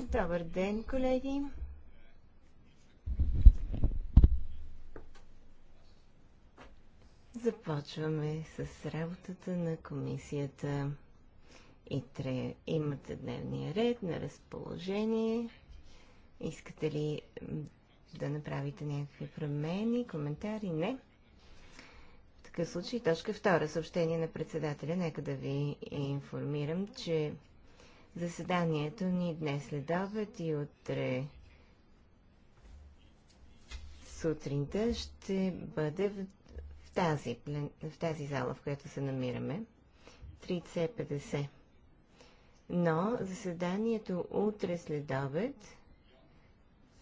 Добър ден, колеги! Започваме с работата на комисията тре, Имате дневния ред на разположение. Искате ли да направите някакви промени, коментари? Не такъв случай, точка втора съобщение на председателя. Нека да ви информирам, че Заседанието ни днес след обед и утре сутринта ще бъде в, в тази, в тази зала, в която се намираме. 350. Но заседанието утре след обед,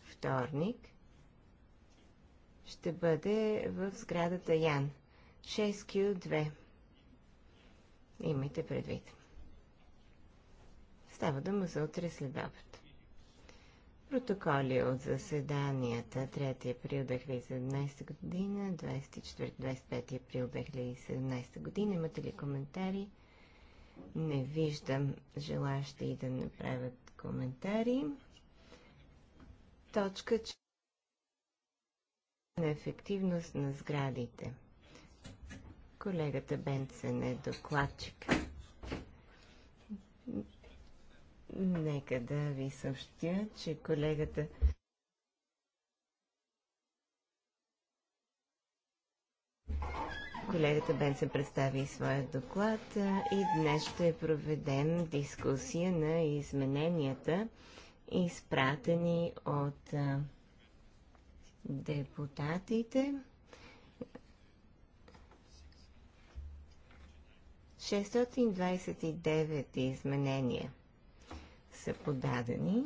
вторник, ще бъде в сградата Ян 6Q2. Имайте предвид. Става дума за утре след обед. Протоколи от заседанията 3 април 2017 година, 24-25 април 2017 година. Имате ли коментари? Не виждам желащи и да направят коментари. Точка 4. На ефективност на сградите. Колегата Бенцен е докладчик. Нека да ви съобщя, че колегата Колегата Бен се представи своя доклад и днес ще проведем дискусия на измененията, изпратени от депутатите. 629 изменения са подадени.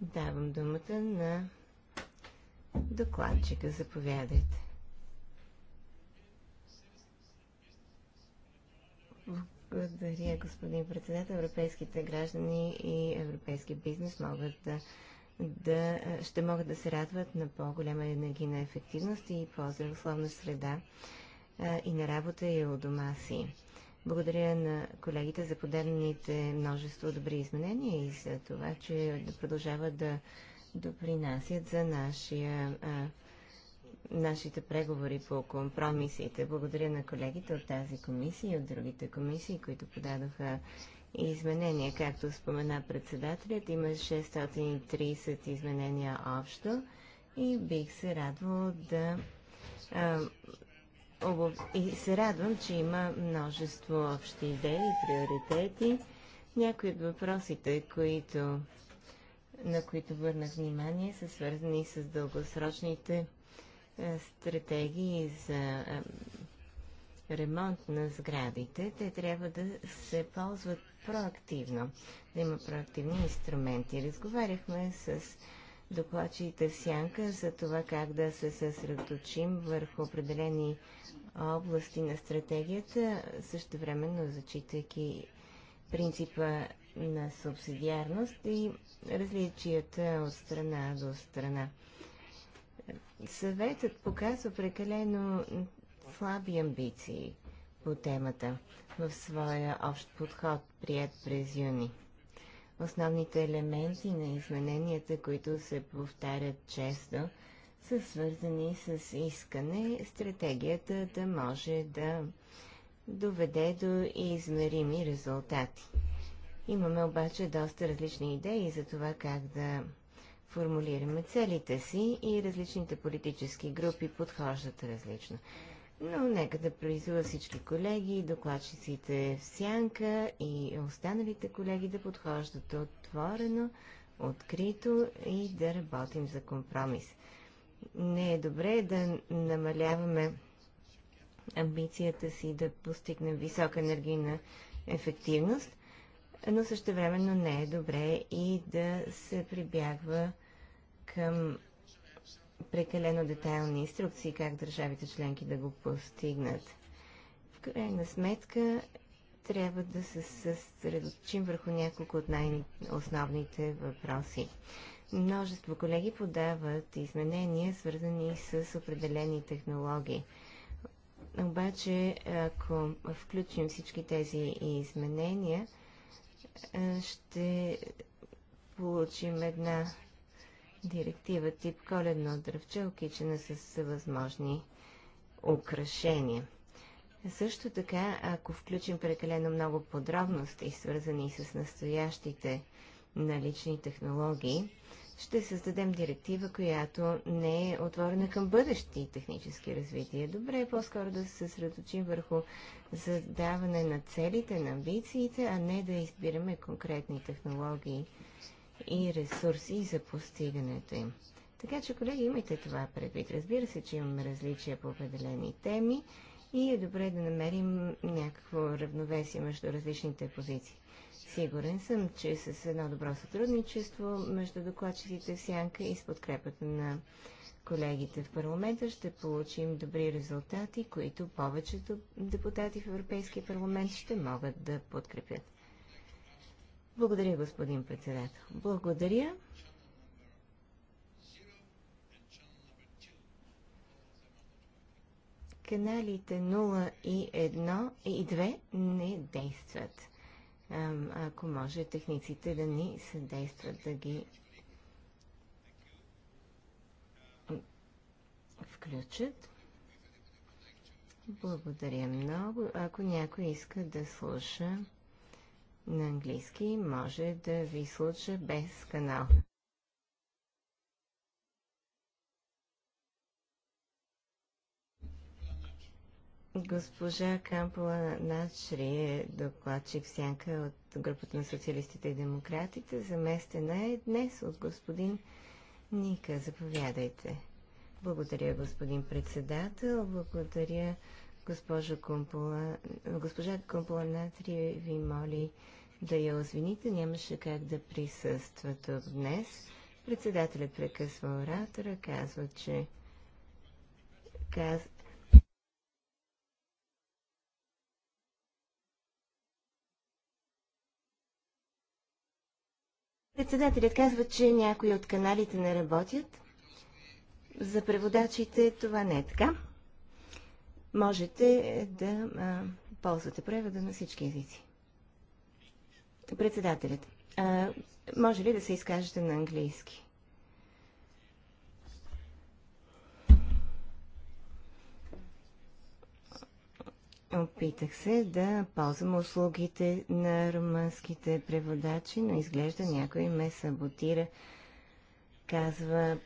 Давам думата на докладчика. Заповядайте. Благодаря, господин председател. Европейските граждани и европейски бизнес могат да, да, ще могат да се радват на по-голяма енергийна ефективност и по-здравословна среда и на работа, и у дома си. Благодаря на колегите за подадените множество добри изменения и за това, че продължават да допринасят за нашия, а, нашите преговори по компромисите. Благодаря на колегите от тази комисия и от другите комисии, които подадоха изменения. Както спомена председателят, има 630 изменения общо и бих се радвал да а, и се радвам, че има множество общи идеи и приоритети. Някои от въпросите, които, на които върнах внимание, са свързани с дългосрочните е, стратегии за е, ремонт на сградите. Те трябва да се ползват проактивно, да има проактивни инструменти. Разговаряхме с Доплачите в сянка за това как да се съсредоточим върху определени области на стратегията, също времено зачитайки принципа на субсидиарност и различията от страна до страна. Съветът показва прекалено слаби амбиции по темата в своя общ подход, прият през юни. Основните елементи на измененията, които се повтарят често, са свързани с искане стратегията да може да доведе до измерими резултати. Имаме обаче доста различни идеи за това как да формулираме целите си и различните политически групи подхождат различно. Но нека да призува всички колеги, докладчиците в сянка и останалите колеги да подхождат отворено, открито и да работим за компромис. Не е добре да намаляваме амбицията си да постигнем висока енергийна ефективност, но същевременно не е добре и да се прибягва към прекалено детайлни инструкции как държавите членки да го постигнат. В крайна сметка трябва да се съсредоточим върху няколко от най-основните въпроси. Множество колеги подават изменения, свързани с определени технологии. Обаче, ако включим всички тези изменения, ще получим една директива тип коледно дръвче, окичена с възможни украшения. Също така, ако включим прекалено много подробности, свързани с настоящите налични технологии, ще създадем директива, която не е отворена към бъдещи технически развития. Добре е по-скоро да се съсредоточим върху задаване на целите, на амбициите, а не да избираме конкретни технологии и ресурси за постигането им. Така че, колеги, имайте това предвид. Разбира се, че имаме различия по определени теми и е добре да намерим някакво равновесие между различните позиции. Сигурен съм, че с едно добро сътрудничество между докладчиците в Сянка и с подкрепата на колегите в парламента ще получим добри резултати, които повечето депутати в Европейския парламент ще могат да подкрепят. Благодаря, господин председател. Благодаря. Каналите 0 и 1 и 2 не действат. Ако може техниците да ни съдействат да ги включат. Благодаря много. Ако някой иска да слуша на английски може да ви случа без канал. Госпожа Кампала Начри е докладчик сянка от групата на социалистите и демократите. Заместена е днес от господин Ника. Заповядайте. Благодаря, господин председател. Благодаря Госпожа Компола, госпожа Компола Натри ви моли да я извините, нямаше как да присъстват от днес. Председателят прекъсва оратора, казва, че каз... Председателят казва, че някои от каналите не работят. За преводачите това не е така можете да а, ползвате превода на всички езици. Председателят, а, може ли да се изкажете на английски? Опитах се да ползвам услугите на румънските преводачи, но изглежда някой ме саботира. Казва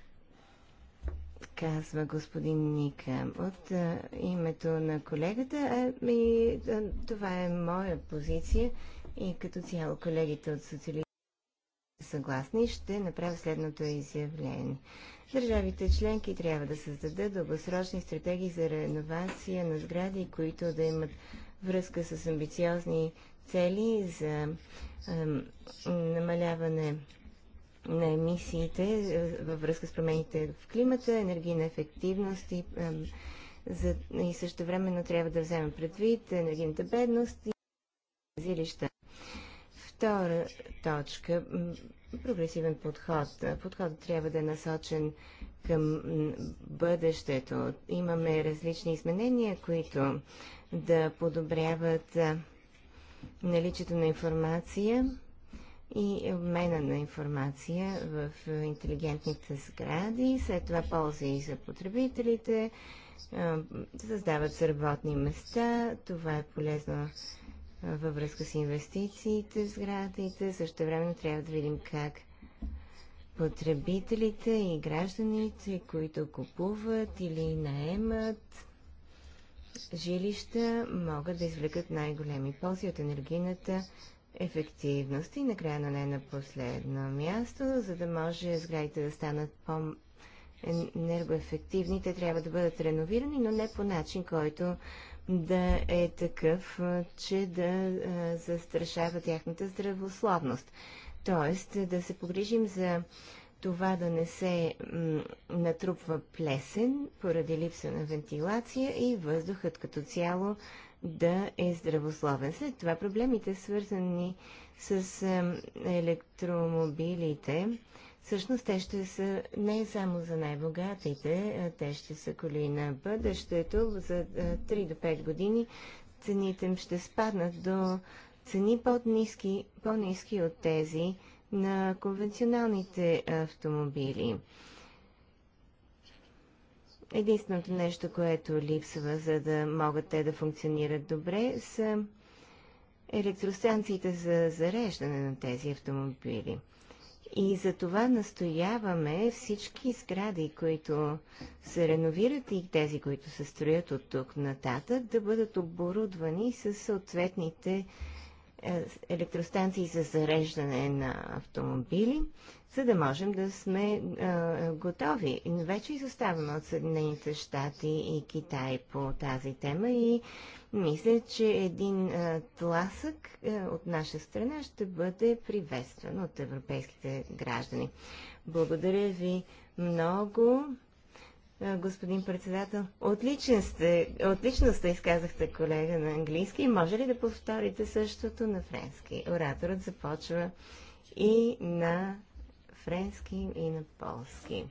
казва господин Ника. От а, името на колегата, а, и, а, това е моя позиция и като цяло колегите от социалистите съгласни, ще направя следното изявление. Държавите членки трябва да създадат дългосрочни стратегии за реновация на сгради, които да имат връзка с амбициозни цели за а, намаляване на емисиите е, във връзка с промените в климата, енергийна ефективност и, за, и също времено трябва да вземем предвид енергийната бедност и зилища. Втора точка прогресивен подход. Подходът трябва да е насочен към бъдещето. Имаме различни изменения, които да подобряват наличието на информация и обмена на информация в интелигентните сгради. След това полза и за потребителите. Създават се работни места. Това е полезно във връзка с инвестициите в сградите. Също време трябва да видим как потребителите и гражданите, които купуват или наемат жилища, могат да извлекат най-големи ползи от енергийната ефективност и накрая, но не на последно място, за да може сградите да станат по- енергоефективни, те трябва да бъдат реновирани, но не по начин, който да е такъв, че да застрашава тяхната здравословност. Тоест да се погрижим за това да не се натрупва плесен поради липса на вентилация и въздухът като цяло да е здравословен. След това проблемите, свързани с електромобилите, всъщност те ще са не само за най-богатите, те ще са коли на бъдещето. За 3 е, до 5 години цените им ще спаднат до цени по-низки, по-низки от тези на конвенционалните автомобили. Единственото нещо, което липсва, за да могат те да функционират добре, са електростанциите за зареждане на тези автомобили. И за това настояваме всички сгради, които се реновират и тези, които се строят от тук нататък, да бъдат оборудвани с съответните е, електростанции за зареждане на автомобили, за да можем да сме а, е, готови. Вече изоставаме от Съединените щати и Китай по тази тема и мисля, че един а, е, тласък а, от наша страна ще бъде приветстван от европейските граждани. Благодаря ви много господин председател. Отличен сте, отлично сте изказахте колега на английски. Може ли да повторите същото на френски? Ораторът започва и на френски, и на полски.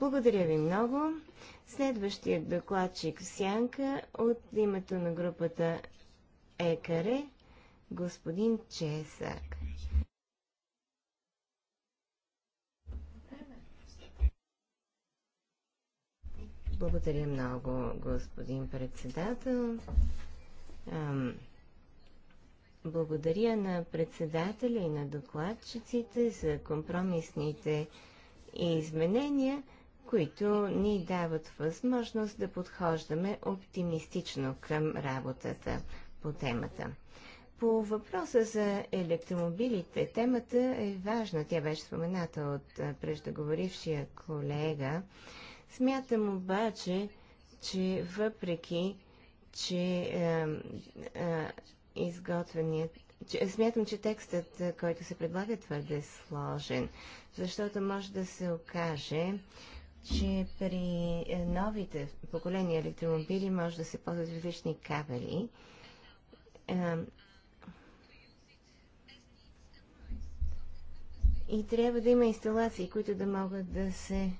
Благодаря ви много. Следващият докладчик Сянка от името на групата ЕКАРЕ, господин Чесак. Благодаря много, господин председател. Благодаря на председателя и на докладчиците за компромисните изменения, които ни дават възможност да подхождаме оптимистично към работата по темата. По въпроса за електромобилите, темата е важна. Тя беше спомената от преждеговорившия колега. Смятам обаче, че въпреки, че е, е, изготвеният че, смятам, че текстът, е, който се предлага, е твърде е сложен, защото може да се окаже, че при е, новите поколения електромобили може да се ползват различни кабели. и трябва да има инсталации, които да могат да се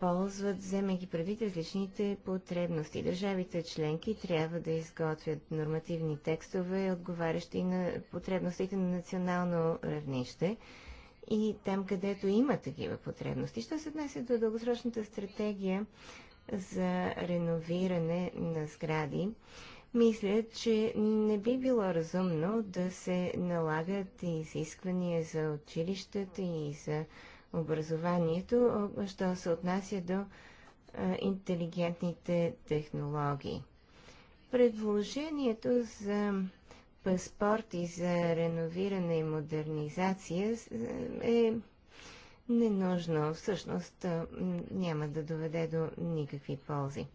ползват, вземайки предвид различните потребности. Държавите членки трябва да изготвят нормативни текстове, отговарящи на потребностите на национално равнище и там, където има такива потребности. Що се отнася до дългосрочната стратегия за реновиране на сгради, мисля, че не би било разумно да се налагат изисквания за училищата и за образованието, що се отнася до интелигентните технологии. Предложението за паспорт и за реновиране и модернизация е, е ненужно. Всъщност няма да доведе до никакви ползи.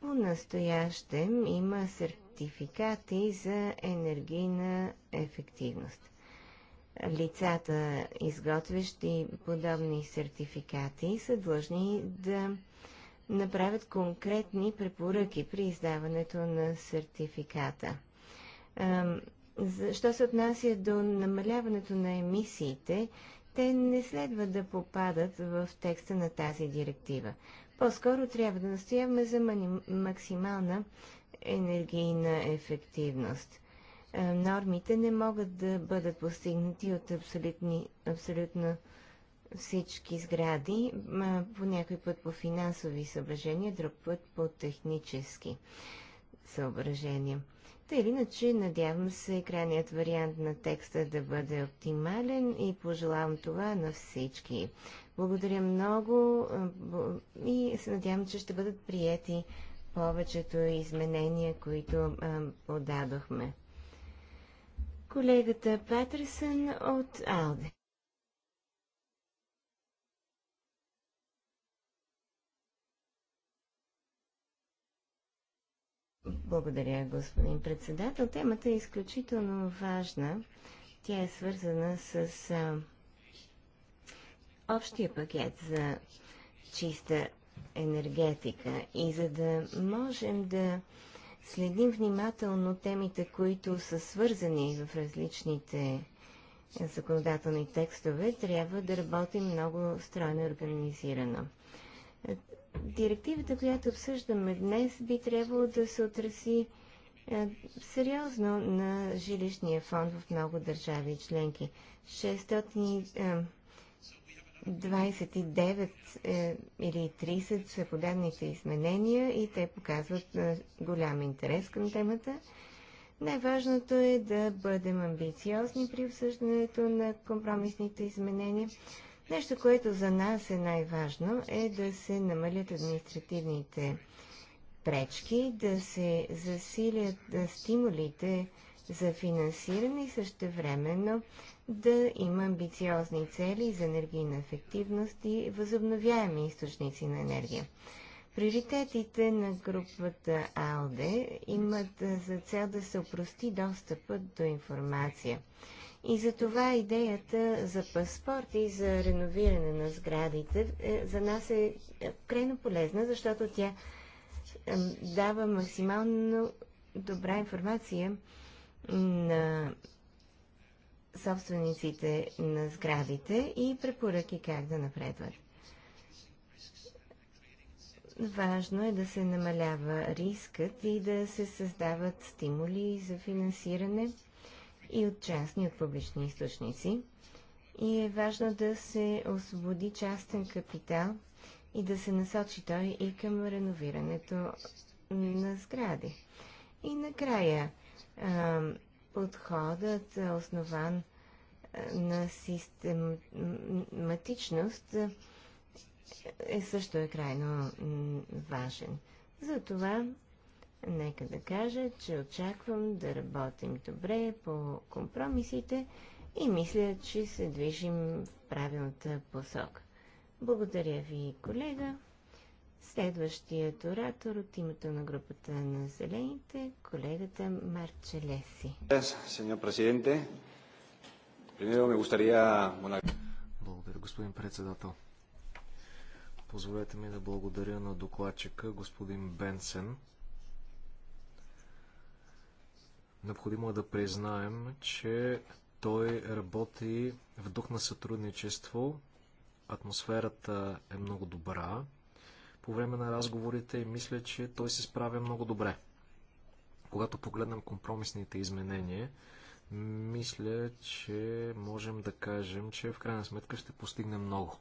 По-настоящем има сертификати за енергийна ефективност лицата, изготвящи подобни сертификати, са длъжни да направят конкретни препоръки при издаването на сертификата. Що се отнася до намаляването на емисиите, те не следва да попадат в текста на тази директива. По-скоро трябва да настояваме за максимална енергийна ефективност – е, нормите не могат да бъдат постигнати от абсолютни, абсолютно всички сгради, по някой път по финансови съображения, друг път по технически съображения. Та или иначе, надявам се крайният вариант на текста да бъде оптимален и пожелавам това на всички. Благодаря много и се надявам, че ще бъдат приети повечето изменения, които подадохме колегата Патърсън от Алде. Благодаря, господин председател. Темата е изключително важна. Тя е свързана с а, общия пакет за чиста енергетика. И за да можем да следим внимателно темите, които са свързани в различните законодателни текстове, трябва да работим много стройно и организирано. Директивата, която обсъждаме днес, би трябвало да се отраси е, сериозно на жилищния фонд в много държави и членки. 600, 29 е, или 30 са подадените изменения и те показват е, голям интерес към темата. Най-важното е да бъдем амбициозни при обсъждането на компромисните изменения. Нещо, което за нас е най-важно, е да се намалят административните пречки, да се засилят стимулите за финансиране и същевременно да има амбициозни цели за енергийна ефективност и възобновяеми източници на енергия. Приоритетите на групата АЛДЕ имат за цел да се опрости достъпът до информация. И за това идеята за паспорт и за реновиране на сградите е, за нас е, е крайно полезна, защото тя дава максимално добра информация на собствениците на сградите и препоръки как да напредват. Важно е да се намалява рискът и да се създават стимули за финансиране и от частни, и от публични източници. И е важно да се освободи частен капитал и да се насочи той и към реновирането на сгради. И накрая, подходът, е основан е, на систематичност, е, е също е крайно важен. Затова нека да кажа, че очаквам да работим добре по компромисите и мисля, че се движим в правилната посока. Благодаря ви, колега. Следващият оратор от името на групата на зелените, колегата Марчелеси. Благодаря, господин председател. Позволете ми да благодаря на докладчика, господин Бенсен. Необходимо е да признаем, че той работи в дух на сътрудничество. Атмосферата е много добра по време на разговорите и мисля, че той се справя много добре. Когато погледнем компромисните изменения, мисля, че можем да кажем, че в крайна сметка ще постигнем много.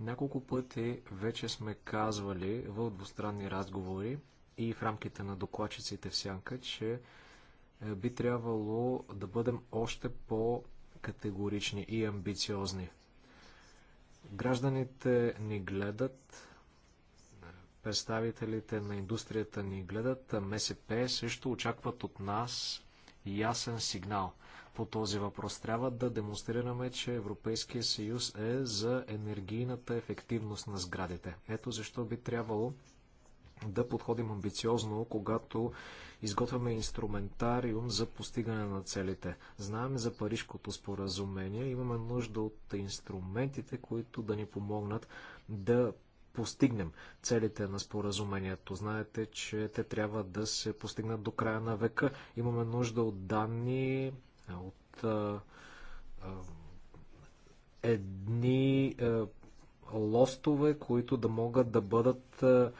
Няколко пъти вече сме казвали в двустранни разговори и в рамките на докладчиците в Сянка, че е, би трябвало да бъдем още по-категорични и амбициозни Гражданите ни гледат, представителите на индустрията ни гледат, МСП също очакват от нас ясен сигнал по този въпрос. Трябва да демонстрираме, че Европейския съюз е за енергийната ефективност на сградите. Ето защо би трябвало да подходим амбициозно, когато изготвяме инструментариум за постигане на целите. Знаем за Парижкото споразумение, имаме нужда от инструментите, които да ни помогнат да постигнем целите на споразумението. Знаете, че те трябва да се постигнат до края на века. Имаме нужда от данни, от а, а, едни а, лостове, които да могат да бъдат а,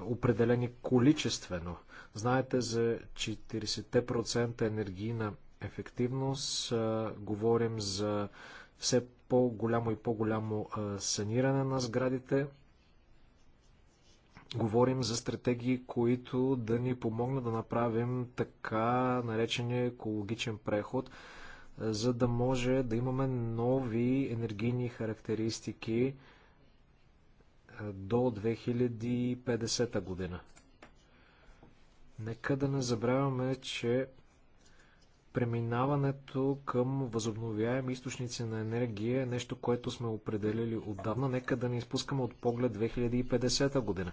определени количествено. Знаете за 40% енергийна ефективност, говорим за все по-голямо и по-голямо саниране на сградите. Говорим за стратегии, които да ни помогнат да направим така наречения екологичен преход, за да може да имаме нови енергийни характеристики, до 2050 година. Нека да не забравяме, че преминаването към възобновяеми източници на енергия е нещо, което сме определили отдавна. Нека да не изпускаме от поглед 2050 година.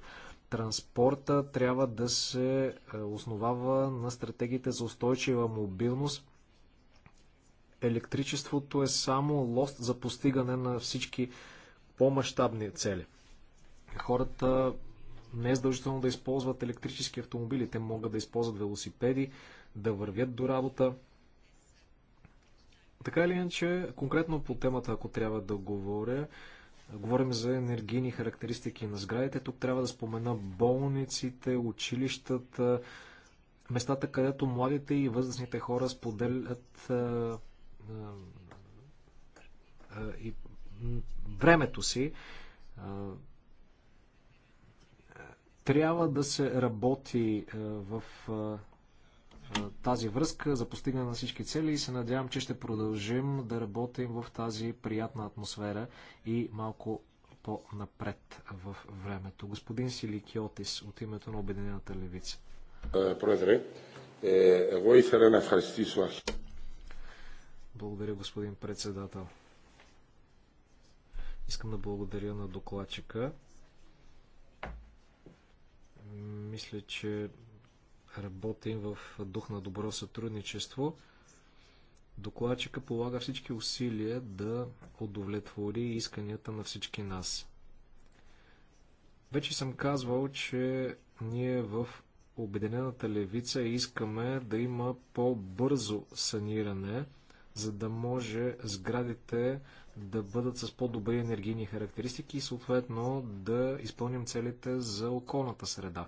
Транспорта трябва да се е, основава на стратегиите за устойчива мобилност. Електричеството е само лост за постигане на всички по-масштабни цели. Хората не е задължително да използват електрически автомобили. Те могат да използват велосипеди, да вървят до работа. Така или иначе, конкретно по темата, ако трябва да говоря, говорим за енергийни характеристики на сградите. Тук трябва да спомена болниците, училищата, местата, където младите и възрастните хора споделят а, а, и времето си. А, трябва да се работи е, в е, е, тази връзка за постигане на всички цели и се надявам, че ще продължим да работим в тази приятна атмосфера и малко по-напред в времето. Господин Силикиотис от името на Обединената левица. Проедре, ήθελα ευχαριστήσω Благодаря, господин председател. Искам да благодаря на докладчика. Мисля, че работим в дух на добро сътрудничество. Докладчика полага всички усилия да удовлетвори исканията на всички нас. Вече съм казвал, че ние в Обединената левица искаме да има по-бързо саниране, за да може сградите да бъдат с по-добри енергийни характеристики и съответно да изпълним целите за околната среда.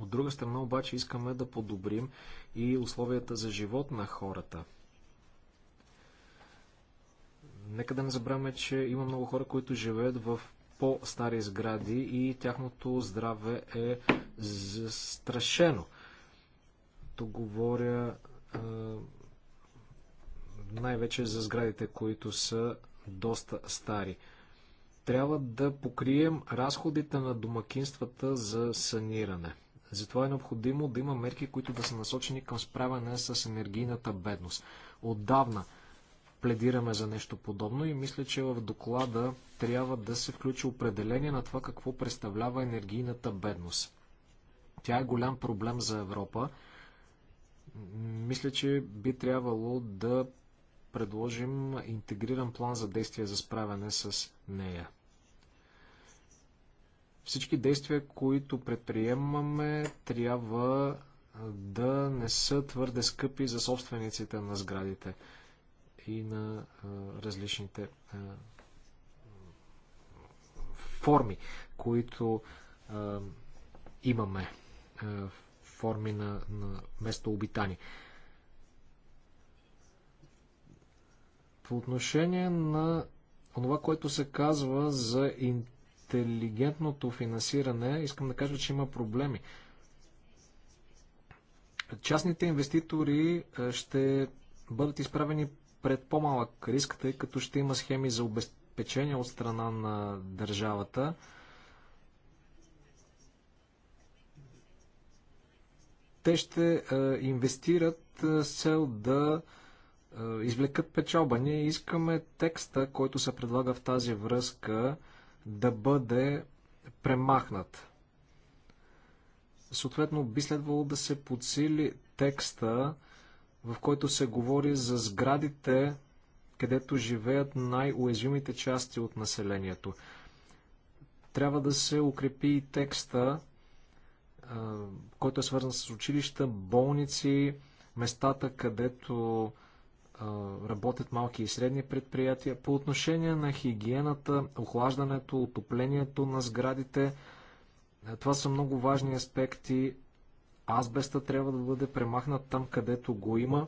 От друга страна обаче искаме да подобрим и условията за живот на хората. Нека да не забравяме, че има много хора, които живеят в по-стари сгради и тяхното здраве е застрашено. То говоря най-вече за сградите, които са доста стари. Трябва да покрием разходите на домакинствата за саниране. Затова е необходимо да има мерки, които да са насочени към справяне с енергийната бедност. Отдавна пледираме за нещо подобно и мисля, че в доклада трябва да се включи определение на това какво представлява енергийната бедност. Тя е голям проблем за Европа. Мисля, че би трябвало да предложим интегриран план за действие за справяне с нея. Всички действия, които предприемаме, трябва да не са твърде скъпи за собствениците на сградите и на а, различните а, форми, които а, имаме. А, форми на, на местообитание. По отношение на това, което се казва за интелигентното финансиране, искам да кажа, че има проблеми. Частните инвеститори е, ще бъдат изправени пред по-малък риск, тъй като ще има схеми за обезпечение от страна на държавата. Те ще е, инвестират е, с цел да е, извлекат печалба. Ние искаме текста, който се предлага в тази връзка, да бъде премахнат. Съответно, би следвало да се подсили текста, в който се говори за сградите, където живеят най-уязвимите части от населението. Трябва да се укрепи и текста, е, който е свързан с училища, болници, местата, където работят малки и средни предприятия. По отношение на хигиената, охлаждането, отоплението на сградите, това са много важни аспекти. Азбеста трябва да бъде премахнат там, където го има.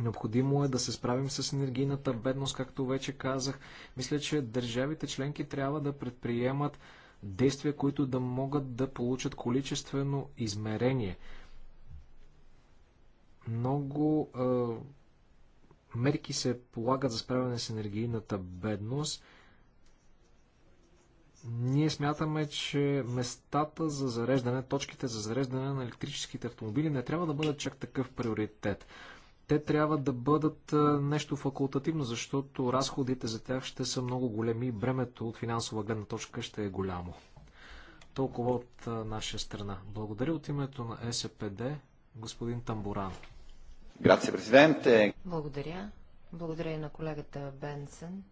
Необходимо е да се справим с енергийната бедност, както вече казах. Мисля, че държавите членки трябва да предприемат действия, които да могат да получат количествено измерение. Много е, мерки се полагат за справяне с енергийната бедност. Ние смятаме, че местата за зареждане, точките за зареждане на електрическите автомобили не трябва да бъдат чак такъв приоритет. Те трябва да бъдат нещо факултативно, защото разходите за тях ще са много големи и бремето от финансова гледна точка ще е голямо. Толкова от наша страна. Благодаря от името на СПД, господин Тамбуран. Грация, президенте. Благодаря. Благодаря и на колегата Бенсен.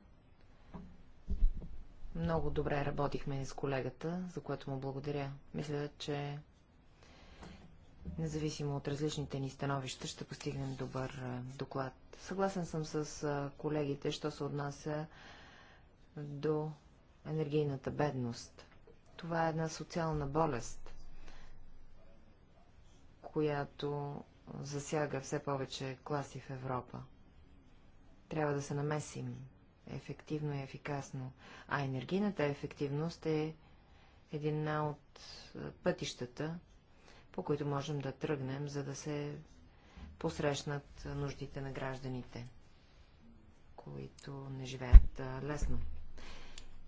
Много добре работихме с колегата, за което му благодаря. Мисля, че независимо от различните ни становища, ще постигнем добър доклад. Съгласен съм с колегите, що се отнася до енергийната бедност. Това е една социална болест, която засяга все повече класи в Европа. Трябва да се намесим ефективно и ефикасно, а енергийната ефективност е една от е, пътищата, по които можем да тръгнем, за да се посрещнат нуждите на гражданите, които не живеят лесно.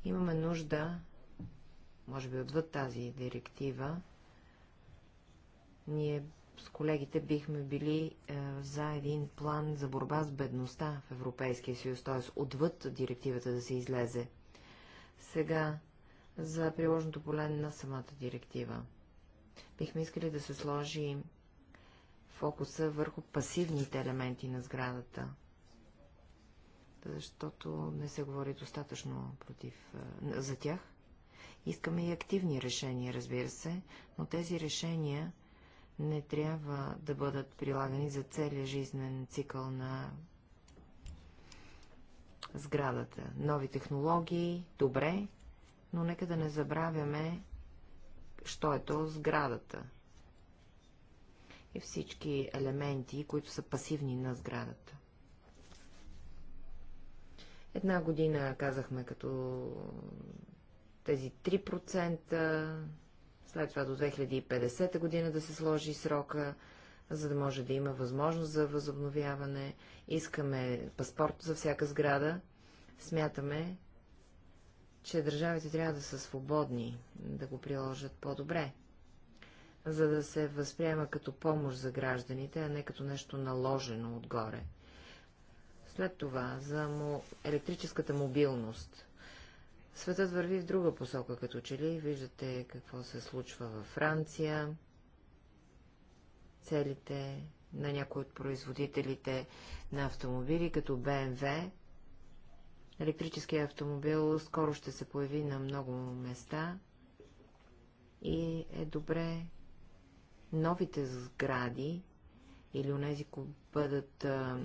Имаме нужда, може би отвъд тази директива, ние с колегите бихме били е, за един план за борба с бедността в Европейския съюз, т.е. отвъд директивата да се излезе. Сега за приложното поле на самата директива. Бихме искали да се сложи фокуса върху пасивните елементи на сградата, защото не се говори достатъчно против, е, за тях. Искаме и активни решения, разбира се, но тези решения не трябва да бъдат прилагани за целия жизнен цикъл на сградата. Нови технологии, добре, но нека да не забравяме, що е то сградата и всички елементи, които са пасивни на сградата. Една година казахме като тези 3%, след това до 2050 година да се сложи срока, за да може да има възможност за възобновяване. Искаме паспорт за всяка сграда. Смятаме, че държавите трябва да са свободни, да го приложат по-добре, за да се възприема като помощ за гражданите, а не като нещо наложено отгоре. След това за му... електрическата мобилност – Светът върви в друга посока, като че ли. Виждате какво се случва във Франция. Целите на някои от производителите на автомобили, като БМВ. Електрическият автомобил скоро ще се появи на много места и е добре новите сгради или онези, които бъдат а,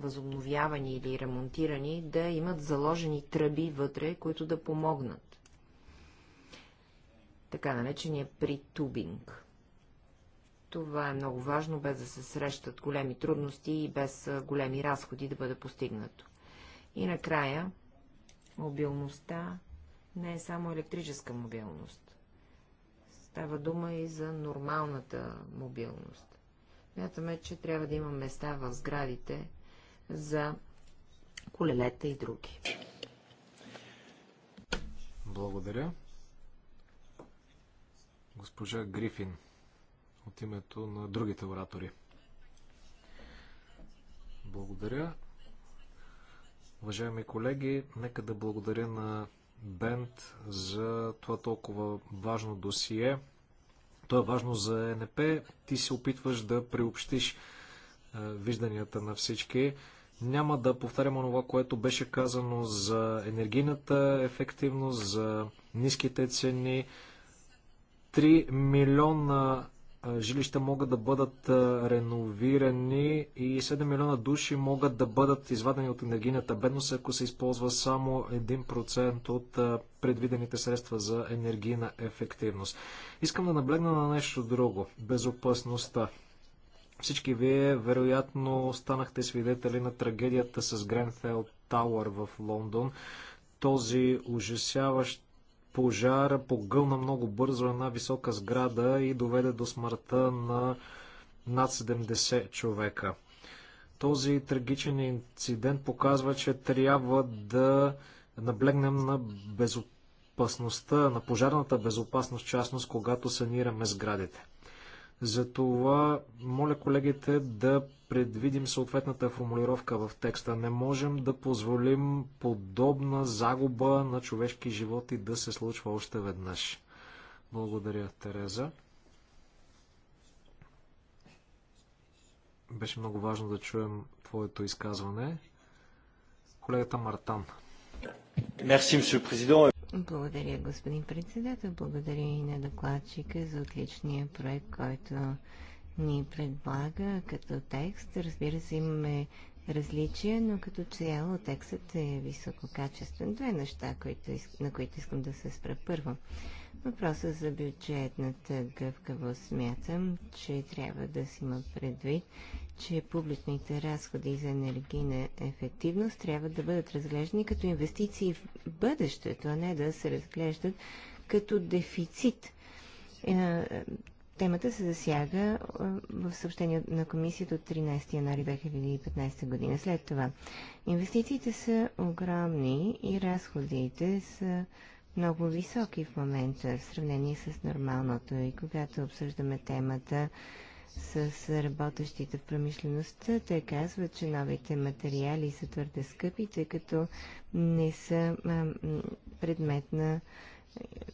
възобновявани или ремонтирани, да имат заложени тръби вътре, които да помогнат. Така наречения притубинг. Това е много важно, без да се срещат големи трудности и без големи разходи да бъде постигнато. И накрая, мобилността не е само електрическа мобилност. Става дума и за нормалната мобилност. Мятаме, че трябва да има места в сградите, за колелета и други. Благодаря. Госпожа Грифин, от името на другите оратори. Благодаря. Уважаеми колеги, нека да благодаря на Бент за това толкова важно досие. То е важно за е НП. Ти се опитваш да приобщиш вижданията на всички. Няма да повтарям онова, което беше казано за енергийната ефективност, за ниските цени. 3 милиона жилища могат да бъдат реновирани и 7 милиона души могат да бъдат извадени от енергийната бедност, ако се използва само 1% от предвидените средства за енергийна ефективност. Искам да наблегна на нещо друго – безопасността. Всички вие вероятно станахте свидетели на трагедията с Гренфел Тауър в Лондон. Този ужасяващ пожар погълна много бързо една висока сграда и доведе до смъртта на над 70 човека. Този трагичен инцидент показва, че трябва да наблегнем на безопасността, на пожарната безопасност, частност, когато санираме сградите. Затова моля колегите да предвидим съответната формулировка в текста. Не можем да позволим подобна загуба на човешки животи да се случва още веднъж. Благодаря, Тереза. Беше много важно да чуем твоето изказване. Колегата Мартан. Мерси, президент. Благодаря, господин председател. Благодаря и на докладчика за отличния проект, който ни предлага като текст. Разбира се, имаме различия, но като цяло текстът е висококачествен. Две неща, които, на които искам да се спра. Първо, Въпроса за бюджетната гъвкавост смятам, че трябва да си има предвид, че публичните разходи за енергийна ефективност трябва да бъдат разглеждани като инвестиции в бъдещето, а не да се разглеждат като дефицит. Е, темата се засяга е, в съобщение на комисията от 13 януари 2015 година. След това, инвестициите са огромни и разходите са много високи в момента в сравнение с нормалното. И когато обсъждаме темата с работещите в промишлеността, те казват, че новите материали са твърде скъпи, тъй като не са предмет на е,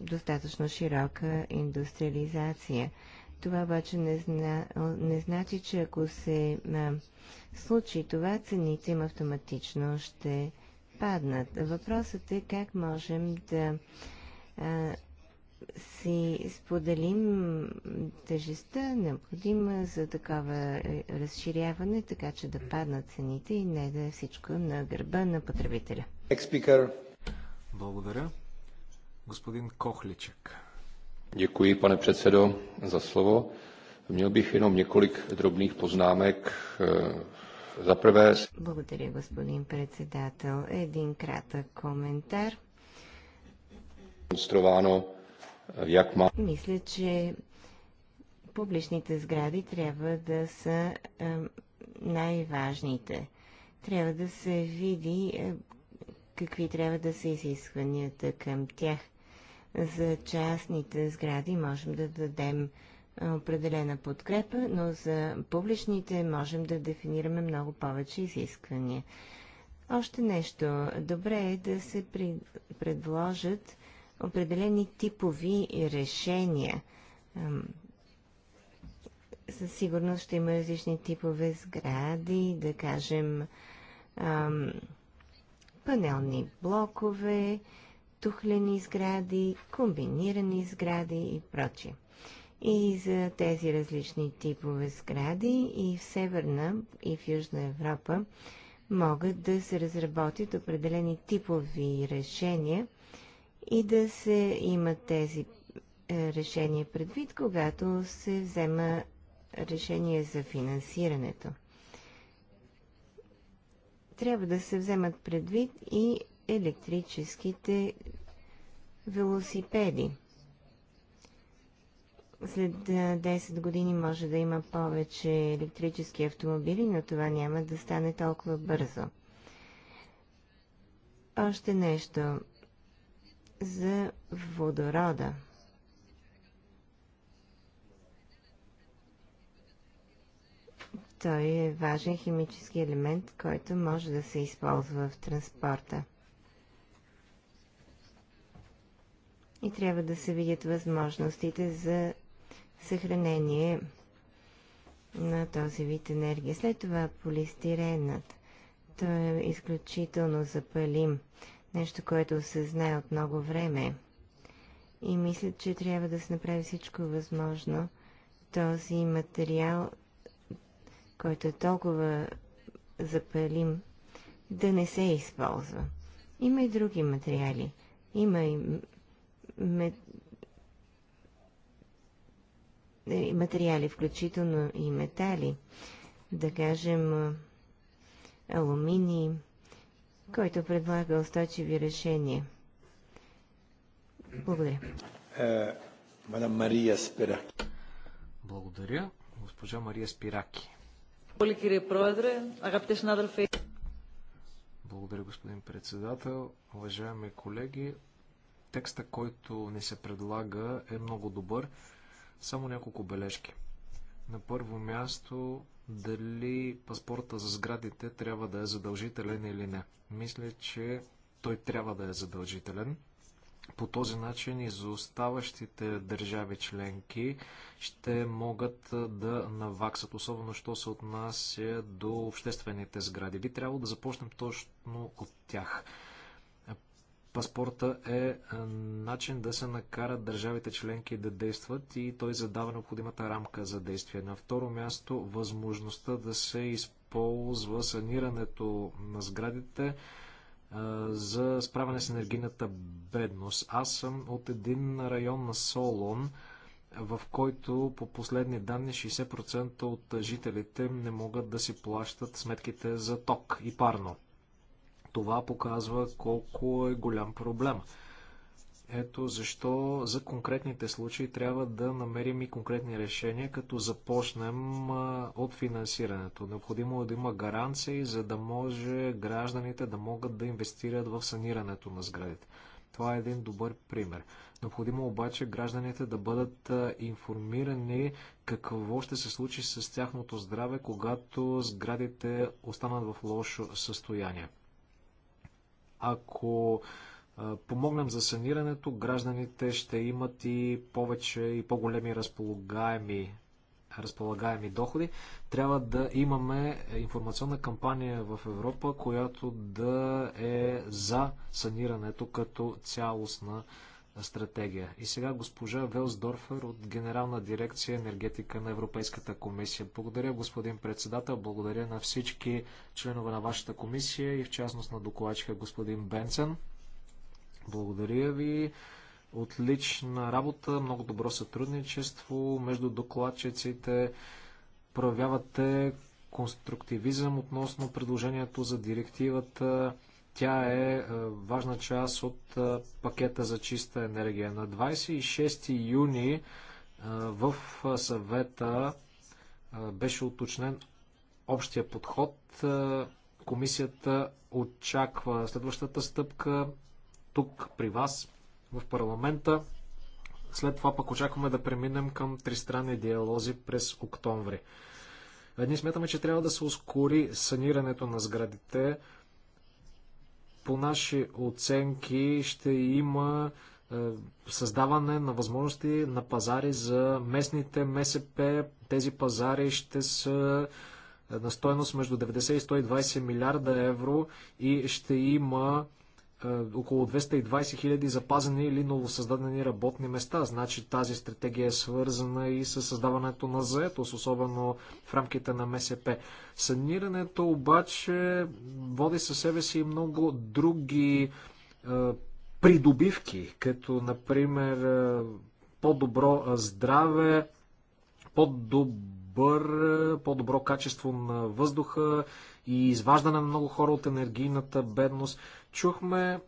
достатъчно широка индустриализация. Това обаче не, зна, не значи, че ако се а, случи това, цените им автоматично ще паднат. Въпросът е как можем да а, си споделим тежестта, необходима за такова е, разширяване, така че да паднат цените и не да е всичко на гърба на потребителя. Експикър. Благодаря. Господин Кохличек. Děkuji, pane předsedo, za slovo. Měl bych jenom několik drobných poznámek благодаря, господин председател. Един кратък коментар. Мисля, че публичните сгради трябва да са е, най-важните. Трябва да се види е, какви трябва да са изискванията към тях. За частните сгради можем да дадем определена подкрепа, но за публичните можем да дефинираме много повече изисквания. Още нещо. Добре е да се при... предложат определени типови решения. Със сигурност ще има различни типове сгради, да кажем ам, панелни блокове, тухлени сгради, комбинирани сгради и прочие и за тези различни типове сгради и в Северна и в Южна Европа могат да се разработят определени типови решения и да се имат тези е, решения предвид, когато се взема решение за финансирането. Трябва да се вземат предвид и електрическите велосипеди след 10 години може да има повече електрически автомобили, но това няма да стане толкова бързо. Още нещо за водорода. Той е важен химически елемент, който може да се използва в транспорта. И трябва да се видят възможностите за съхранение на този вид енергия. След това полистиренът. Той е изключително запалим. Нещо, което се знае от много време. И мисля, че трябва да се направи всичко възможно този материал, който е толкова запалим, да не се използва. Има и други материали. Има и е, материали, включително и метали, да кажем е, алуминий, който предлага устойчиви решения. Благодаря. Е, мадам Мария Спираки. Благодаря. Госпожа Мария Спираки. Благодаря, господин председател. Уважаеми колеги, текста, който ни се предлага е много добър. Само няколко бележки. На първо място, дали паспорта за сградите трябва да е задължителен или не. Мисля, че той трябва да е задължителен. По този начин изоставащите държави членки ще могат да наваксат, особено що се отнася до обществените сгради. Би трябвало да започнем точно от тях. Паспорта е, е начин да се накарат държавите членки да действат и той задава необходимата рамка за действие. На второ място, възможността да се използва санирането на сградите е, за справяне с енергийната бедност. Аз съм от един район на Солон, в който по последни данни 60% от жителите не могат да си плащат сметките за ток и парно. Това показва колко е голям проблем. Ето защо за конкретните случаи трябва да намерим и конкретни решения, като започнем от финансирането. Необходимо е да има гаранции, за да може гражданите да могат да инвестират в санирането на сградите. Това е един добър пример. Необходимо обаче гражданите да бъдат информирани какво ще се случи с тяхното здраве, когато сградите останат в лошо състояние. Ако помогнем за санирането, гражданите ще имат и повече и по-големи разполагаеми разполагаеми доходи. Трябва да имаме информационна кампания в Европа, която да е за санирането като цялостна стратегия. И сега госпожа Велсдорфер от Генерална дирекция енергетика на Европейската комисия. Благодаря, господин председател, благодаря на всички членове на вашата комисия и в частност на докладчика господин Бенсен. Благодаря ви. Отлична работа, много добро сътрудничество между докладчиците. Проявявате конструктивизъм относно предложението за директивата тя е, е важна част от е, пакета за чиста енергия. На 26 юни е, в съвета беше уточнен общия подход. Комисията очаква следващата стъпка тук при вас в парламента. След това пък очакваме да преминем към тристранни диалози през октомври. Ние смятаме, че трябва да се ускори санирането на сградите по наши оценки ще има е, създаване на възможности на пазари за местните МСП. Тези пазари ще са е, на стоеност между 90 и 120 милиарда евро и ще има е, около 220 хиляди запазени или новосъздадени работни места. Значи тази стратегия е свързана и с създаването на заетост, особено в рамките на МСП. Санирането обаче води със себе си и много други е, придобивки, като например е, по-добро здраве, по-добър, по-добро качество на въздуха и изваждане на много хора от енергийната бедност. Чухме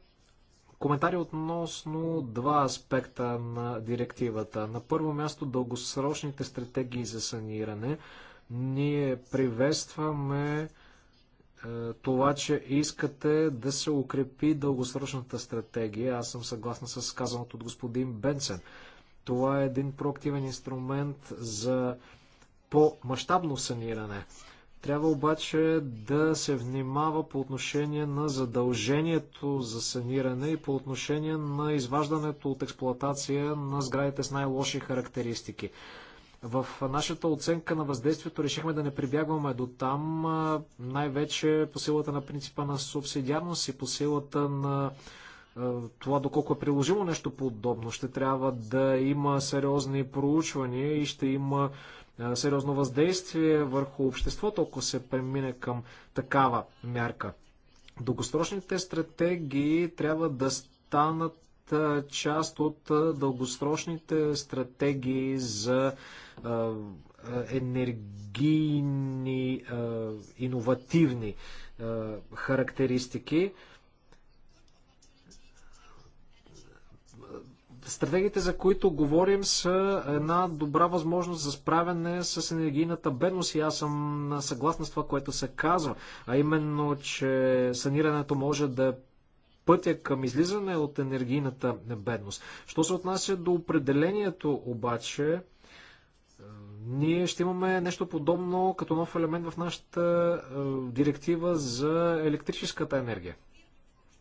коментари относно два аспекта на директивата. На първо място дългосрочните стратегии за саниране. Ние приветстваме е, това, че искате да се укрепи дългосрочната стратегия. Аз съм съгласна с казаното от господин Бенсен. Това е един проактивен инструмент за по-масштабно саниране. Трябва обаче да се внимава по отношение на задължението за саниране и по отношение на изваждането от експлоатация на сградите с най-лоши характеристики. В нашата оценка на въздействието решихме да не прибягваме до там, най-вече по силата на принципа на субсидиарност и по силата на това доколко е приложимо нещо подобно. Ще трябва да има сериозни проучвания и ще има е, сериозно въздействие върху обществото, ако се премине към такава мярка. Дългосрочните стратегии трябва да станат е, част от е, дългосрочните стратегии за енергийни, иновативни характеристики. Стратегиите, за които говорим, са една добра възможност за справяне с енергийната бедност и аз съм съгласна с това, което се казва, а именно, че санирането може да е пътя към излизане от енергийната бедност. Що се отнася до определението обаче, е, ние ще имаме нещо подобно като нов елемент в нашата е, директива за електрическата енергия.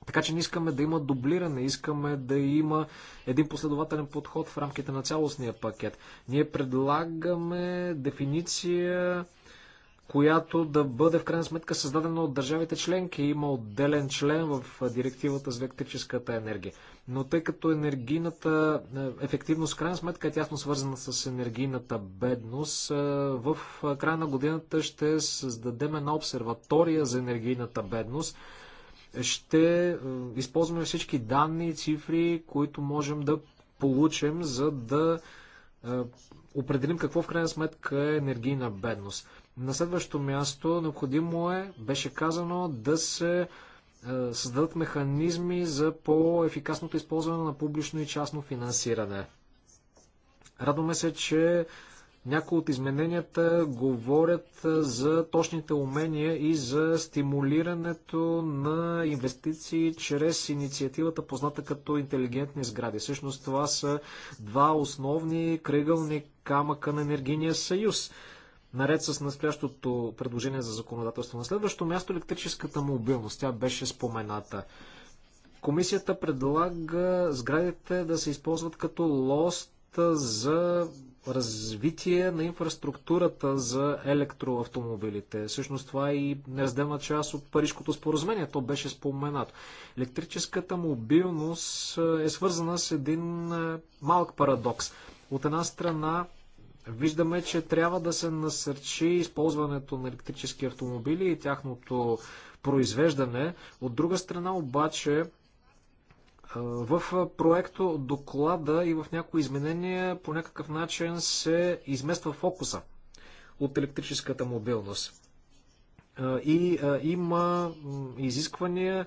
Така че не искаме да има дублиране, искаме да има един последователен подход в рамките на цялостния пакет. Ние предлагаме дефиниция, която да бъде в крайна сметка създадена от държавите членки. Има отделен член в директивата за електрическата енергия. Но тъй като енергийната е, ефективност в крайна сметка е тясно свързана с енергийната бедност, е, в края на годината ще създадем една обсерватория за енергийната бедност – ще е, използваме всички данни и цифри, които можем да получим, за да е, определим какво в крайна сметка е енергийна бедност. На следващо място необходимо е, беше казано, да се е, създадат механизми за по-ефикасното използване на публично и частно финансиране. Радваме се, че някои от измененията говорят за точните умения и за стимулирането на инвестиции чрез инициативата, позната като интелигентни сгради. Всъщност това са два основни кръгълни камъка на енергийния съюз. Наред с настоящото предложение за законодателство. На следващото място електрическата мобилност. Тя беше спомената. Комисията предлага сградите да се използват като лост за развитие на инфраструктурата за електроавтомобилите. Всъщност това е и неразделна част от Парижското споразумение. То беше споменато. Електрическата мобилност е, е свързана с един е, малък парадокс. От една страна виждаме, че трябва да се насърчи използването на електрически автомобили и тяхното произвеждане. От друга страна обаче в проекто доклада и в някои изменения по някакъв начин се измества фокуса от електрическата мобилност. И има изисквания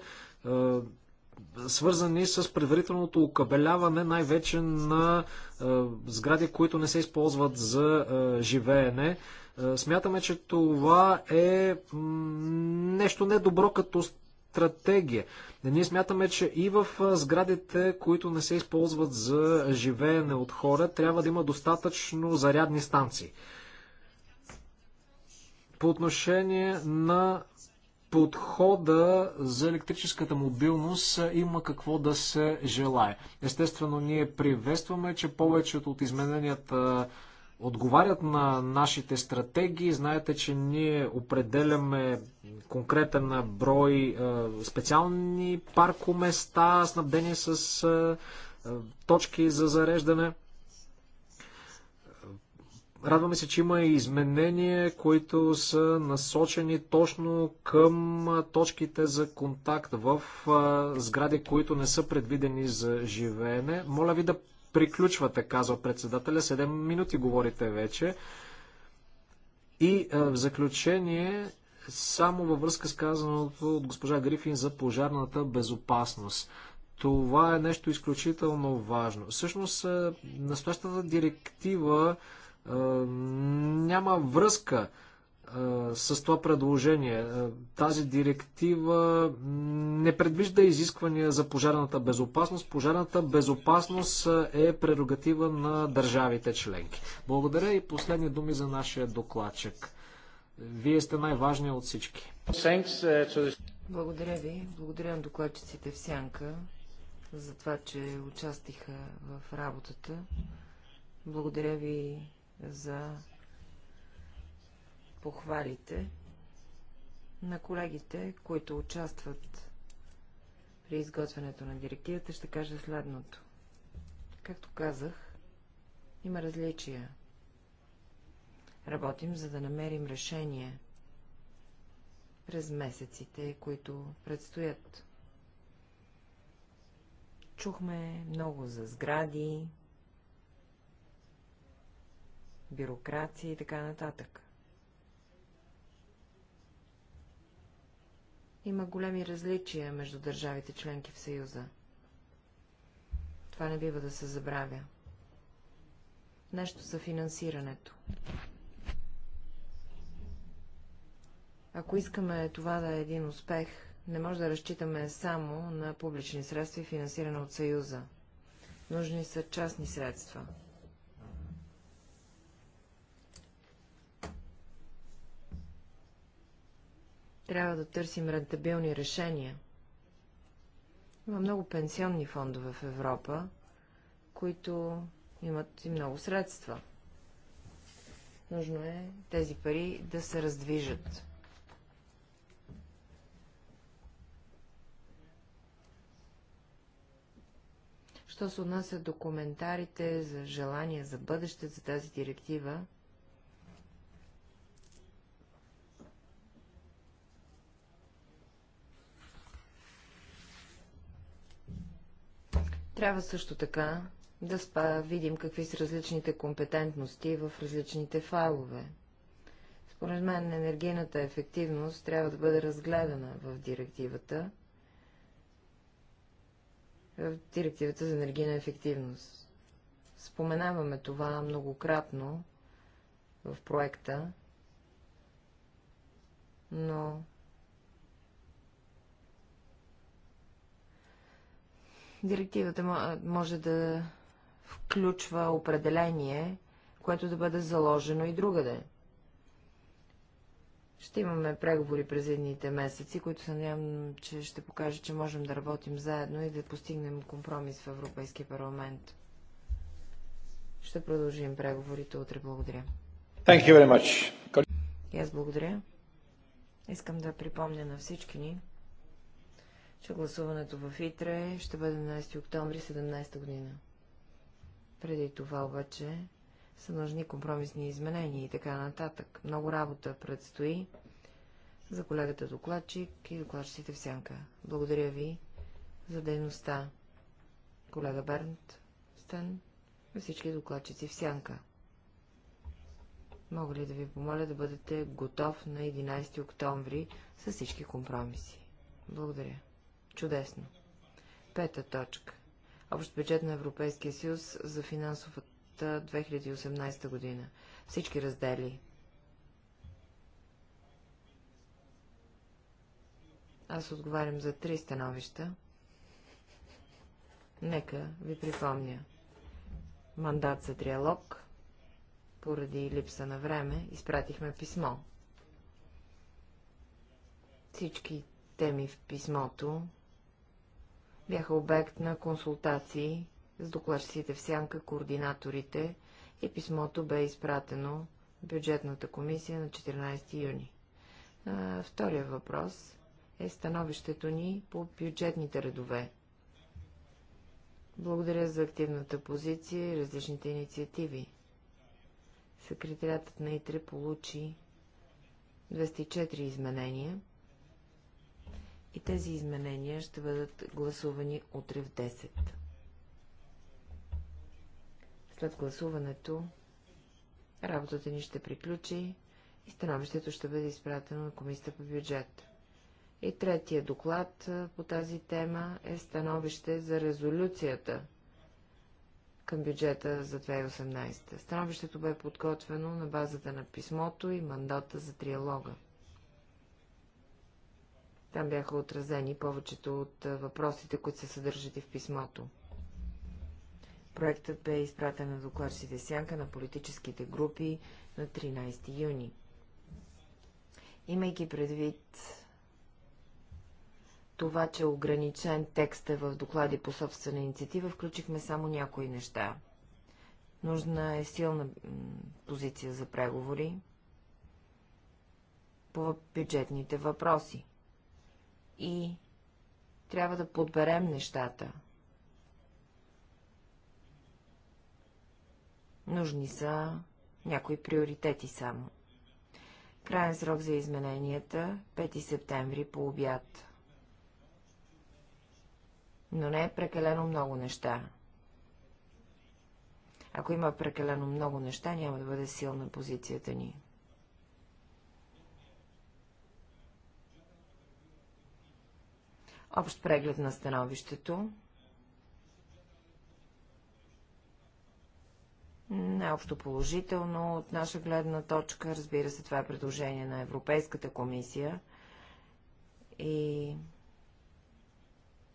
свързани с предварителното окабеляване, най-вече на сгради, които не се използват за живеене. смятаме, че това е нещо недобро като стратегия. Ние смятаме, че и в сградите, които не се използват за живеене от хора, трябва да има достатъчно зарядни станции. По отношение на подхода за електрическата мобилност има какво да се желае. Естествено, ние приветстваме, че повечето от измененията отговарят на нашите стратегии. Знаете, че ние определяме конкретен брой е, специални паркоместа, снабдени с е, е, точки за зареждане. Радваме се, че има и изменения, които са насочени точно към точките за контакт в сгради, които не са предвидени за живеене. Моля ви да приключвате, казва председателя. Седем минути говорите вече. И е, в заключение, само във връзка с казаното от госпожа Грифин за пожарната безопасност. Това е нещо изключително важно. Всъщност, е, настоящата директива е, няма връзка с това предложение. Тази директива не предвижда изисквания за пожарната безопасност. Пожарната безопасност е прерогатива на държавите членки. Благодаря и последни думи за нашия докладчик. Вие сте най-важният от всички. Uh, Благодаря ви. Благодаря на докладчиците в Сянка за това, че участиха в работата. Благодаря ви за похвалите на колегите, които участват при изготвянето на директивата, ще кажа следното. Както казах, има различия. Работим, за да намерим решение през месеците, които предстоят. Чухме много за сгради, бюрокрация и така нататък. Има големи различия между държавите членки в Съюза. Това не бива да се забравя. Нещо за финансирането. Ако искаме това да е един успех, не може да разчитаме само на публични средства и финансиране от Съюза. Нужни са частни средства. Трябва да търсим рентабилни решения. Има много пенсионни фондове в Европа, които имат и много средства. Нужно е тези пари да се раздвижат. Що се отнася до коментарите за желание за бъдеще за тази директива, Трябва също така да спа, видим какви са различните компетентности в различните файлове. Според мен енергийната ефективност трябва да бъде разгледана в директивата, в директивата за енергийна ефективност. Споменаваме това многократно в проекта, но Директивата може да включва определение, което да бъде заложено и другаде. Ще имаме преговори през едните месеци, които се надявам, че ще покаже, че можем да работим заедно и да постигнем компромис в Европейския парламент. Ще продължим преговорите утре. Благодаря. Thank you very much. И аз благодаря. Искам да припомня на всички ни, че гласуването в ИТРЕ ще бъде 11 октомври 17 година. Преди това обаче са нужни компромисни изменения и така нататък. Много работа предстои за колегата докладчик и докладчиците в сянка. Благодаря ви за дейността, колега Бернт, Стен и всички докладчици в сянка. Мога ли да ви помоля да бъдете готов на 11 октомври с всички компромиси? Благодаря. Чудесно. Пета точка. Общ бюджет на Европейския съюз за финансовата 2018 година. Всички раздели. Аз отговарям за три становища. Нека ви припомня. Мандат за триалог. Поради липса на време изпратихме писмо. Всички теми в писмото бяха обект на консултации с докладчиците в сянка, координаторите и писмото бе изпратено в бюджетната комисия на 14 юни. А, втория въпрос е становището ни по бюджетните редове. Благодаря за активната позиция и различните инициативи. Секретарятът на ИТРЕ получи 204 изменения и тези изменения ще бъдат гласувани утре в 10. След гласуването работата ни ще приключи и становището ще бъде изпратено на Комисията по бюджет. И третия доклад по тази тема е становище за резолюцията към бюджета за 2018. Становището бе подготвено на базата на писмото и мандата за триалога. Там бяха отразени повечето от въпросите, които се съдържат и в писмото. Проектът бе изпратен на докладчите сянка на политическите групи на 13 юни. Имайки предвид това, че ограничен текст е в доклади по собствена инициатива, включихме само някои неща. Нужна е силна позиция за преговори по бюджетните въпроси и трябва да подберем нещата. Нужни са някои приоритети само. Крайен срок за измененията 5 септември по обяд. Но не е прекалено много неща. Ако има прекалено много неща, няма да бъде силна позицията ни. Общ преглед на становището. Най-общо положително от наша гледна точка, разбира се, това е предложение на Европейската комисия и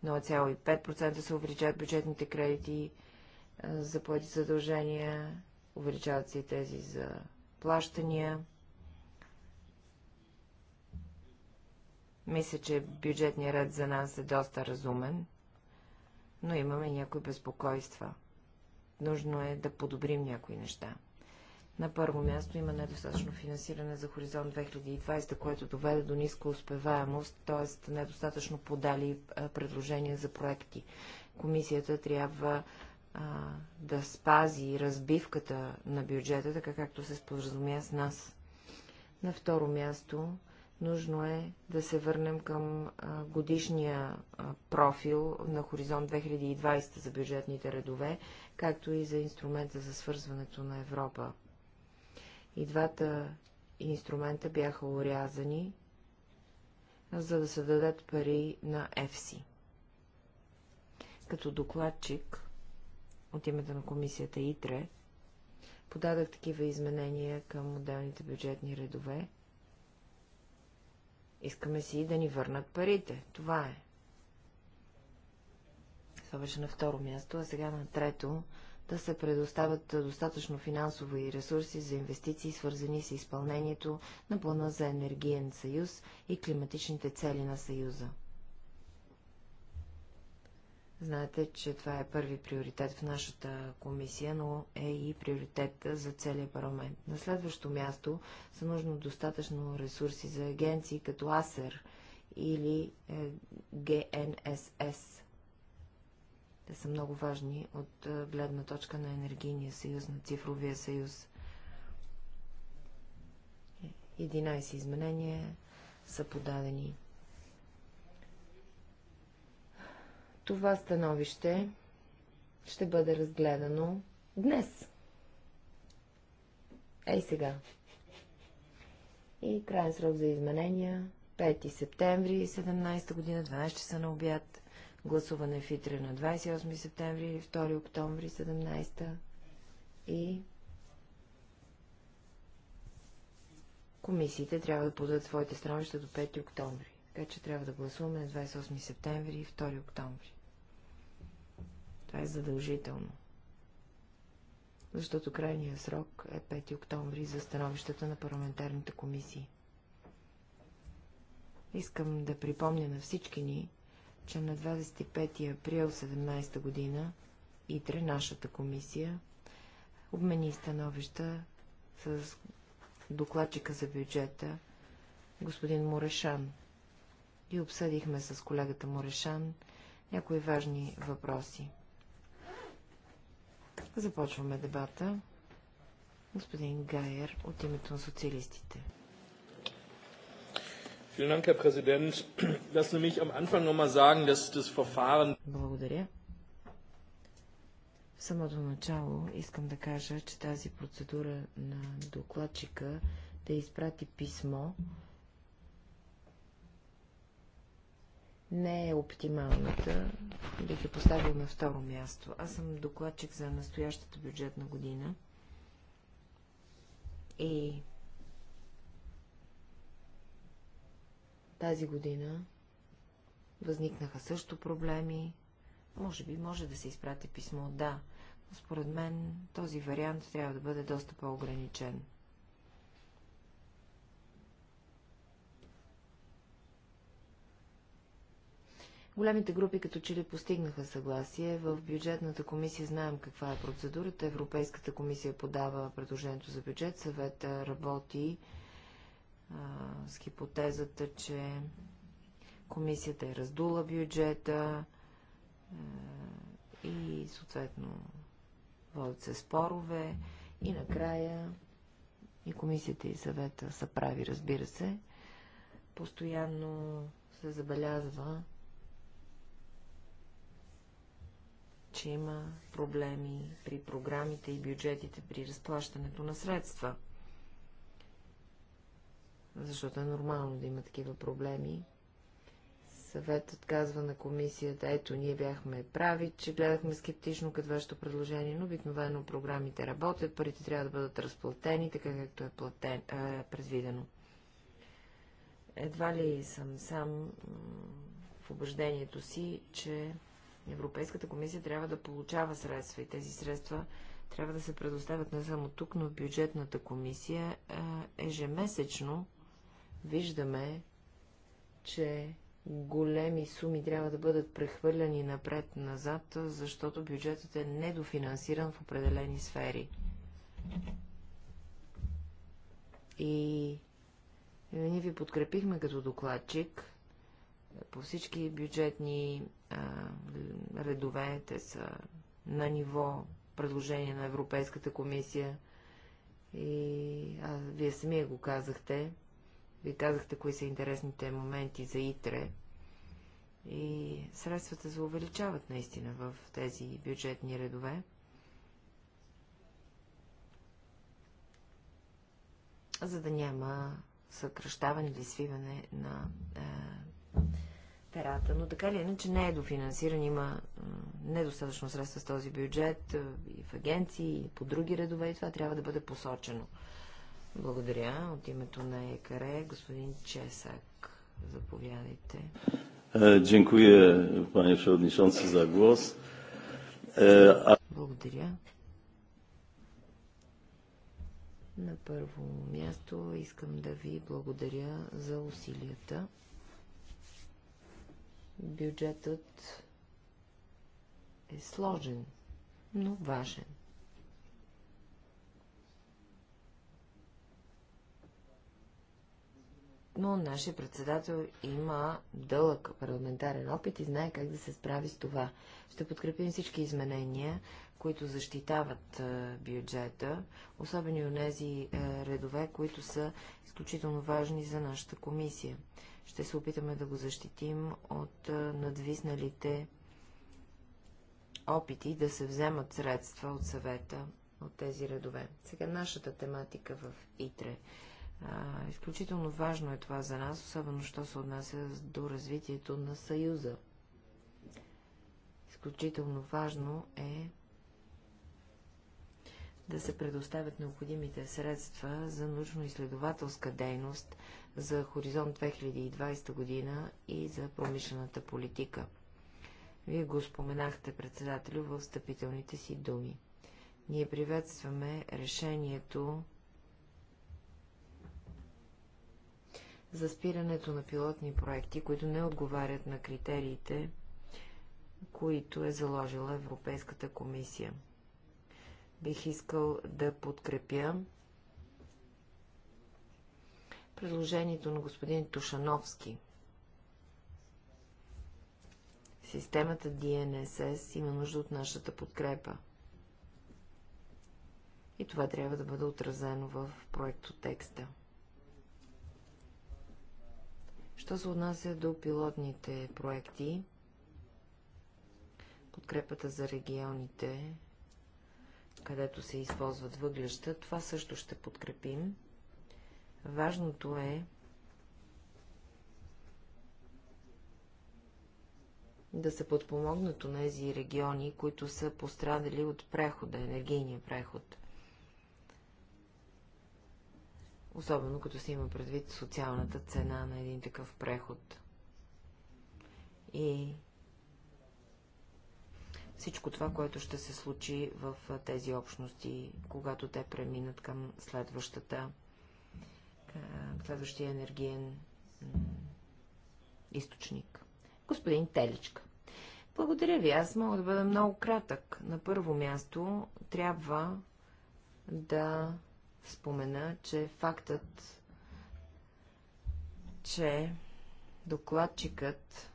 0,5% се увеличават бюджетните кредити за плати задължения, увеличават се и тези за плащания. Мисля, че бюджетният ред за нас е доста разумен, но имаме някои безпокойства. Нужно е да подобрим някои неща. На първо място има недостатъчно финансиране за Хоризонт 2020, което доведе до ниска успеваемост, т.е. недостатъчно подали предложения за проекти. Комисията трябва а, да спази разбивката на бюджета, така както се споразумя с нас. На второ място Нужно е да се върнем към годишния профил на Хоризонт 2020 за бюджетните редове, както и за инструмента за свързването на Европа. И двата инструмента бяха урязани, за да се дадат пари на ЕФСИ. Като докладчик от името на комисията ИТРЕ, подадах такива изменения към отделните бюджетни редове, Искаме си да ни върнат парите. Това е. Съвърши беше на второ място, а сега на трето да се предоставят достатъчно финансови ресурси за инвестиции, свързани с изпълнението на плана за енергиен съюз и климатичните цели на съюза. Знаете, че това е първи приоритет в нашата комисия, но е и приоритет за целия парламент. На следващо място са нужно достатъчно ресурси за агенции като АСЕР или е, ГНСС. Те са много важни от е, гледна точка на енергийния съюз, на цифровия съюз. 11 изменения са подадени Това становище ще бъде разгледано днес. Ей сега. И крайен срок за изменения 5 септември 17 година, 12 часа на обяд. Гласуване в Итре на 28 септември, 2 октомври 17 и комисиите трябва да подадат своите становища до 5 октомври. Така че трябва да гласуваме на 28 септември и 2 октомври. Това е задължително. Защото крайният срок е 5 октомври за становищата на парламентарните комисии. Искам да припомня на всички ни, че на 25 април 17 година ИТРЕ, нашата комисия, обмени становища с докладчика за бюджета, господин Морешан. И обсъдихме с колегата Морешан някои важни въпроси. Започваме дебата. Господин Гайер от името на социалистите. Благодаря. В самото начало искам да кажа, че тази процедура на докладчика да изпрати писмо не е оптималната. Бих я поставил на второ място. Аз съм докладчик за настоящата бюджетна година. И тази година възникнаха също проблеми. Може би може да се изпрати писмо, да, но според мен този вариант трябва да бъде доста по-ограничен. Големите групи като че ли постигнаха съгласие. В бюджетната комисия знаем каква е процедурата. Европейската комисия подава предложението за бюджет. Съвет работи а, с хипотезата, че комисията е раздула бюджета а, и съответно водят се спорове. И накрая и комисията и съвета са прави, разбира се. Постоянно се забелязва че има проблеми при програмите и бюджетите при разплащането на средства. Защото е нормално да има такива проблеми. Съветът казва на комисията, ето ние бяхме прави, че гледахме скептично като вашето предложение, но обикновено програмите работят, парите трябва да бъдат разплатени, така както е платен, е, предвидено. Едва ли съм сам в убеждението си, че Европейската комисия трябва да получава средства и тези средства трябва да се предоставят не само тук, но в бюджетната комисия. Ежемесечно виждаме, че големи суми трябва да бъдат прехвърляни напред-назад, защото бюджетът е недофинансиран в определени сфери. И ние ви подкрепихме като докладчик по всички бюджетни а, редове. Те са на ниво предложение на Европейската комисия. И а, вие самия го казахте. Вие казахте, кои са интересните моменти за ИТРЕ. И средствата се увеличават наистина в тези бюджетни редове. За да няма съкръщаване или свиване на е, перата, но така ли иначе не е дофинансиран, има недостатъчно средства с този бюджет и в агенции, и по други редове, и това трябва да бъде посочено. Благодаря. От името на ЕКАРЕ, господин Чесак, заповядайте. Dziękuję, panie przewodniczący, за глас. Е, благодаря. На първо място искам да ви благодаря за усилията, Бюджетът е сложен, но важен. Но нашия председател има дълъг парламентарен опит и знае как да се справи с това. Ще подкрепим всички изменения, които защитават бюджета, особено и тези редове, които са изключително важни за нашата комисия. Ще се опитаме да го защитим от надвисналите опити да се вземат средства от съвета от тези редове. Сега нашата тематика в ИТРЕ. изключително важно е това за нас, особено що се отнася до развитието на Съюза. Изключително важно е да се предоставят необходимите средства за научно-изследователска дейност за Хоризонт 2020 година и за промишлената политика. Вие го споменахте, председателю, в встъпителните си думи. Ние приветстваме решението за спирането на пилотни проекти, които не отговарят на критериите, които е заложила Европейската комисия – бих искал да подкрепя предложението на господин Тушановски. Системата DNSS има нужда от нашата подкрепа. И това трябва да бъде отразено в проекто текста. Що се отнася до пилотните проекти, подкрепата за регионите където се използват въглеща, това също ще подкрепим. Важното е да се подпомогнат тези региони, които са пострадали от прехода, енергийния преход. Особено като се има предвид социалната цена на един такъв преход. И всичко това, което ще се случи в тези общности, когато те преминат към следващата, следващия енергиен източник. Господин Теличка. Благодаря ви. Аз мога да бъда много кратък. На първо място трябва да спомена, че фактът, че докладчикът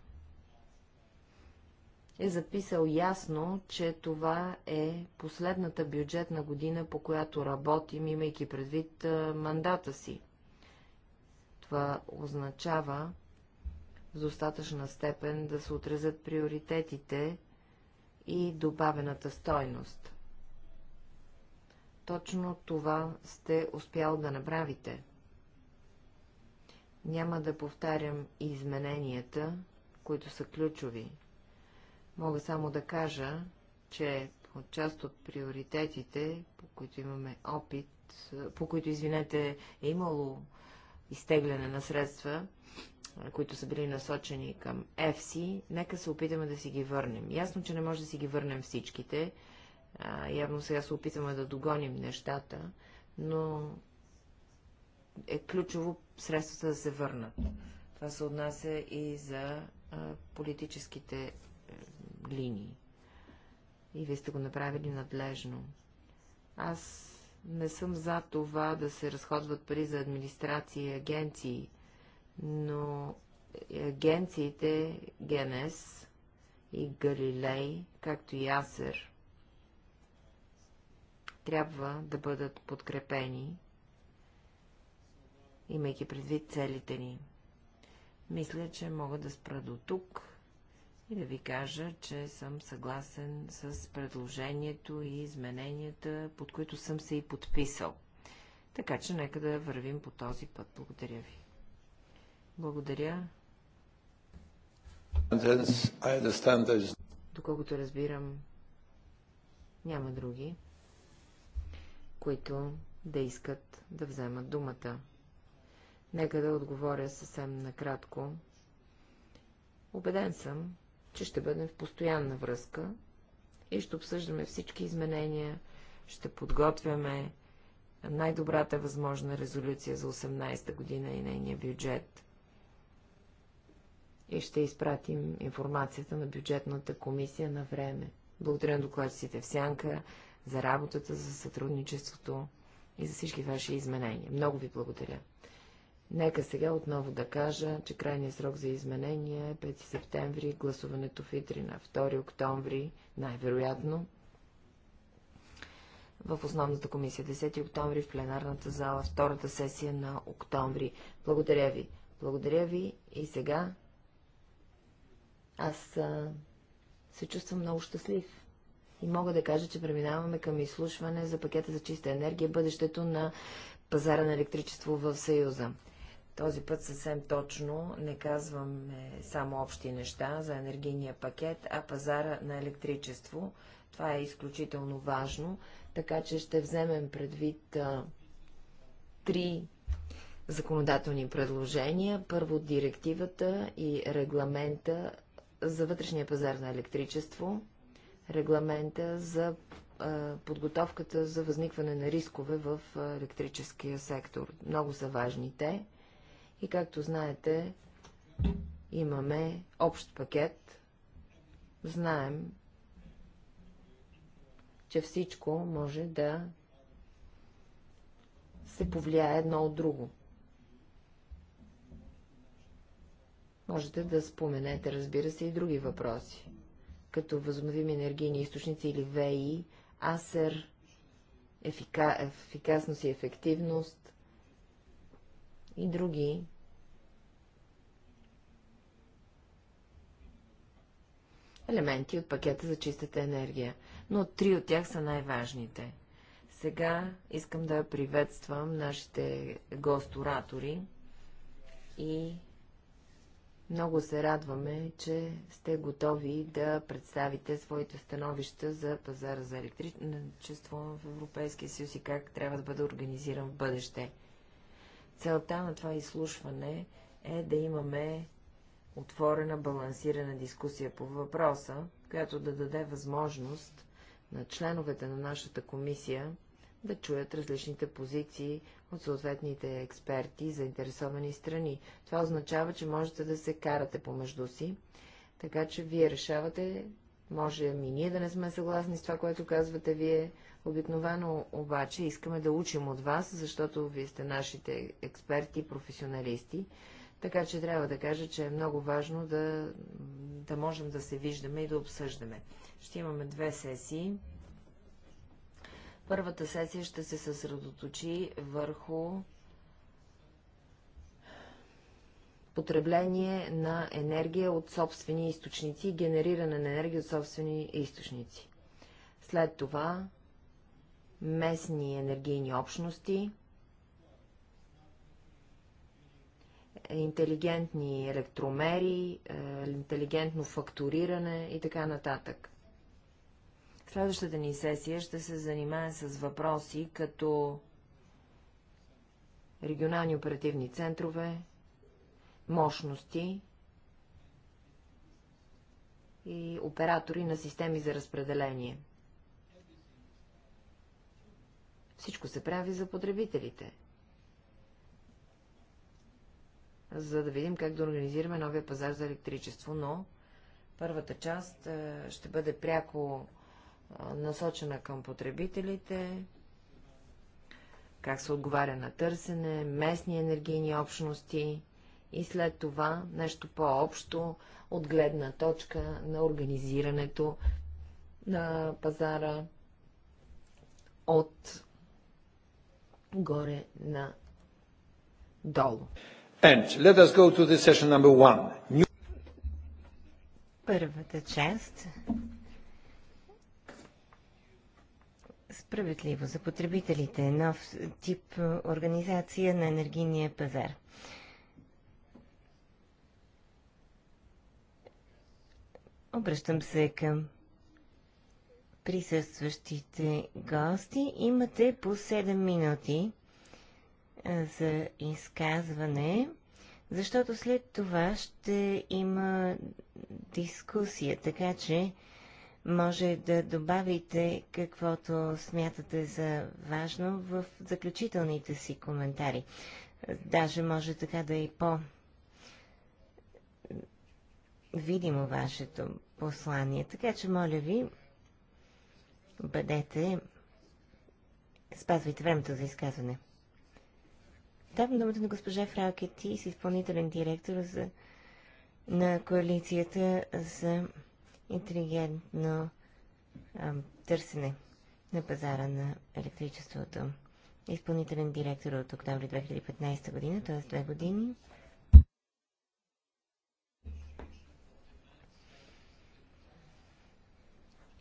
е записал ясно, че това е последната бюджетна година, по която работим, имайки предвид мандата си. Това означава в достатъчна степен да се отрезат приоритетите и добавената стойност. Точно това сте успял да направите. Няма да повтарям измененията, които са ключови Мога само да кажа, че от част от приоритетите, по които имаме опит, по които, извинете, е имало изтегляне на средства, които са били насочени към FC, нека се опитаме да си ги върнем. Ясно, че не може да си ги върнем всичките. явно сега се опитваме да догоним нещата, но е ключово средствата да се върнат. Това се отнася и за политическите линии. И вие сте го направили надлежно. Аз не съм за това да се разходват пари за администрации и агенции, но агенциите ГНС и Галилей, както и Асер, трябва да бъдат подкрепени, имайки предвид целите ни. Мисля, че мога да спра до тук и да ви кажа, че съм съгласен с предложението и измененията, под които съм се и подписал. Така че нека да вървим по този път. Благодаря ви. Благодаря. Доколкото разбирам, няма други, които да искат да вземат думата. Нека да отговоря съвсем накратко. Обеден съм, че ще бъдем в постоянна връзка и ще обсъждаме всички изменения, ще подготвяме най-добрата възможна резолюция за 18-та година и нейния бюджет. И ще изпратим информацията на бюджетната комисия на време. Благодаря на докладците в Сянка за работата, за сътрудничеството и за всички ваши изменения. Много ви благодаря. Нека сега отново да кажа, че крайният срок за изменение е 5 септември, гласуването в Итри на 2 октомври, най-вероятно. В основната комисия 10 октомври, в пленарната зала, втората сесия на октомври. Благодаря ви. Благодаря ви и сега аз а, се чувствам много щастлив. И мога да кажа, че преминаваме към изслушване за пакета за чиста енергия, бъдещето на пазара на електричество в Съюза. Този път съвсем точно не казваме само общи неща за енергийния пакет, а пазара на електричество. Това е изключително важно, така че ще вземем предвид а, три законодателни предложения. Първо директивата и регламента за вътрешния пазар на електричество, регламента за а, подготовката за възникване на рискове в електрическия сектор. Много са важни те. И както знаете, имаме общ пакет. Знаем, че всичко може да се повлияе едно от друго. Можете да споменете, разбира се, и други въпроси, като възобновими енергийни източници или ВИ, АСЕР, ефика... ефикасност и ефективност, и други. елементи от пакета за чистата енергия, но три от тях са най-важните. Сега искам да приветствам нашите гостуратори, и много се радваме, че сте готови да представите своите становища за пазара за електричество в Европейския съюз и как трябва да бъде организиран в бъдеще. Целта на това изслушване е да имаме отворена, балансирана дискусия по въпроса, която да даде възможност на членовете на нашата комисия да чуят различните позиции от съответните експерти и заинтересовани страни. Това означава, че можете да се карате помежду си, така че вие решавате, може и ние да не сме съгласни с това, което казвате вие, Обикновено обаче искаме да учим от вас, защото вие сте нашите експерти, професионалисти. Така че трябва да кажа, че е много важно да, да можем да се виждаме и да обсъждаме. Ще имаме две сесии. Първата сесия ще се съсредоточи върху потребление на енергия от собствени източници и генериране на енергия от собствени източници. След това местни енергийни общности, интелигентни електромери, е, интелигентно фактуриране и така нататък. Следващата ни сесия ще се занимае с въпроси като регионални оперативни центрове, мощности и оператори на системи за разпределение – Всичко се прави за потребителите. За да видим как да организираме новия пазар за електричество, но първата част е, ще бъде пряко е, насочена към потребителите, как се отговаря на търсене, местни енергийни общности и след това нещо по-общо от гледна точка на организирането на пазара от горе на долу. And let us go to the session number one. New... Първата част справедливо за потребителите, нов тип организация на енергийния пазар. Обръщам се към присъстващите гости. Имате по 7 минути за изказване, защото след това ще има дискусия, така че може да добавите каквото смятате за важно в заключителните си коментари. Даже може така да е и по видимо вашето послание. Така че, моля ви, бъдете... Спазвайте времето за изказване. Давам думата на госпожа Фралкети с изпълнителен директор за... на коалицията за интелигентно а, търсене на пазара на електричеството. Изпълнителен директор от октомври 2015 година, т.е. две години.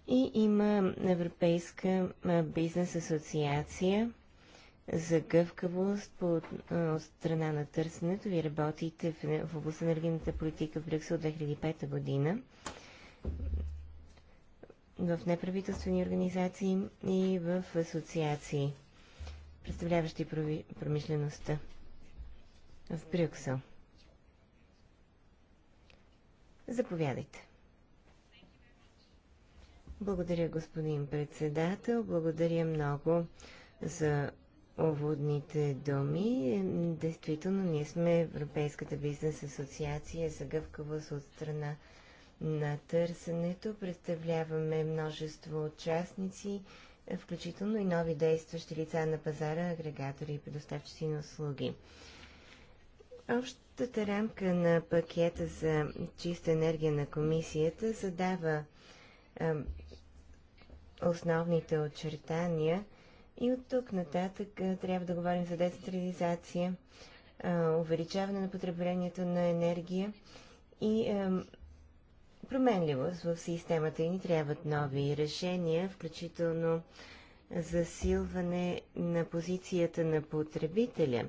и има Европейска бизнес асоциация за гъвкавост по, от страна на търсенето. Вие работите в, в областта на енергийната политика в Брюксел 2005 година в неправителствени организации и в асоциации, представляващи промишлеността в Брюксел. Заповядайте. Благодаря, господин председател. Благодаря много за уводните думи. Действително, ние сме Европейската бизнес асоциация за гъвкавост от страна на търсенето. Представляваме множество участници, включително и нови действащи лица на пазара, агрегатори и предоставчици на услуги. Общата рамка на пакета за чиста енергия на комисията задава основните очертания. И от тук нататък трябва да говорим за децентрализация, увеличаване на потреблението на енергия и променливост в системата и ни трябват нови решения, включително засилване на позицията на потребителя,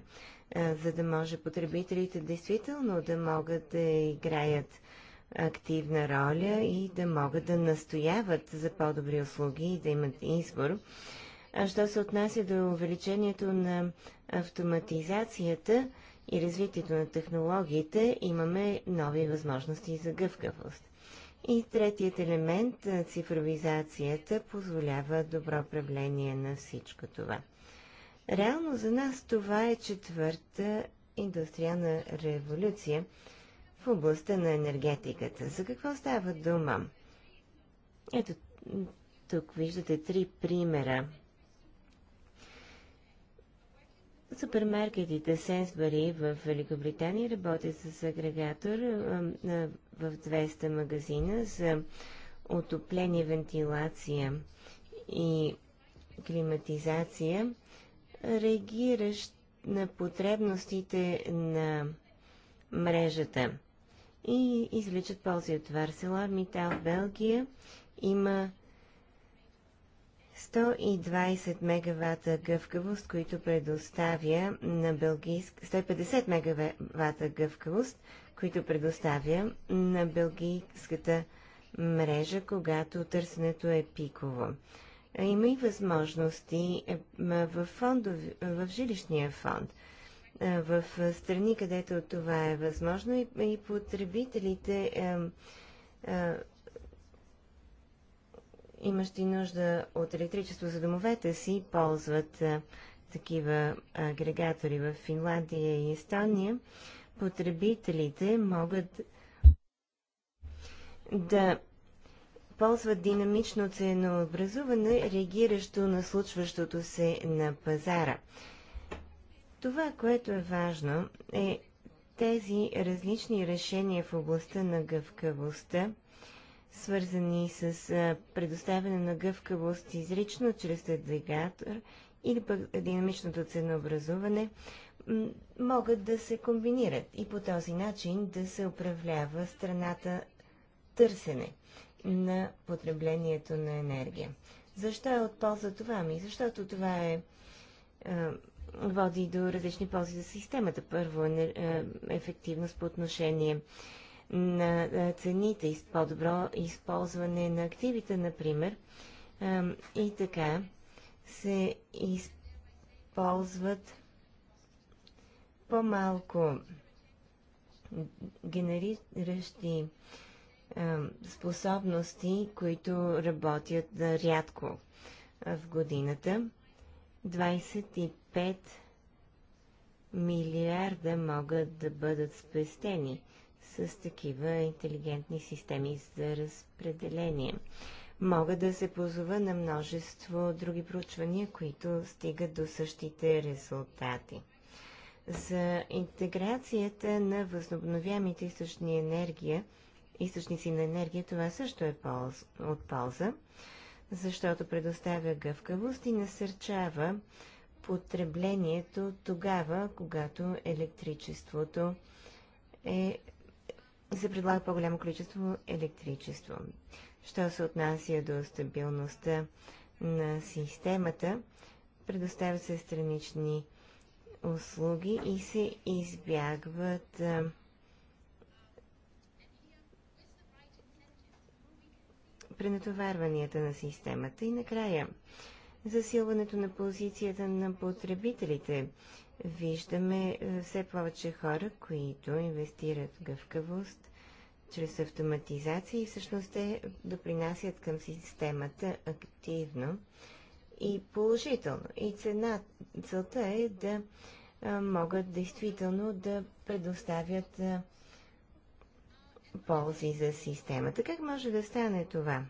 за да може потребителите действително да могат да играят активна роля и да могат да настояват за по-добри услуги и да имат избор. А що се отнася до увеличението на автоматизацията и развитието на технологиите, имаме нови възможности за гъвкавост. И третият елемент, цифровизацията, позволява добро управление на всичко това. Реално за нас това е четвърта индустриална революция – в областта на енергетиката. За какво става дума? Ето, тук виждате три примера. Супермаркетите Сенсбъри в Великобритания работят с агрегатор в 200 магазина за отопление, вентилация и климатизация, реагиращ на потребностите на мрежата и извличат ползи от Варсела. Митал в Белгия има 120 мегавата гъвкавост, които предоставя на белгийск... 150 мегавата гъвкавост, които предоставя на белгийската мрежа, когато търсенето е пиково. Има и възможности е, в, фондов... в жилищния фонд. Е, в страни, където това е възможно и, и потребителите, е, е, имащи нужда от електричество за домовете си, ползват е, такива агрегатори в Финландия и Естония. Потребителите могат да ползват динамично ценообразуване, реагиращо на случващото се на пазара. Това, което е важно, е тези различни решения в областта на гъвкавостта, свързани с предоставяне на гъвкавост изрично чрез двигатор или пък динамичното ценообразуване, могат да се комбинират и по този начин да се управлява страната търсене на потреблението на енергия. Защо е от полза това ми? Защото това е води до различни ползи за системата. Първо, е, ефективност по отношение на е, цените и по-добро използване на активите, например. И така се използват по-малко генериращи способности, които работят рядко в годината. 25 5 милиарда могат да бъдат спестени с такива интелигентни системи за разпределение. Мога да се позова на множество други проучвания, които стигат до същите резултати. За интеграцията на възобновяемите източни енергия, източници на енергия, това също е от полза, защото предоставя гъвкавост и насърчава потреблението тогава, когато електричеството е се предлага по-голямо количество електричество. Що се отнася до стабилността на системата, предоставят се странични услуги и се избягват пренатоварванията на системата. И накрая, засилването на позицията на потребителите. Виждаме е, все повече хора, които инвестират в гъвкавост чрез автоматизация и всъщност те допринасят към системата активно и положително. И цена, целта е да е, могат действително да предоставят е, ползи за системата. Как може да стане това?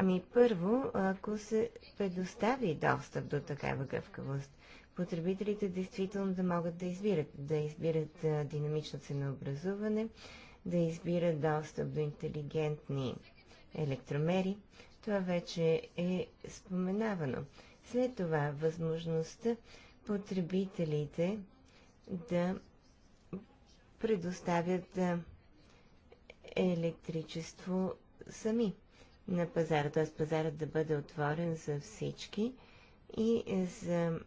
Ами първо, ако се предостави достъп до такава гъвкавост, потребителите действително да могат да избират, да избират динамично ценообразуване, да избират достъп до интелигентни електромери. Това вече е споменавано. След това възможността потребителите да предоставят електричество сами на пазара, т.е. пазарът да бъде отворен за всички и за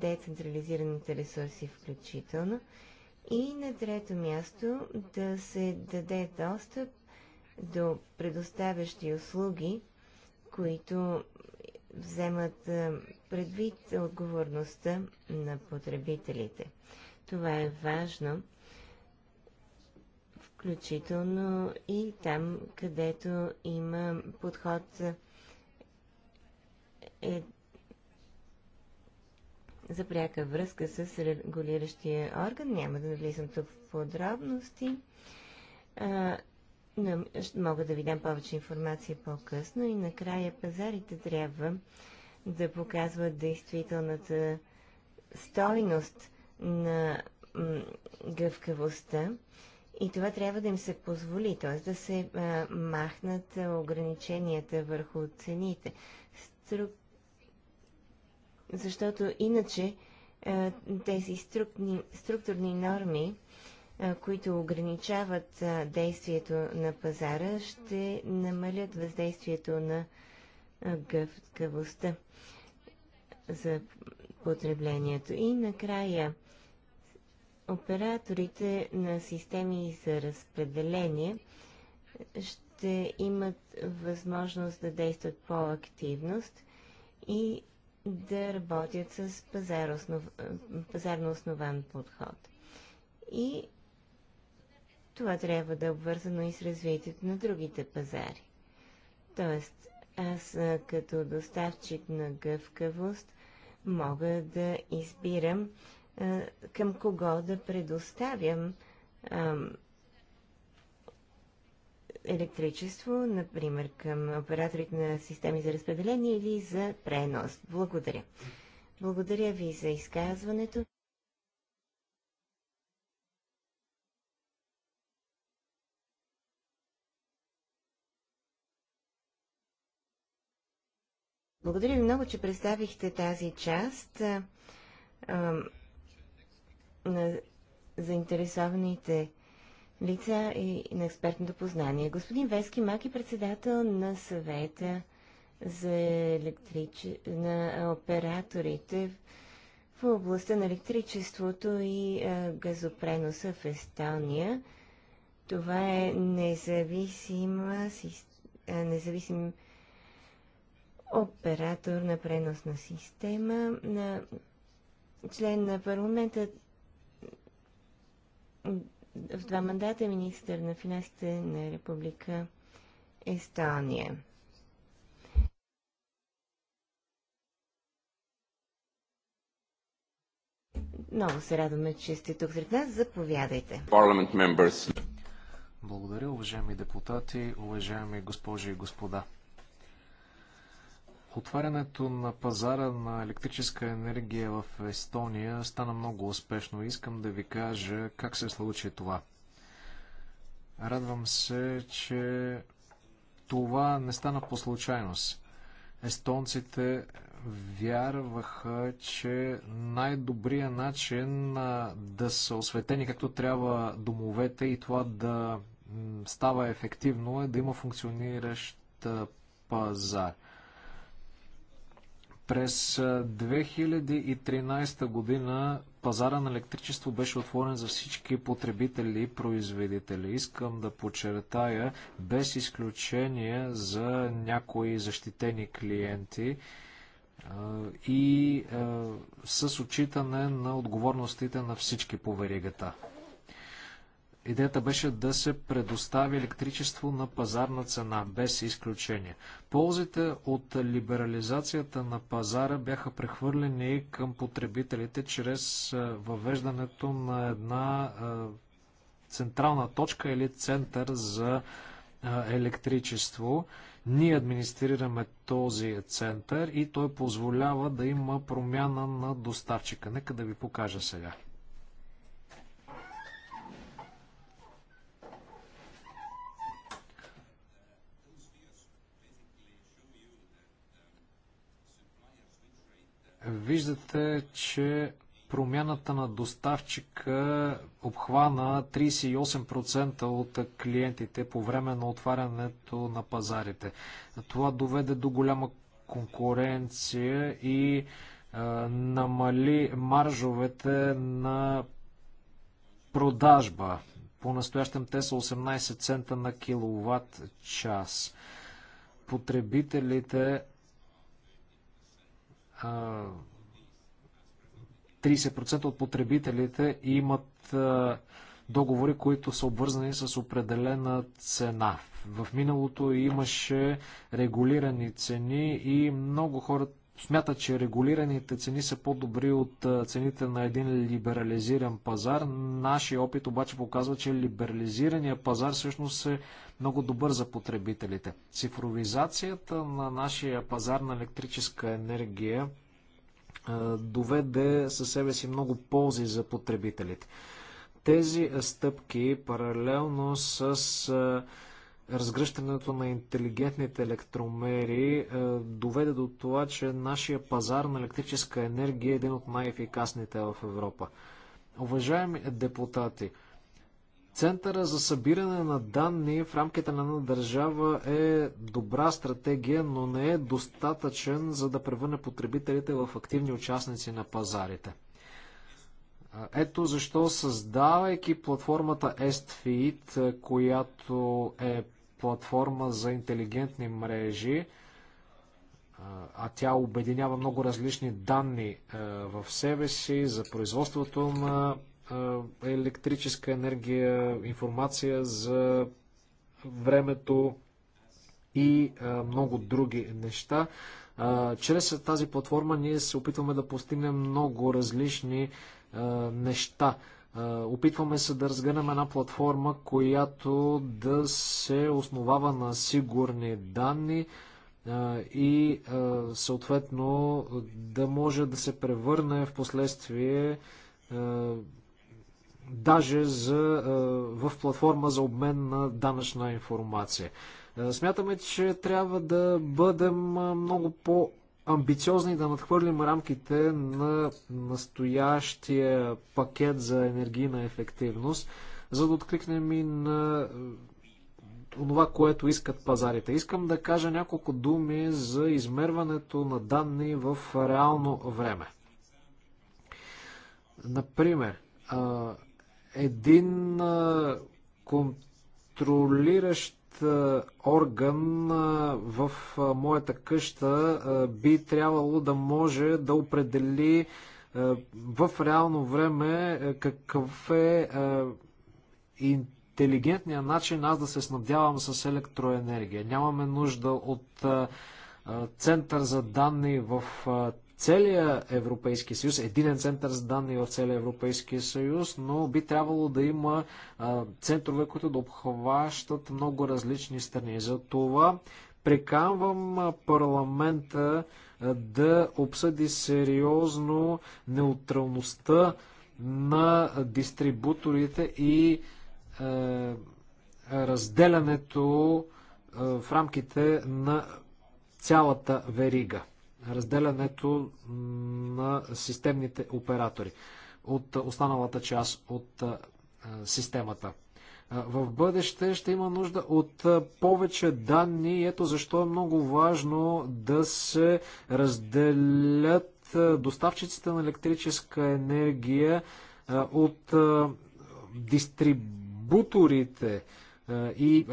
децентрализираните ресурси включително. И на трето място да се даде достъп до предоставящи услуги, които вземат предвид отговорността на потребителите. Това е важно включително и там, където има подход е, за пряка връзка с регулиращия орган. Няма да навлизам тук в подробности. но мога да ви дам повече информация по-късно и накрая пазарите трябва да показват действителната стойност на гъвкавостта и това трябва да им се позволи, т.е. да се а, махнат ограниченията върху цените. Стру... Защото иначе а, тези структурни, структурни норми, а, които ограничават а, действието на пазара, ще намалят въздействието на гъвкавостта за потреблението. И накрая операторите на системи за разпределение ще имат възможност да действат по-активност и да работят с пазарно основан подход. И това трябва да е обвързано и с развитието на другите пазари. Тоест, аз като доставчик на гъвкавост мога да избирам към кого да предоставям електричество, например към операторите на системи за разпределение или за пренос. Благодаря. Благодаря ви за изказването. Благодаря ви много, че представихте тази част на заинтересованите лица и на експертното познание. Господин Вески Мак е председател на съвета за електрич... на операторите в областта на електричеството и газопреноса в Естония. Това е независима, независим оператор на преносна система, на член на парламента в два мандата е министър на финансите на Република Естония. Много се радваме, че сте тук сред нас. Заповядайте. Благодаря, уважаеми депутати, уважаеми госпожи и господа. Отварянето на пазара на електрическа енергия в Естония стана много успешно. Искам да ви кажа как се случи това. Радвам се, че това не стана по случайност. Естонците вярваха, че най-добрият начин да са осветени както трябва домовете и това да става ефективно е да има функциониращ пазар. През 2013 година пазара на електричество беше отворен за всички потребители и производители. Искам да подчертая, без изключение за някои защитени клиенти и с отчитане на отговорностите на всички по веригата. Идеята беше да се предостави електричество на пазарна цена, без изключение. Ползите от либерализацията на пазара бяха прехвърлени към потребителите чрез въвеждането на една централна точка или център за електричество. Ние администрираме този център и той позволява да има промяна на доставчика. Нека да ви покажа сега. виждате, че промяната на доставчика обхвана 38% от клиентите по време на отварянето на пазарите. Това доведе до голяма конкуренция и е, намали маржовете на продажба. По-настоящем те са 18 цента на киловатт час. Потребителите 30% от потребителите имат договори, които са обвързани с определена цена. В миналото имаше регулирани цени и много хората смята, че регулираните цени са по-добри от цените на един либерализиран пазар. Нашия опит обаче показва, че либерализирания пазар всъщност е много добър за потребителите. Цифровизацията на нашия пазар на електрическа енергия доведе със себе си много ползи за потребителите. Тези стъпки паралелно с разгръщането на интелигентните електромери е, доведе до това, че нашия пазар на електрическа енергия е един от най-ефикасните в Европа. Уважаеми депутати, Центъра за събиране на данни в рамките на една държава е добра стратегия, но не е достатъчен за да превърне потребителите в активни участници на пазарите. Ето защо създавайки платформата EstFeed, е, която е платформа за интелигентни мрежи, а тя обединява много различни данни в себе си за производството на електрическа енергия, информация за времето и много други неща. Чрез тази платформа ние се опитваме да постигнем много различни неща Опитваме се да разгърнем една платформа, която да се основава на сигурни данни и съответно да може да се превърне в последствие даже за, в платформа за обмен на данъчна информация. Смятаме, че трябва да бъдем много по амбициозни да надхвърлим рамките на настоящия пакет за енергийна ефективност, за да откликнем и на това, е, което искат пазарите. Искам да кажа няколко думи за измерването на данни в реално време. Например, е, един е, контролиращ орган в моята къща би трябвало да може да определи в реално време какъв е интелигентният начин аз да се снабдявам с електроенергия. Нямаме нужда от център за данни в целия Европейски съюз, единен център за данни в целия Европейския съюз, но би трябвало да има центрове, които да обхващат много различни страни. За това прекамвам парламента да обсъди сериозно неутралността на дистрибуторите и е, разделянето е, в рамките на цялата верига разделянето на системните оператори от останалата част от системата. В бъдеще ще има нужда от повече данни и ето защо е много важно да се разделят доставчиците на електрическа енергия от дистрибуторите и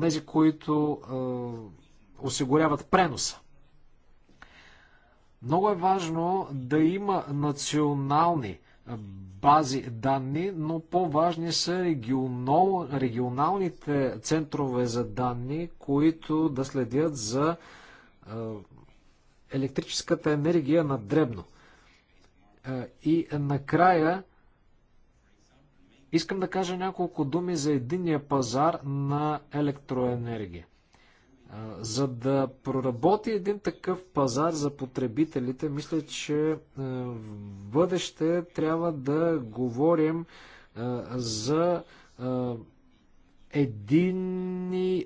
тези, които осигуряват преноса. Много е важно да има национални бази данни, но по-важни са регионал, регионалните центрове за данни, които да следят за електрическата енергия на дребно. и накрая искам да кажа няколко думи за единния пазар на електроенергия. За да проработи един такъв пазар за потребителите, мисля, че е, в бъдеще трябва да говорим е, за е, единни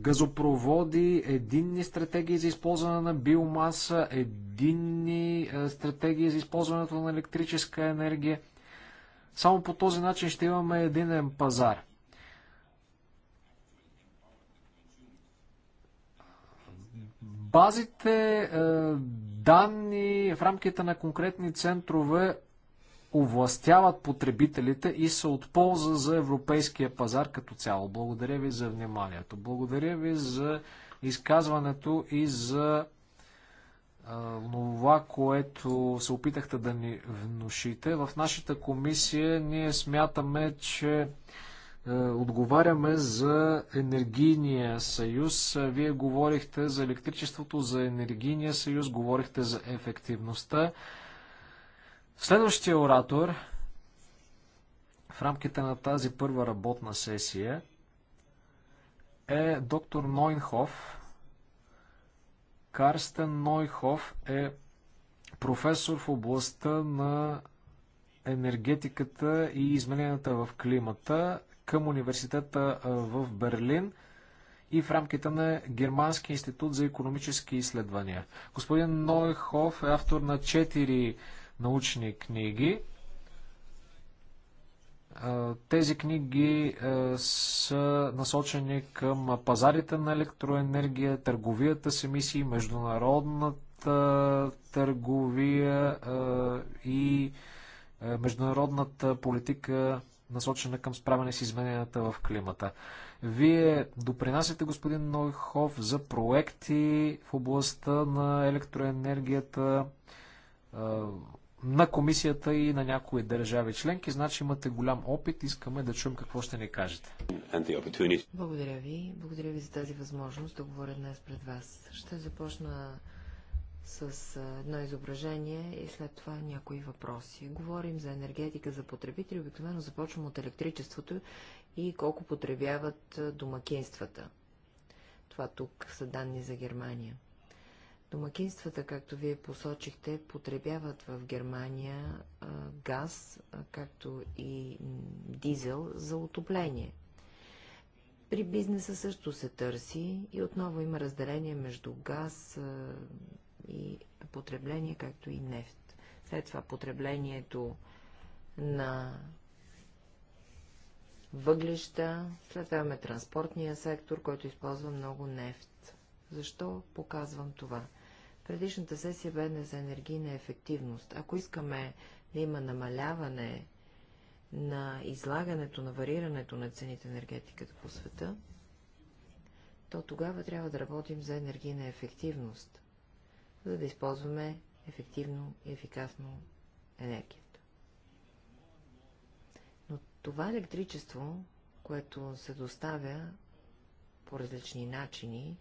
газопроводи, единни стратегии за използване на биомаса, единни стратегии за използването на електрическа енергия. Само по този начин ще имаме единен пазар. Базите е, данни в рамките на конкретни центрове овластяват потребителите и са от полза за европейския пазар като цяло. Благодаря ви за вниманието. Благодаря ви за изказването и за това, е, което се опитахте да ни внушите. В нашата комисия ние смятаме, че е, отговаряме за енергийния съюз. Е, вие говорихте за електричеството, за енергийния съюз, говорихте за ефективността. Следващия оратор в рамките на тази първа работна сесия е доктор Нойнхоф. Карстен Нойхоф е професор в областта на енергетиката и измененията в климата към университета в Берлин и в рамките на Германския институт за економически изследвания. Господин Нойхов е автор на 4 научни книги. Тези книги са насочени към пазарите на електроенергия, търговията с емисии, международната търговия и международната политика насочена към справяне с измененията в климата. Вие допринасяте, господин Нойхов, за проекти в областта на електроенергията на комисията и на някои държави членки. Значи имате голям опит. Искаме да чуем какво ще ни кажете. Благодаря ви. Благодаря ви за тази възможност да говоря днес пред вас. Ще започна с едно изображение и след това някои въпроси. Говорим за енергетика за потребители. Обикновено започвам от електричеството и колко потребяват домакинствата. Това тук са данни за Германия. Домакинствата, както вие посочихте, потребяват в Германия газ, както и дизел за отопление. При бизнеса също се търси и отново има разделение между газ, и потребление, както и нефт. След това потреблението на въглища, след това имаме транспортния сектор, който използва много нефт. Защо показвам това? Предишната сесия бе за енергийна ефективност. Ако искаме да има намаляване на излагането, на варирането на цените енергетиката по света, то тогава трябва да работим за енергийна ефективност за да използваме ефективно и ефикасно енергията. Но това електричество, което се доставя по различни начини,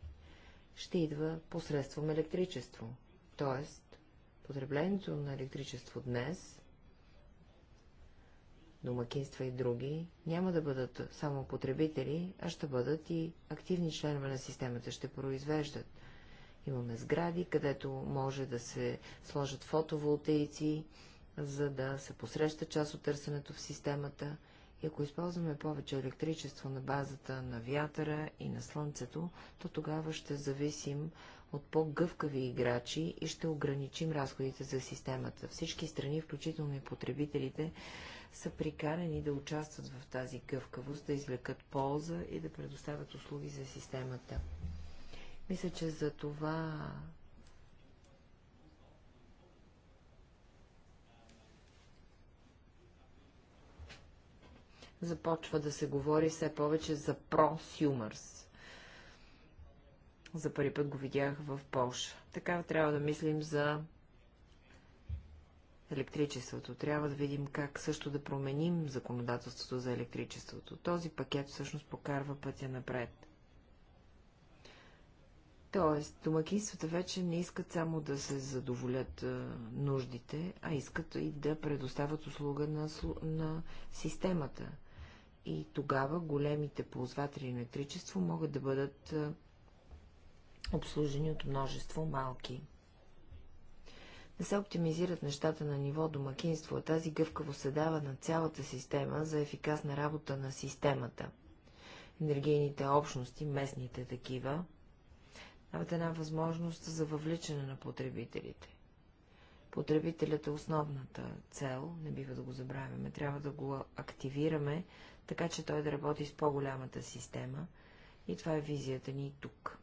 ще идва посредством електричество. Тоест, потреблението на електричество днес, домакинства и други, няма да бъдат само потребители, а ще бъдат и активни членове на системата, ще произвеждат. Имаме сгради, където може да се сложат фотоволтаици, за да се посреща част от търсенето в системата. И ако използваме повече електричество на базата на вятъра и на слънцето, то тогава ще зависим от по-гъвкави играчи и ще ограничим разходите за системата. Всички страни, включително и потребителите, са прикарани да участват в тази гъвкавост, да извлекат полза и да предоставят услуги за системата. Мисля, че за това започва да се говори все повече за просюмърс. За първи път го видях в Польша. Така трябва да мислим за електричеството. Трябва да видим как също да променим законодателството за електричеството. Този пакет всъщност покарва пътя напред. Тоест, домакинствата вече не искат само да се задоволят нуждите, а искат и да предоставят услуга на, на системата. И тогава големите ползватели на електричество могат да бъдат обслужени от множество малки. Не се оптимизират нещата на ниво домакинство, а тази гъвкаво се дава на цялата система за ефикасна работа на системата. Енергийните общности, местните такива, дават една възможност за въвличане на потребителите. Потребителят е основната цел, не бива да го забравяме, трябва да го активираме, така че той да работи с по-голямата система и това е визията ни тук.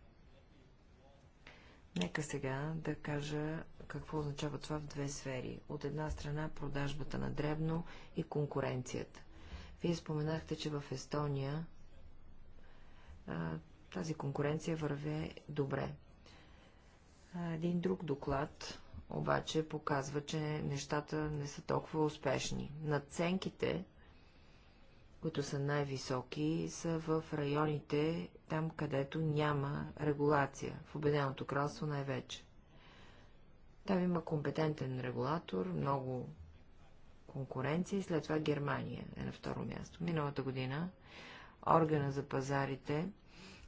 Нека сега да кажа какво означава това в две сфери. От една страна продажбата на дребно и конкуренцията. Вие споменахте, че в Естония а, тази конкуренция върве добре. Един друг доклад обаче показва, че нещата не са толкова успешни. Наценките, които са най-високи, са в районите, там където няма регулация, в Обеденото кралство най-вече. Там има компетентен регулатор, много конкуренция и след това Германия е на второ място. Миналата година органа за пазарите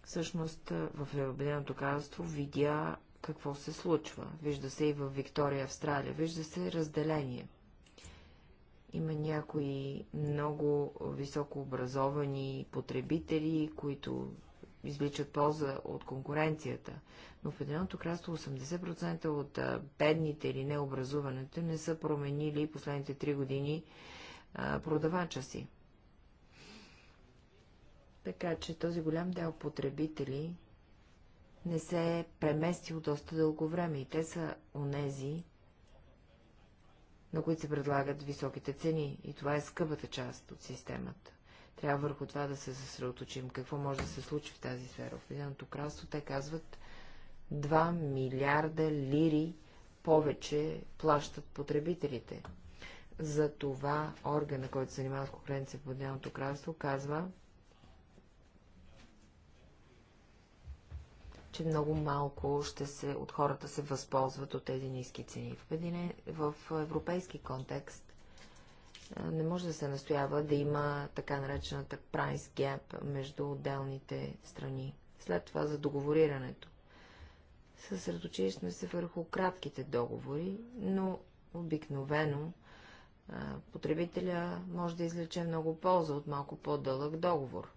Всъщност е, в Обединеното кралство видя какво се случва. Вижда се и в Виктория, Австралия. Вижда се разделение. Има някои много високообразовани потребители, които извличат полза от конкуренцията. Но в Единеното кралство 80% от е, бедните или необразуваните не са променили последните 3 години е, продавача си. Така че този голям дел потребители не се е преместил доста дълго време и те са онези, на които се предлагат високите цени и това е скъпата част от системата. Трябва върху това да се съсредоточим. Какво може да се случи в тази сфера? В Единното кралство те казват 2 милиарда лири повече плащат потребителите. За това органа, който се занимава с конкуренция в Единното кралство, казва, че много малко ще се, от хората се възползват от тези ниски цени. В, един, в европейски контекст не може да се настоява да има така наречената price gap между отделните страни. След това за договорирането. Съсредоточихме сме се върху кратките договори, но обикновено потребителя може да излече много полза от малко по-дълъг договор.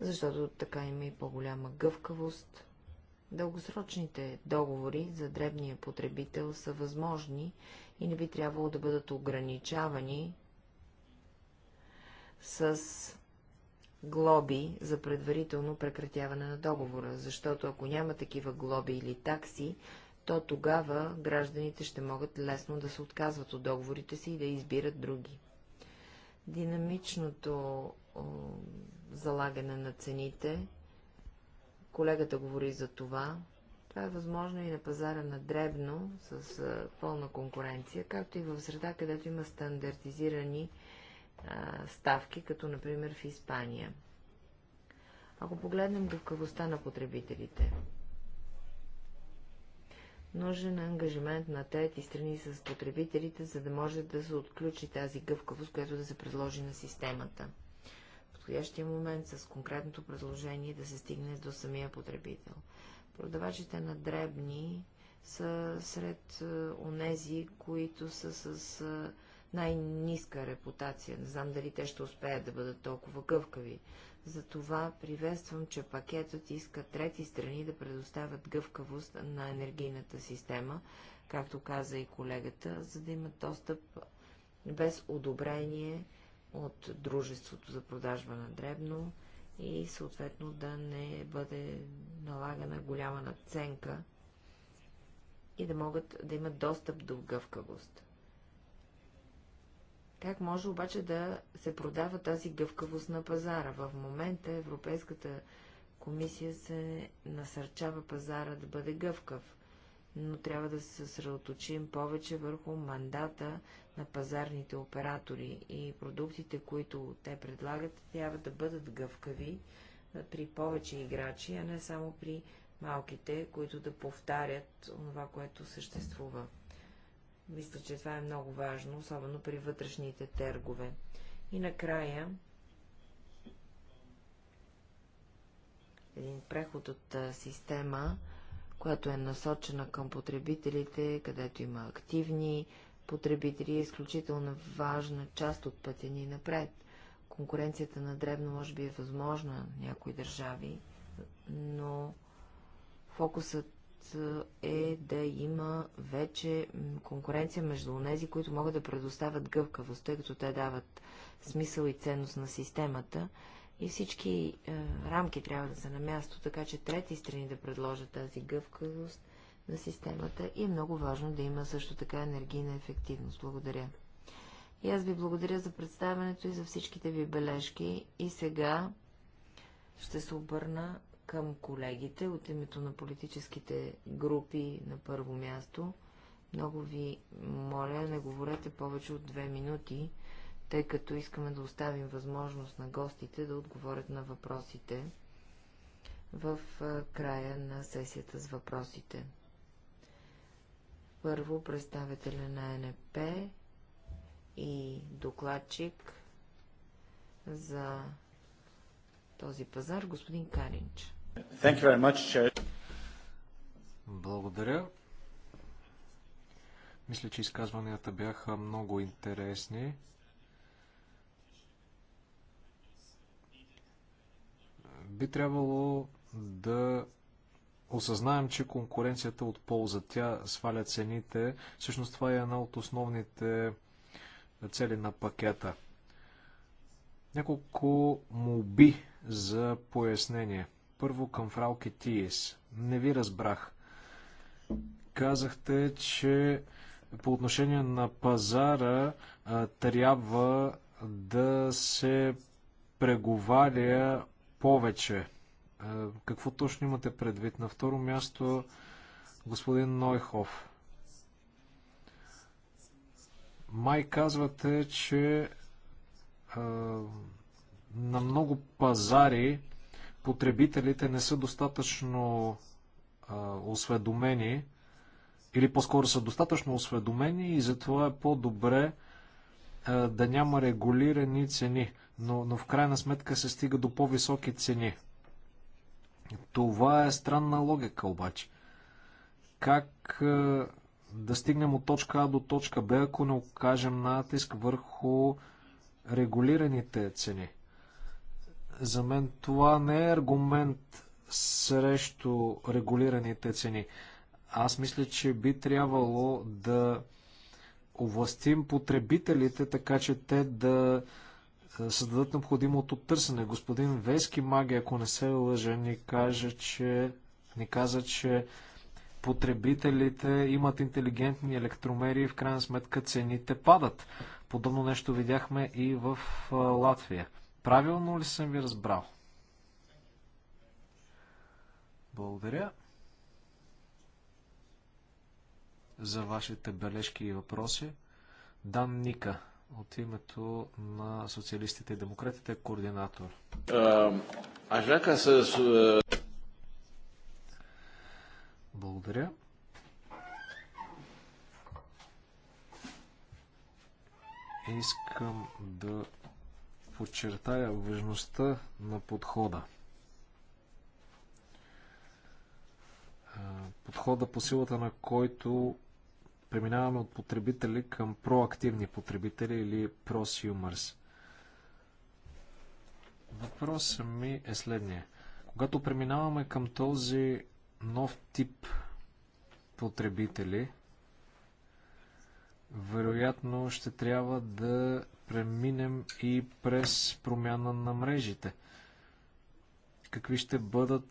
защото така има и по-голяма гъвкавост. Дългосрочните договори за дребния потребител са възможни и не би трябвало да бъдат ограничавани с глоби за предварително прекратяване на договора, защото ако няма такива глоби или такси, то тогава гражданите ще могат лесно да се отказват от договорите си и да избират други. Динамичното залагане на цените, колегата говори за това, това е възможно и на пазара на дребно, с пълна конкуренция, както и в среда, където има стандартизирани а, ставки, като например в Испания. Ако погледнем гъвкавостта на потребителите, нужен ангажимент на трети страни с потребителите, за да може да се отключи тази гъвкавост, която да се предложи на системата. В подходящия момент с конкретното предложение да се стигне до самия потребител. Продавачите на дребни са сред е, онези, които са с е, най низка репутация. Не знам дали те ще успеят да бъдат толкова гъвкави. Затова приветствам, че пакетът иска трети страни да предоставят гъвкавост на енергийната система, както каза и колегата, за да имат достъп без одобрение от дружеството за продажба на дребно и съответно да не бъде налагана голяма надценка и да могат да имат достъп до гъвкавост. Как може обаче да се продава тази гъвкавост на пазара? В момента Европейската комисия се насърчава пазара да бъде гъвкав, но трябва да се съсредоточим повече върху мандата на пазарните оператори и продуктите, които те предлагат, трябва да бъдат гъвкави при повече играчи, а не само при малките, които да повтарят това, което съществува. Мисля, че това е много важно, особено при вътрешните тергове. И накрая, един преход от система, която е насочена към потребителите, където има активни потребители, е изключително важна част от пътя ни напред. Конкуренцията на дребно може би е възможна в някои държави, но фокусът е да има вече конкуренция между тези, които могат да предоставят гъвкавост, тъй като те дават смисъл и ценност на системата и всички е, рамки трябва да са на място, така че трети страни да предложат тази гъвкавост на системата и е много важно да има също така енергийна ефективност. Благодаря. И аз ви благодаря за представянето и за всичките ви бележки. И сега ще се обърна към колегите от името на политическите групи на първо място. Много ви моля, не говорете повече от две минути, тъй като искаме да оставим възможност на гостите да отговорят на въпросите в края на сесията с въпросите. Първо представителя на НП и докладчик за този пазар, господин Каринч. Much, Благодаря. Мисля, че изказванията бяха много интересни. Би трябвало да осъзнаем, че конкуренцията от полза, тя сваля цените. Всъщност това е една от основните цели на пакета. Няколко моби за пояснение – първо към фрау Кетиес. Не ви разбрах. Казахте, че по отношение на пазара трябва да се преговаря повече. Какво точно имате предвид? На второ място господин Нойхов. Май казвате, че на много пазари потребителите не са достатъчно осведомени, или по-скоро са достатъчно осведомени и затова е по-добре да няма регулирани цени, но, но в крайна сметка се стига до по-високи цени. Това е странна логика обаче. Как да стигнем от точка А до точка Б, ако не окажем натиск върху регулираните цени? За мен това не е аргумент срещу регулираните цени. Аз мисля, че би трябвало да овластим потребителите, така че те да е, създадат необходимото търсене. Господин Вески Маги, ако не се лъжа, ни, каже, че, ни каза, че потребителите имат интелигентни електромери и в крайна сметка цените падат. Подобно нещо видяхме и в е, Латвия. Правилно ли съм ви разбрал? Благодаря за вашите бележки и въпроси. Дан Ника от името на социалистите и демократите е координатор. Аз с... Благодаря. Искам да подчертая важността на подхода. Подхода по силата на който преминаваме от потребители към проактивни потребители или просюмърс. Въпросът ми е следния. Когато преминаваме към този нов тип потребители, вероятно ще трябва да преминем и през промяна на мрежите. Какви ще бъдат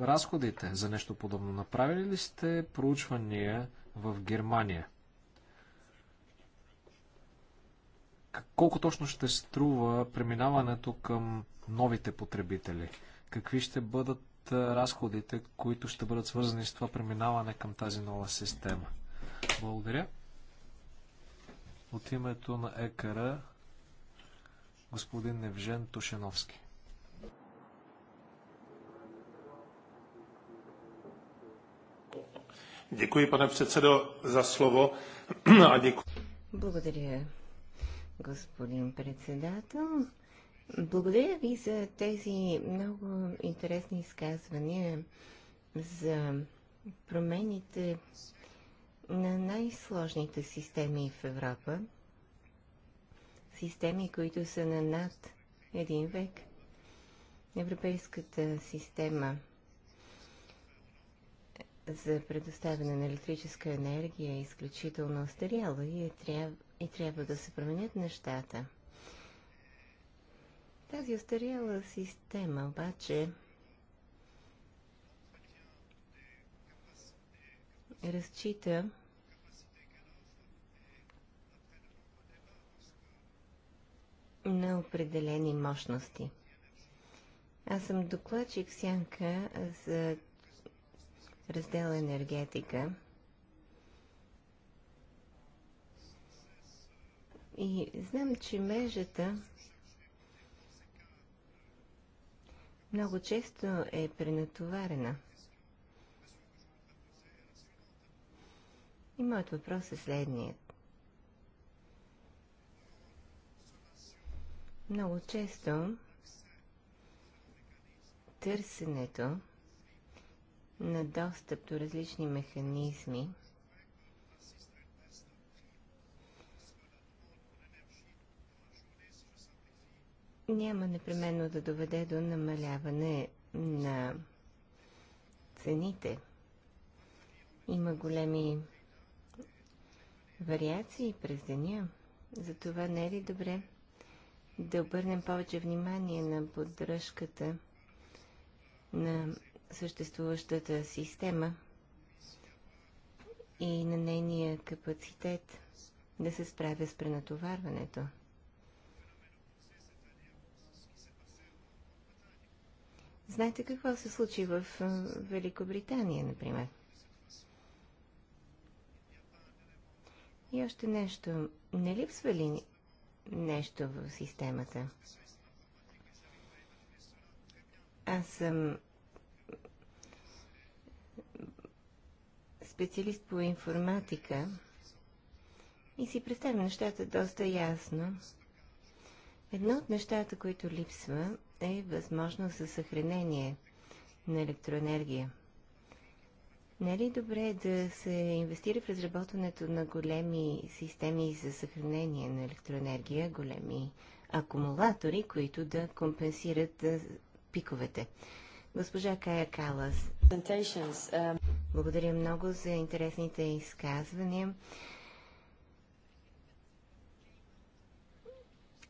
разходите за нещо подобно? Направили ли сте проучвания в Германия? Колко точно ще струва преминаването към новите потребители? Какви ще бъдат разходите, които ще бъдат свързани с това преминаване към тази нова система? Благодаря. От името на ЕКР господин Невжен Тошеновски. Děkuji, pane předsedo, za slovo. A děkuji. Благодаря, господин председател. Благодаря ви за тези много интересни изказвания за промените на най-сложните системи в Европа, системи, които са на над един век. Европейската система за предоставяне на електрическа енергия е изключително остаряла и, е тряб... и трябва да се променят нещата. Тази остаряла система обаче разчита на определени мощности. Аз съм докладчик Сянка за раздел енергетика. И знам, че мрежата много често е пренатоварена. И моят въпрос е следният. Много често търсенето на достъп до различни механизми няма непременно да доведе до намаляване на цените. Има големи вариации през деня. Затова не е ли добре да обърнем повече внимание на поддръжката на съществуващата система и на нейния капацитет да се справя с пренатоварването. Знаете какво се случи в Великобритания, например? И още нещо. Не липсва ли нещо в системата. Аз съм специалист по информатика и си представям нещата доста ясно. Едно от нещата, които липсва, е възможност за съхранение на електроенергия. Не нали е ли добре да се инвестира в разработването на големи системи за съхранение на електроенергия, големи акумулатори, които да компенсират пиковете? Госпожа Кая Калас. Благодаря много за интересните изказвания.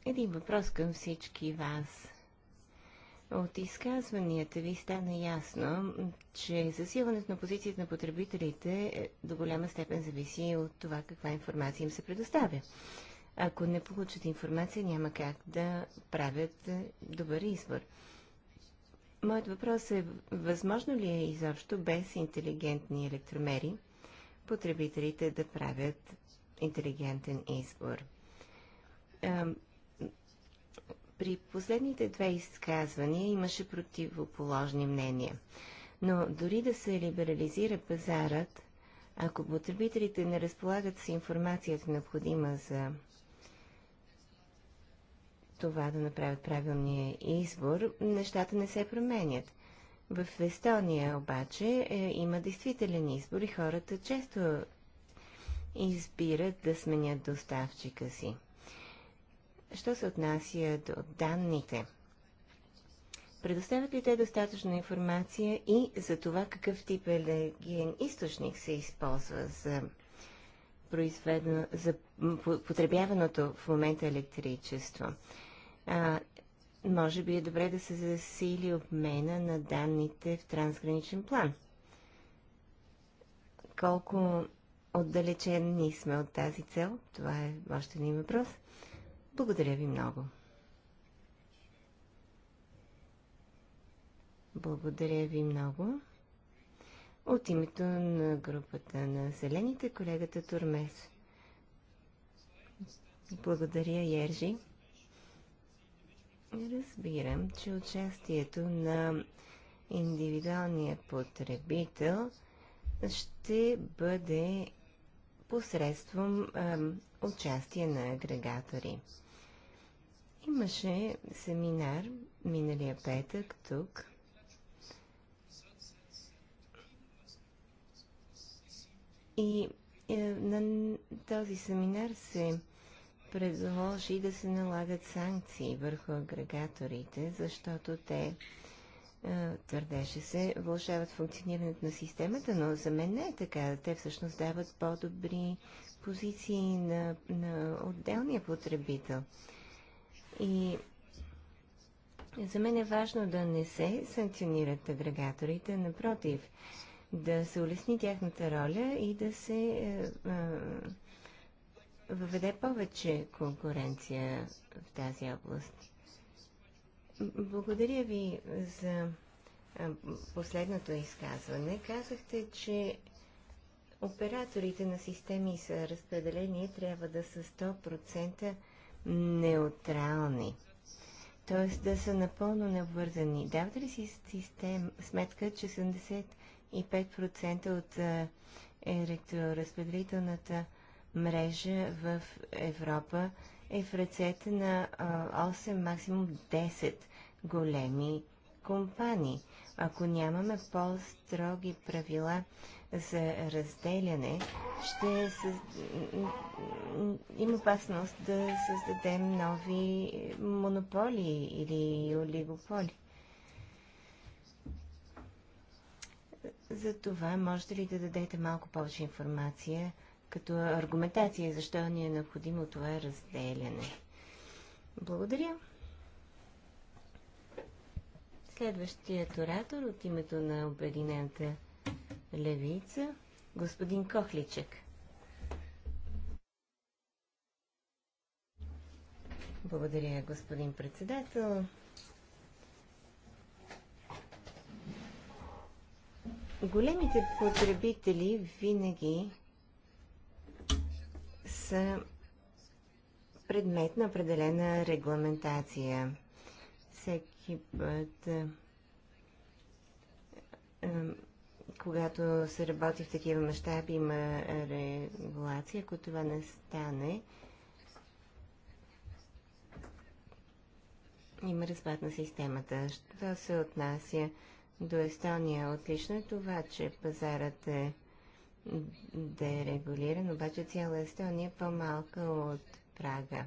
Един въпрос към всички вас. От изказванията ви стана ясно, че засилването на позицията на потребителите е, до голяма степен зависи от това каква информация им се предоставя. Ако не получат информация, няма как да правят е, добър избор. Моят въпрос е, възможно ли е изобщо без интелигентни електромери потребителите да правят интелигентен избор? При последните две изказвания имаше противоположни мнения. Но дори да се либерализира пазарът, ако потребителите не разполагат с информацията необходима за това да направят правилния избор, нещата не се променят. В Естония обаче е, има действителен избор и хората често избират да сменят доставчика си. Що се отнася до данните? Предоставят ли те достатъчно информация и за това какъв тип енергиен източник се използва за, за потребяваното в момента електричество? А, може би е добре да се засили обмена на данните в трансграничен план. Колко отдалечени сме от тази цел? Това е още един въпрос. Благодаря ви много. Благодаря ви много. От името на групата на зелените, колегата Турмес. Благодаря, Ержи. Разбирам, че участието на индивидуалния потребител ще бъде посредством а, участие на агрегатори. Имаше семинар миналия петък тук. И е, на този семинар се предложи да се налагат санкции върху агрегаторите, защото те е, твърдеше се, влушават функционирането на системата, но за мен не е така. Те всъщност дават по-добри позиции на, на отделния потребител. И за мен е важно да не се санкционират агрегаторите, напротив, да се улесни тяхната роля и да се а, е, е, въведе повече конкуренция в тази област. Благодаря ви за последното изказване. Казахте, че операторите на системи за разпределение трябва да са 100% неутрални. Т.е. да са напълно необвързани. Давате ли си систем, сметка, че 75% от електроразпределителната мрежа в Европа е в ръцете на 8, максимум 10 големи компании. Ако нямаме по-строги правила за разделяне, ще съ... има опасност да създадем нови монополи или олигополи. За това можете ли да дадете малко повече информация като аргументация защо ни е необходимо това разделяне. Благодаря. Следващият оратор от името на Обединената левица, господин Кохличек. Благодаря, господин председател. Големите потребители винаги са предмет на определена регламентация. Всеки път, е, когато се работи в такива мащаби, има регулация. Ако това не стане, има разпад на системата. Що се отнася до Естония? Отлично е това, че пазарът е да е регулиран, обаче цяла Естония е по-малка от Прага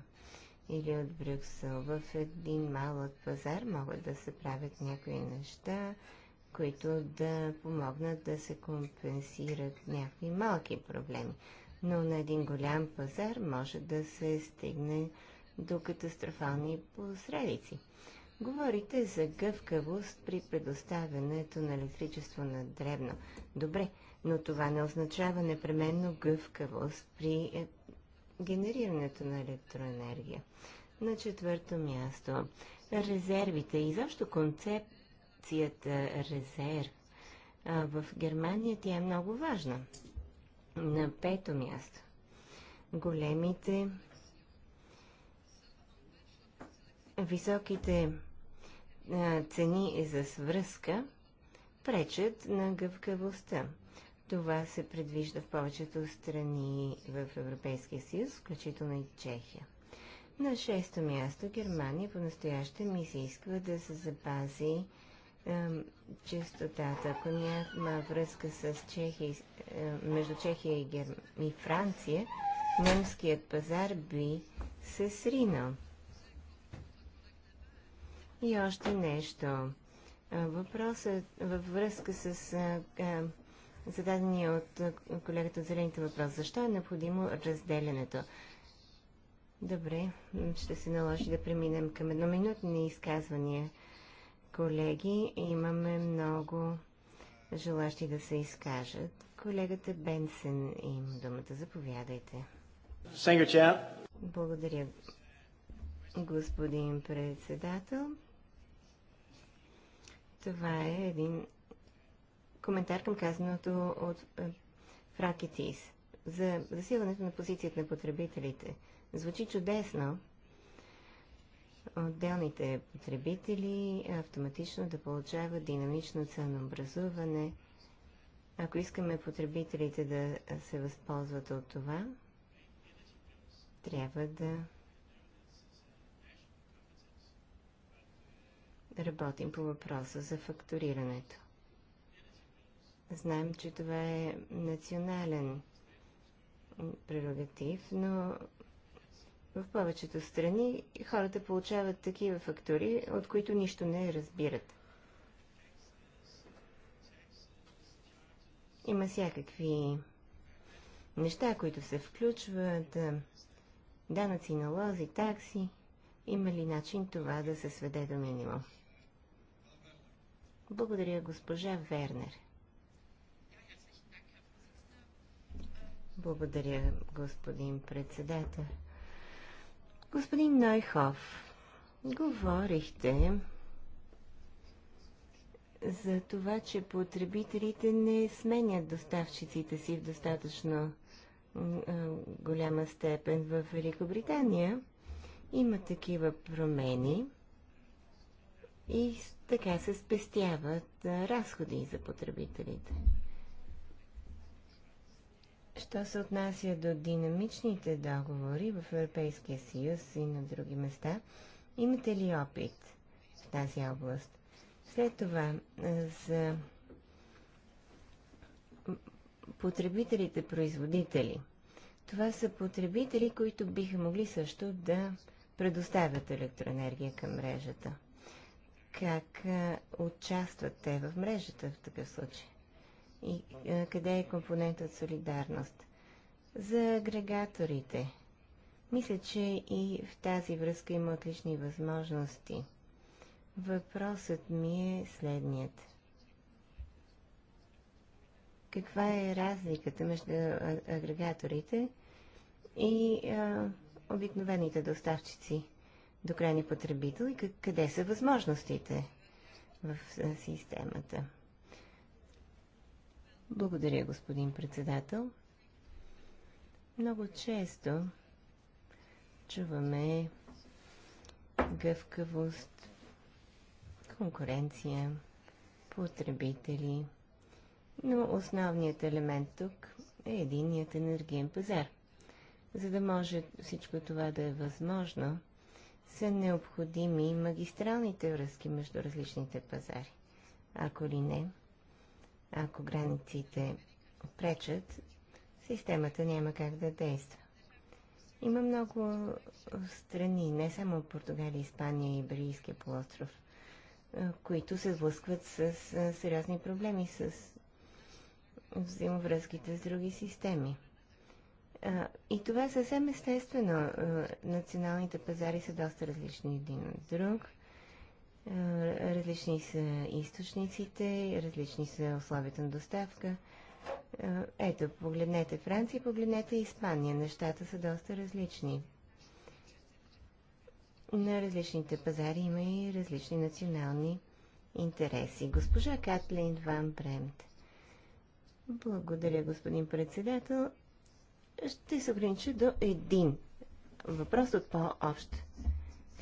или от Брюксел. В един малък пазар могат да се правят някои неща, които да помогнат да се компенсират някои малки проблеми. Но на един голям пазар може да се стигне до катастрофални посредици. Говорите за гъвкавост при предоставянето на електричество на дребно. Добре, но това не означава непременно гъвкавост при е, генерирането на електроенергия. На четвърто място резервите и защо концепцията резерв а, в Германия тя е много важна. На пето място големите високите цени за свръзка пречат на гъвкавостта. Това се предвижда в повечето страни в Европейския съюз, включително и Чехия. На шесто място Германия по-настояще ми се иска да се запази е, чистотата. Ако няма връзка с Чехия, е, между Чехия и, Гер... и Франция, немският пазар би се сринал. И още нещо. Въпросът във връзка с зададения от е, колегата Зелените въпрос. Защо е необходимо разделянето? Добре, ще се наложи да преминем към едноминутни изказвания. Колеги, имаме много желащи да се изкажат. Колегата Бенсен им думата. Заповядайте. Благодаря, господин председател. Това е един коментар към казаното от е, Фракетис за засилването на позицията на потребителите. Звучи чудесно отделните потребители автоматично да получават динамично ценообразуване. Ако искаме потребителите да се възползват от това, трябва да работим по въпроса за фактурирането. Знаем, че това е национален прерогатив, но в повечето страни хората получават такива фактори, от които нищо не разбират. Има всякакви неща, които се включват, данъци, налози, такси. Има ли начин това да се сведе до минимум? Благодаря, госпожа Вернер. Благодаря, господин председател. Господин Нойхов, говорихте за това, че потребителите не сменят доставчиците си в достатъчно голяма степен в Великобритания. Има такива промени и така се спестяват разходи за потребителите. Що се отнася до динамичните договори в Европейския съюз и на други места, имате ли опит в тази област? След това за потребителите-производители. Това са потребители, които биха могли също да предоставят електроенергия към мрежата. Как участват те в мрежата в такъв случай? и е, къде е компонент от солидарност. За агрегаторите. Мисля, че и в тази връзка има отлични възможности. Въпросът ми е следният. Каква е разликата между агрегаторите и а, обикновените доставчици до крайни потребители? Къде са възможностите в системата? Благодаря, господин председател. Много често чуваме гъвкавост, конкуренция, потребители, но основният елемент тук е единният енергиен пазар. За да може всичко това да е възможно, са необходими магистралните връзки между различните пазари. Ако ли не, ако границите пречат, системата няма как да действа. Има много страни, не само Португалия, Испания и Брийския полуостров, които се сблъскват с сериозни проблеми с взаимовръзките с други системи. И това е съвсем естествено. Националните пазари са доста различни един от друг – е, различни са източниците, различни са условията на доставка. Е, ето, погледнете Франция, погледнете Испания. Нещата са доста различни. На различните пазари има и различни национални интереси. Госпожа Катлин Ван Бремт. Благодаря, господин председател. Ще се огранича до един въпрос от по-общ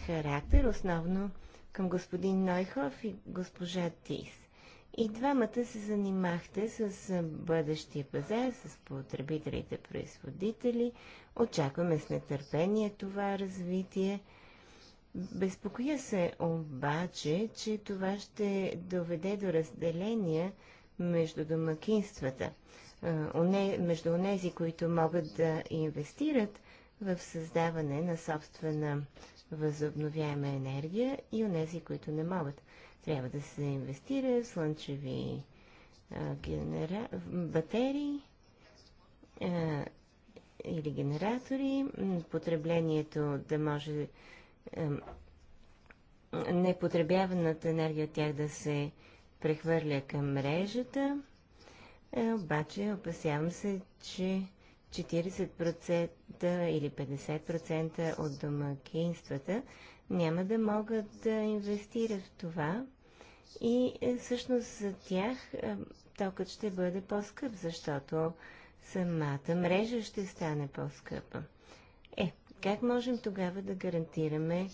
характер, основно към господин Нойхов и госпожа Тис. И двамата се занимахте с бъдещия пазар, с потребителите, производители. Очакваме с нетърпение това развитие. Безпокоя се обаче, че това ще доведе до разделения между домакинствата, между онези, които могат да инвестират в създаване на собствена възобновяема енергия и у нези, които не могат. Трябва да се инвестира в слънчеви генера... батерии или генератори, потреблението да може непотребяваната енергия от тях да се прехвърля към мрежата. Е, обаче опасявам се, че 40% или 50% от домакинствата няма да могат да инвестират в това и е, всъщност за тях е, токът ще бъде по-скъп, защото самата мрежа ще стане по-скъпа. Е, как можем тогава да гарантираме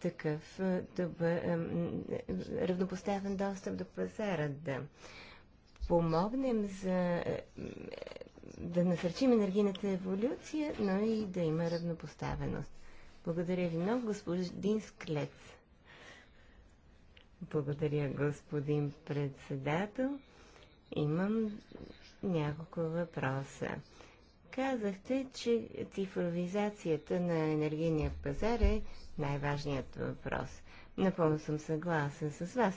такъв е, добър, равнопоставен достъп до пазара, да помогнем за да насърчим енергийната еволюция, но и да има равнопоставеност. Благодаря ви много, господин Склец. Благодаря, господин председател. Имам няколко въпроса. Казахте, че цифровизацията на енергийния пазар е най-важният въпрос. Напълно съм съгласен с вас.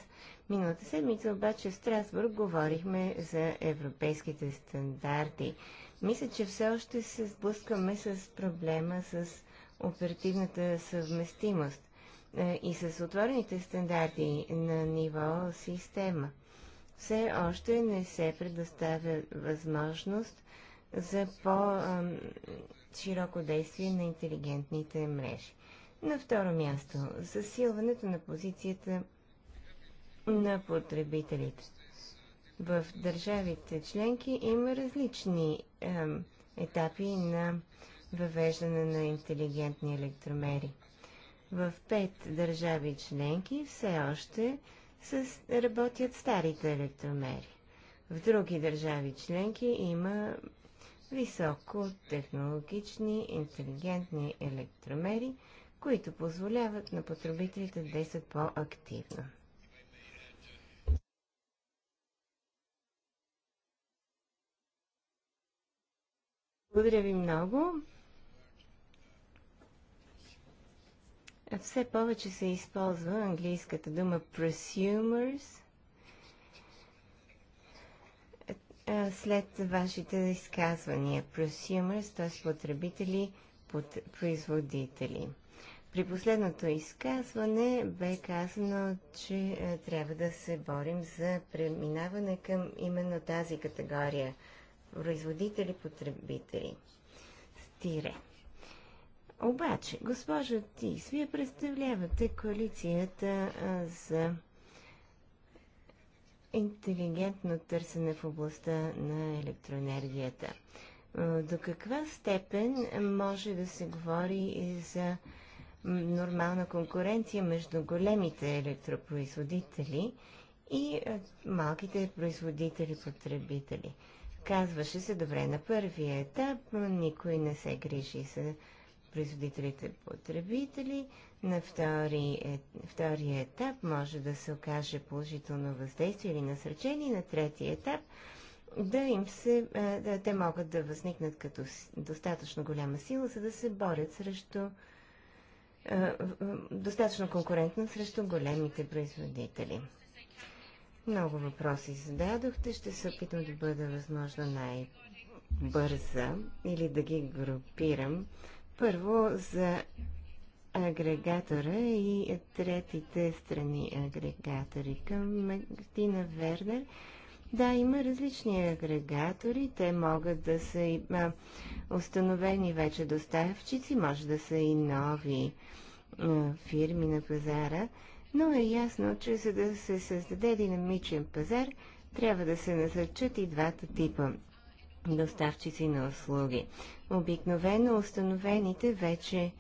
Миналата седмица обаче в Страсбург говорихме за европейските стандарти. Мисля, че все още се сблъскваме с проблема с оперативната съвместимост е, и с отворените стандарти на ниво система. Все още не се предоставя възможност за по-широко действие на интелигентните мрежи. На второ място, засилването на позицията на потребителите. В държавите членки има различни е, етапи на въвеждане на интелигентни електромери. В пет държави членки все още с, работят старите електромери. В други държави членки има високо технологични интелигентни електромери, които позволяват на потребителите да действат по-активно. Благодаря ви много. Все повече се използва английската дума presumers. След вашите изказвания, prosumers, т.е. потребители, под производители. При последното изказване бе казано, че трябва да се борим за преминаване към именно тази категория – производители, потребители. Стире. Обаче, госпожа Тис, вие представлявате коалицията за интелигентно търсене в областта на електроенергията. До каква степен може да се говори и за нормална конкуренция между големите електропроизводители и малките производители-потребители? Казваше се добре на първия етап, никой не се грижи за производителите потребители. На втори, е, втория етап може да се окаже положително въздействие или насречение. На третия етап да им се, да, те могат да възникнат като достатъчно голяма сила, за да се борят срещу достатъчно конкурентно срещу големите производители. Много въпроси зададохте. Ще се опитам да бъда възможно най-бърза или да ги групирам. Първо за агрегатора и третите страни агрегатори. Към Мартина Вернер. Да, има различни агрегатори. Те могат да са а, установени вече доставчици, може да са и нови а, фирми на пазара но е ясно, че за да се създаде динамичен пазар, трябва да се насърчат и двата типа доставчици на услуги. Обикновено установените вече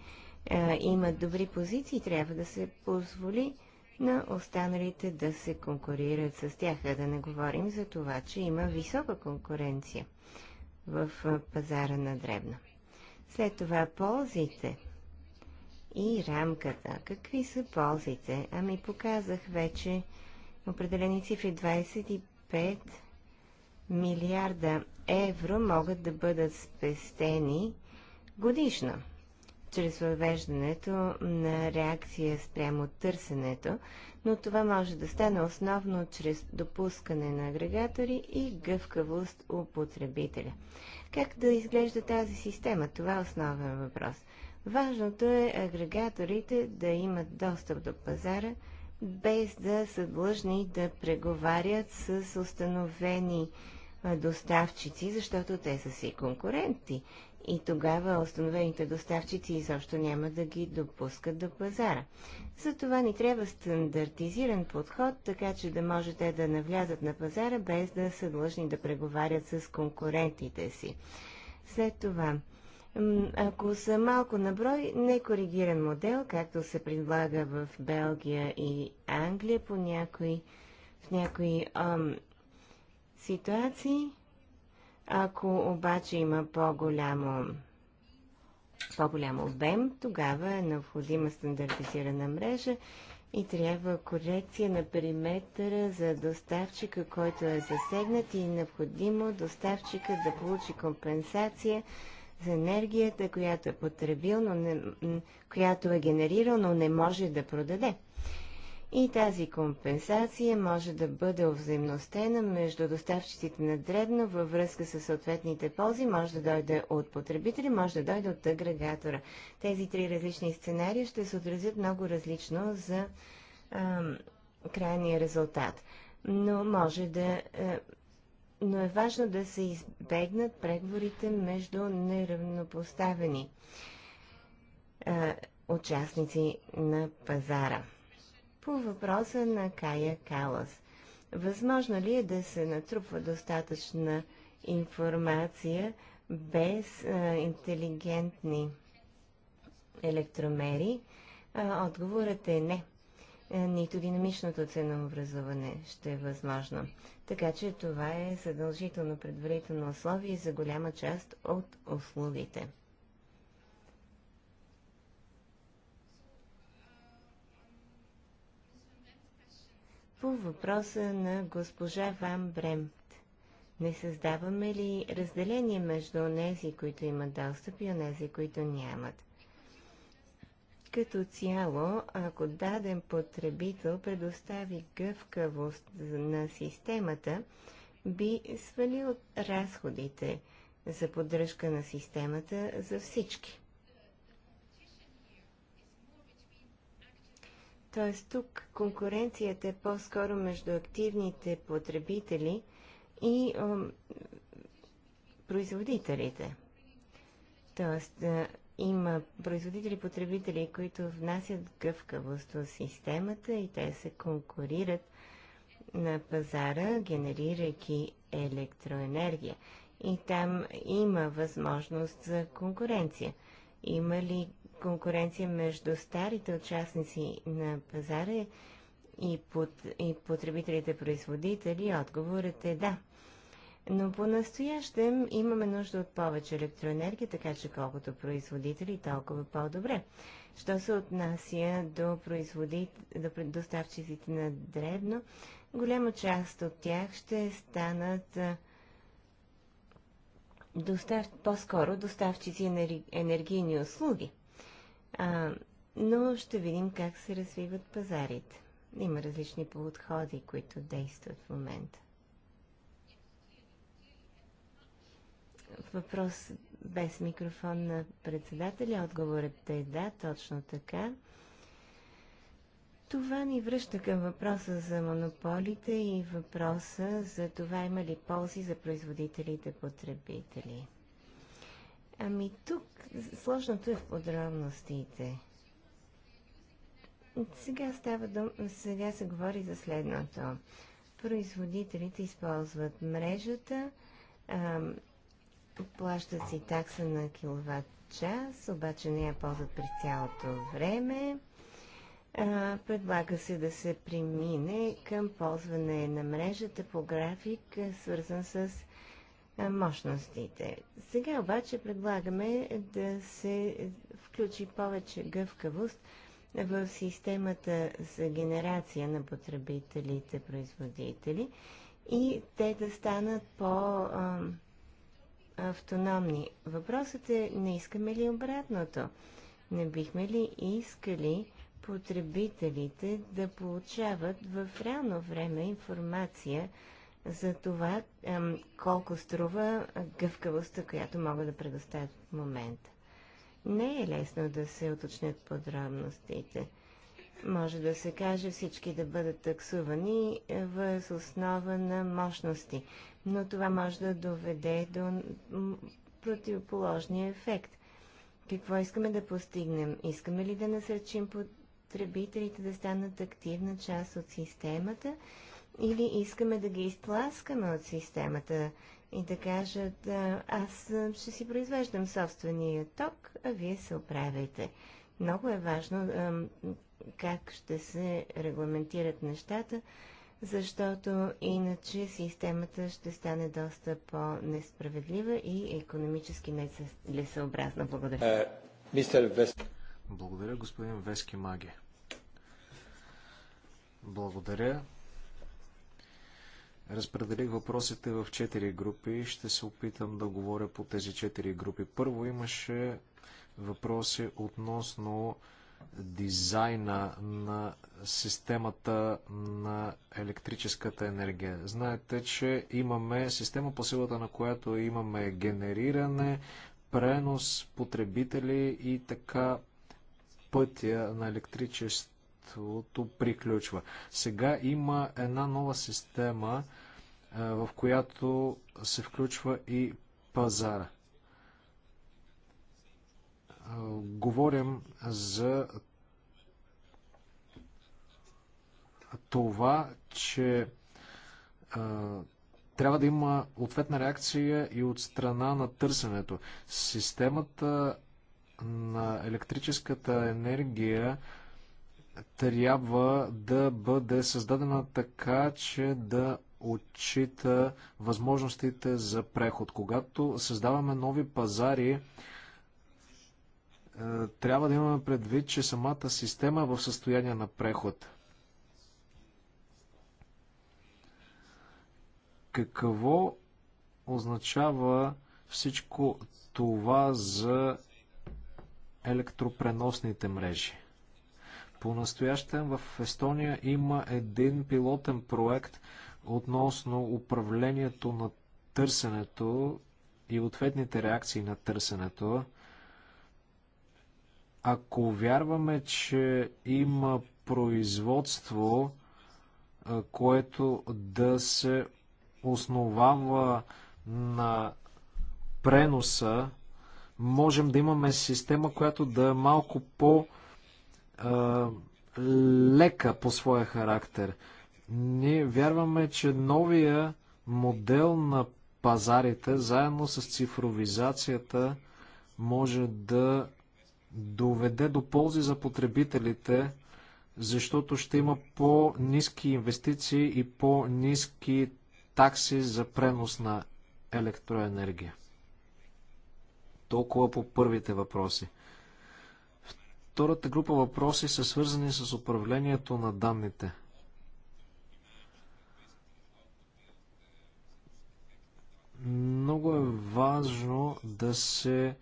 а, имат добри позиции, трябва да се позволи на останалите да се конкурират с тях, а да не говорим за това, че има висока конкуренция в пазара на дребно. След това ползите и рамката. Какви са ползите? Ами показах вече определени цифри 25 милиарда евро могат да бъдат спестени годишно чрез въвеждането на реакция спрямо търсенето, но това може да стане основно чрез допускане на агрегатори и гъвкавост у потребителя. Как да изглежда тази система? Това е основен въпрос. Важното е агрегаторите да имат достъп до пазара, без да са длъжни да преговарят с установени доставчици, защото те са си конкуренти. И тогава установените доставчици изобщо няма да ги допускат до пазара. Затова ни трябва стандартизиран подход, така че да може те да навлязат на пазара, без да са длъжни да преговарят с конкурентите си. След това, ако са малко на брой, некоригиран модел, както се предлага в Белгия и Англия по някои, в някои ам, ситуации, ако обаче има по-голямо по-голям обем, тогава е необходима стандартизирана мрежа и трябва корекция на периметъра за доставчика, който е засегнат и е необходимо доставчика да получи компенсация за енергията, която е потребил, но не, която е генерирал, но не може да продаде. И тази компенсация може да бъде овзаимностена между доставчиците на дребно във връзка с съответните ползи, може да дойде от потребители, може да дойде от агрегатора. Тези три различни сценария ще се отразят много различно за а, крайния резултат. Но може да а, е, но е важно да се избегнат преговорите между неравнопоставени а, участници на пазара. По въпроса на Кая Калас. Възможно ли е да се натрупва достатъчна информация без а, интелигентни електромери? А, отговорът е не. Е, нито динамичното ценообразуване ще е възможно. Така че това е задължително предварително условие за голяма част от услугите. По въпроса на госпожа Ван Бремт. Не създаваме ли разделение между онези, които имат достъп и онези, които нямат? Като цяло, ако даден потребител предостави гъвкавост на системата, би свалил разходите за поддръжка на системата за всички. Т.е. тук конкуренцията е по-скоро между активните потребители и о, производителите. Тоест, има производители потребители, които внасят гъвкавост в системата и те се конкурират на пазара, генерирайки електроенергия. И там има възможност за конкуренция. Има ли конкуренция между старите участници на пазара и, под, и потребителите-производители? Отговорът е да. Но по-настоящем имаме нужда от повече електроенергия, така че колкото производители, толкова по-добре. Що се отнася до, до доставчиците на дребно, голяма част от тях ще станат достав... по-скоро доставчици на енер... енергийни услуги. А, но ще видим как се развиват пазарите. Има различни подходи, които действат в момента. Въпрос без микрофон на председателя. Отговорът е да, точно така. Това ни връща към въпроса за монополите и въпроса за това има ли ползи за производителите потребители. Ами тук сложното е в подробностите. Сега, става дум... Сега се говори за следното. Производителите използват мрежата, плащат си такса на киловатт час, обаче не я ползват през цялото време. А, предлага се да се премине към ползване на мрежата по график, свързан с а, мощностите. Сега обаче предлагаме да се включи повече гъвкавост в системата за генерация на потребителите, производители и те да станат по- а, автономни. Въпросът е, не искаме ли обратното? Не бихме ли искали потребителите да получават в реално време информация за това ем, колко струва гъвкавостта, която могат да предоставят в момента. Не е лесно да се уточнят подробностите. Може да се каже всички да бъдат таксувани въз основа на мощности но това може да доведе до противоположния ефект. Какво искаме да постигнем? Искаме ли да насърчим потребителите да станат активна част от системата или искаме да ги изтласкаме от системата и да кажат аз ще си произвеждам собствения ток, а вие се оправяйте. Много е важно как ще се регламентират нещата, защото иначе системата ще стане доста по-несправедлива и економически нецелесъобразна. Благодаря. Е, Благодаря, господин Вески Маге. Благодаря. Разпределих въпросите в четири групи. Ще се опитам да говоря по тези четири групи. Първо имаше въпроси относно дизайна на системата на електрическата енергия. Знаете, че имаме система по силата на която имаме генериране, пренос, потребители и така пътя на електричеството приключва. Сега има една нова система, в която се включва и пазара говорим за това, че трябва да има ответна реакция и от страна на търсенето. Системата на електрическата енергия трябва да бъде създадена така, че да отчита възможностите за преход. Когато създаваме нови пазари, е, трябва да имаме предвид, че самата система е в състояние на преход. Какво означава всичко това за електропреносните мрежи? по настоящен в Естония има един пилотен проект относно управлението на търсенето и ответните реакции на търсенето. Ако вярваме, че има производство, което да се основава на преноса, можем да имаме система, която да е малко по- лека по своя характер. Ние вярваме, че новия модел на пазарите, заедно с цифровизацията, може да доведе до ползи за потребителите, защото ще има по-низки инвестиции и по-низки такси за пренос на електроенергия. Толкова по първите въпроси. Втората група въпроси са свързани с управлението на данните. Много е важно да се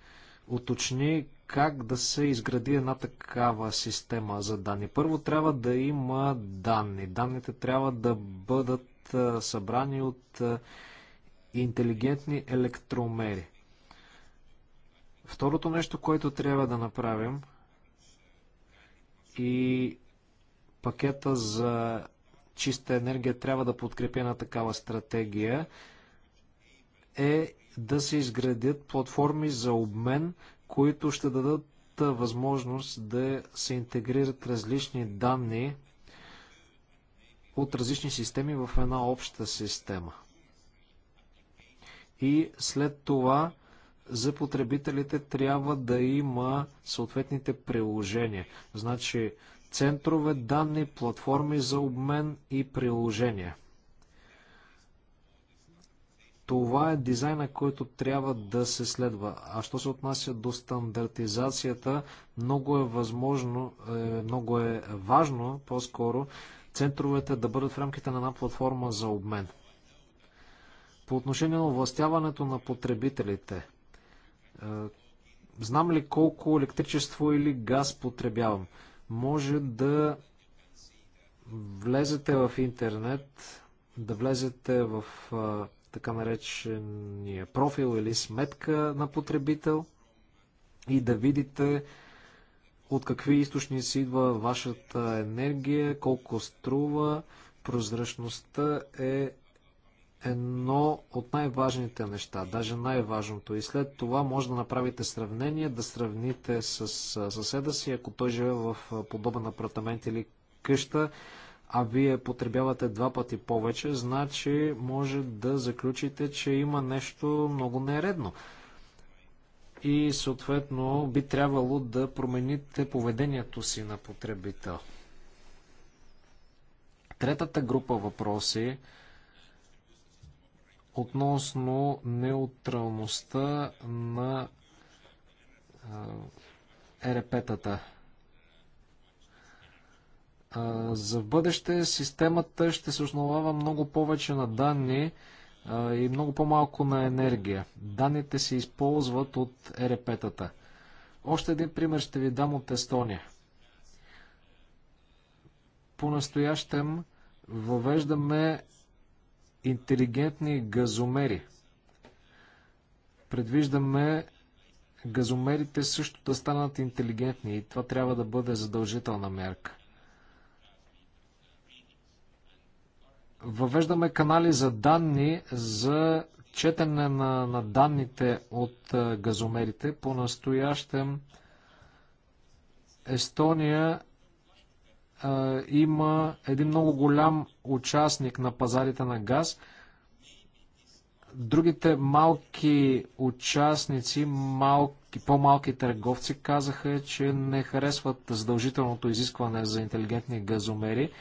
уточни как да се изгради една такава система за данни. Първо трябва да има данни. Данните трябва да бъдат събрани от интелигентни електромери. Второто нещо, което трябва да направим и пакета за чиста енергия трябва да подкрепи на такава стратегия е да се изградят платформи за обмен които ще дадат възможност да се интегрират различни данни от различни системи в една обща система. И след това за потребителите трябва да има съответните приложения. Значи центрове данни, платформи за обмен и приложения. Това е дизайна, който трябва да се следва. А що се отнася до стандартизацията, много е възможно, е, много е важно, по-скоро, центровете да бъдат в рамките на една платформа за обмен. По отношение на властяването на потребителите, е, знам ли колко електричество или газ потребявам? Може да влезете в интернет, да влезете в е, така наречения профил или сметка на потребител и да видите от какви източници идва вашата енергия, колко струва. Прозрачността е едно от най-важните неща, даже най-важното. И след това може да направите сравнение, да сравните с съседа си, ако той живее в подобен апартамент или къща, а вие потребявате два пъти повече, значи може да заключите, че има нещо много нередно. И съответно би трябвало да промените поведението си на потребител. Третата група въпроси относно неутралността на ЕРП-тата. За в бъдеще системата ще се основава много повече на данни и много по-малко на енергия. Данните се използват от ЕРП-тата. Още един пример ще ви дам от Естония. По-настоящем въвеждаме интелигентни газомери. Предвиждаме газомерите също да станат интелигентни и това трябва да бъде задължителна мярка. Въвеждаме канали за данни за четене на, на данните от газомерите. По настоящем Естония а, има един много голям участник на пазарите на газ. Другите малки участници, малки, по-малки търговци казаха, че не харесват задължителното изискване за интелигентни газомери.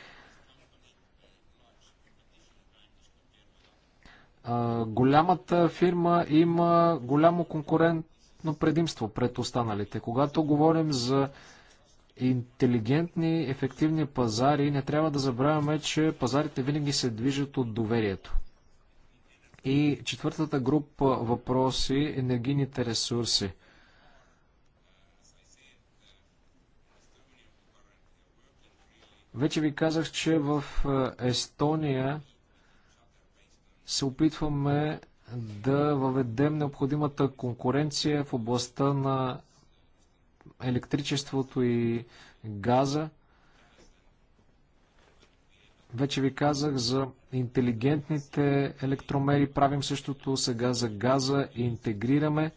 голямата фирма има голямо конкурентно предимство пред останалите. Когато говорим за интелигентни, ефективни пазари, не трябва да забравяме, че пазарите винаги се движат от доверието. И четвъртата група въпроси – енергийните ресурси. Вече ви казах, че в е, Естония – се опитваме да въведем необходимата конкуренция в областта на електричеството и газа. Вече ви казах за интелигентните електромери, правим същото сега за газа и интегрираме,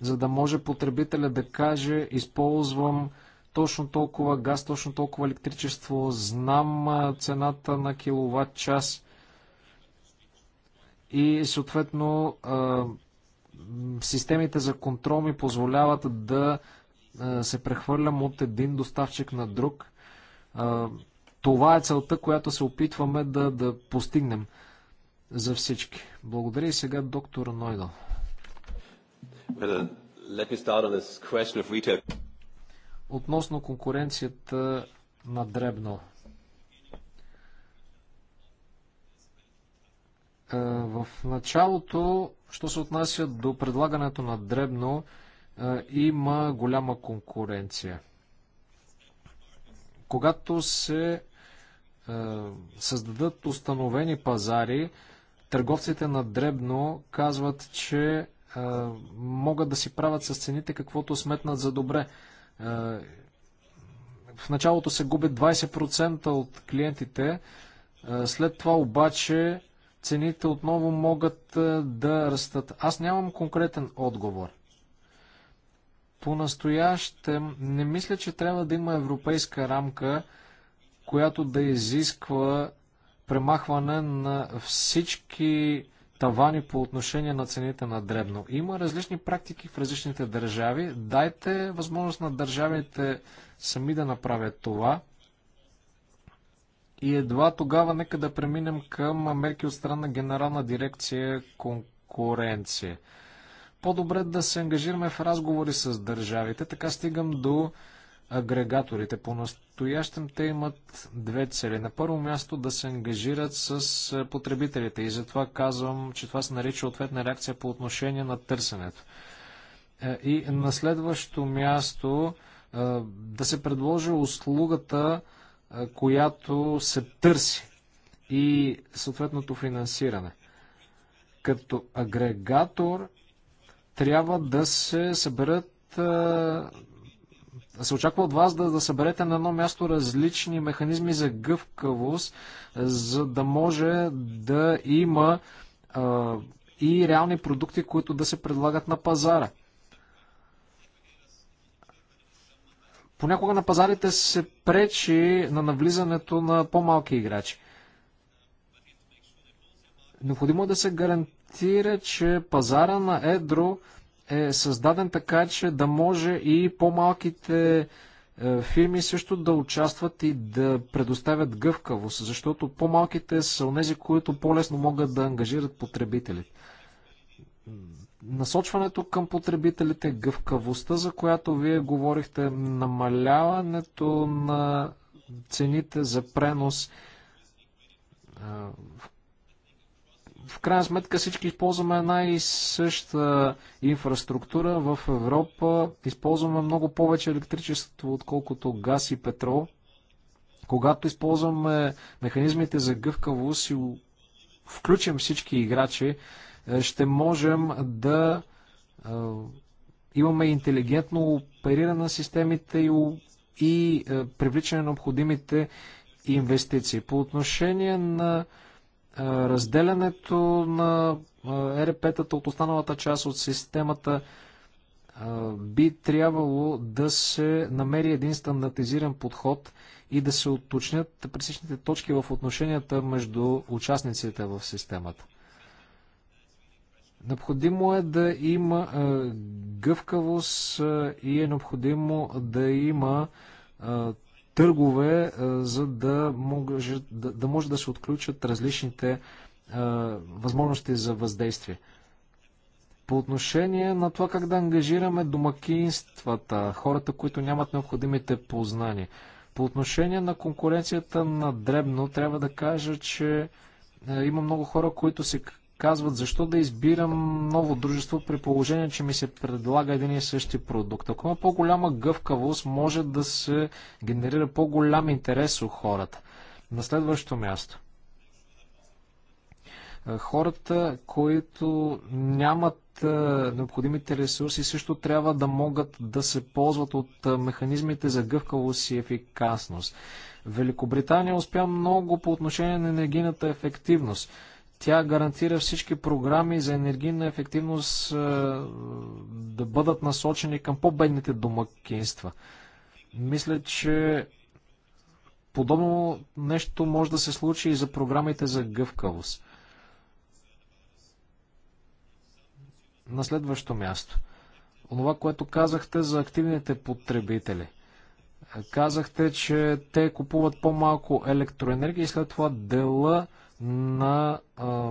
за да може потребителя да каже, използвам точно толкова газ, точно толкова електричество, знам цената на киловатт час – и съответно системите за контрол ми позволяват да се прехвърлям от един доставчик на друг. Това е целта, която се опитваме да, да постигнем за всички. Благодаря и сега доктор Нойдо. Относно конкуренцията на дребно. Е, в началото, що се отнася до предлагането на дребно, е, има голяма конкуренция. Когато се е, създадат установени пазари, търговците на дребно казват, че могат да си правят с цените каквото сметнат за добре. В началото се губят 20% от клиентите, след това обаче цените отново могат е, да растат? Аз нямам конкретен отговор. По-настоящем не мисля, че трябва да има европейска рамка, която да изисква премахване на всички тавани по отношение на цените на дребно. Има различни практики в различните държави. Дайте възможност на държавите сами да направят това. И едва тогава нека да преминем към мерки от страна Генерална дирекция конкуренция. По-добре да се ангажираме в разговори с държавите. Така стигам до агрегаторите. По-настоящем те имат две цели. На първо място да се ангажират с потребителите и затова казвам, че това се нарича ответна реакция по отношение на търсенето. Е, и на следващо място е, да се предложи услугата която се търси и съответното финансиране. Като агрегатор трябва да се съберат се очаква от вас да, да съберете на едно място различни механизми за гъвкавост, за да може да има а, и реални продукти, които да се предлагат на пазара. Понякога на пазарите се пречи на навлизането на по-малки играчи. Необходимо е да се гарантира, че пазара на Едро е създаден така, че да може и по-малките е, фирми също да участват и да предоставят гъвкавост, защото по-малките са онези, които по-лесно могат да ангажират потребителите насочването към потребителите, гъвкавостта, за която вие говорихте, намаляването на цените за пренос. В крайна сметка всички използваме една и съща инфраструктура в Европа. Използваме много повече електричество, отколкото газ и петрол. Когато използваме механизмите за гъвкавост и включим всички играчи, е, ще можем да е, имаме интелигентно опериране на системите и, и е, привличане на необходимите инвестиции. По отношение на разделянето на рп тата от останалата част от системата, би трябвало да се намери един стандартизиран подход и да се отточнят пресечните точки в отношенията между участниците в системата. Необходимо е да има е, гъвкавост е, и е необходимо да има е, търгове, за да може да, да, може да се отключат различните възможности за въздействие. По отношение на това как да ангажираме домакинствата, хората, които нямат необходимите познания. По отношение на конкуренцията на дребно, трябва да кажа, че има много хора, които се казват защо да избирам ново дружество при положение, че ми се предлага един и същи продукт. Ако има по-голяма гъвкавост, може да се генерира по-голям интерес у хората. На следващо място. Е, хората, които нямат е, необходимите ресурси, също трябва да могат да се ползват от е, механизмите за гъвкавост и ефикасност. Великобритания успя много по отношение на енергийната ефективност тя гарантира всички програми за енергийна ефективност е, да бъдат насочени към по-бедните домакинства. Мисля, че подобно нещо може да се случи и за програмите за гъвкавост. На следващо място. Онова, което казахте за активните потребители – Казахте, че те купуват по-малко електроенергия и след това дела на а,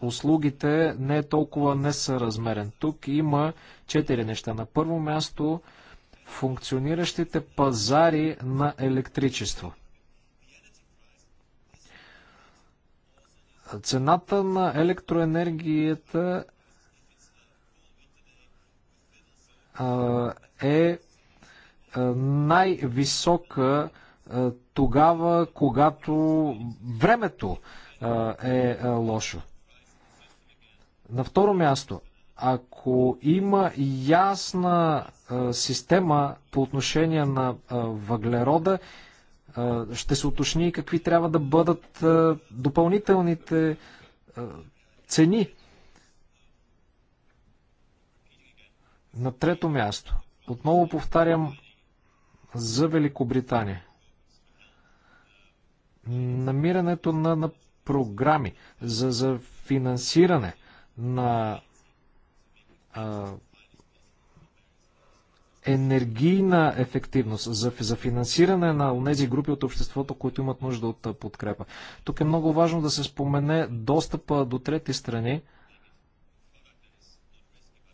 услугите не е толкова несъразмерен. Тук има четири неща. На първо място функциониращите пазари на електричество. Цената на електроенергията е най-висока тогава, когато времето е лошо. На второ място, ако има ясна система по отношение на въглерода, ще се уточни какви трябва да бъдат допълнителните цени. На трето място, отново повтарям за Великобритания намирането на, на програми за, за финансиране на а, енергийна ефективност, за, за финансиране на тези групи от обществото, които имат нужда от подкрепа. Тук е много важно да се спомене достъпа до трети страни.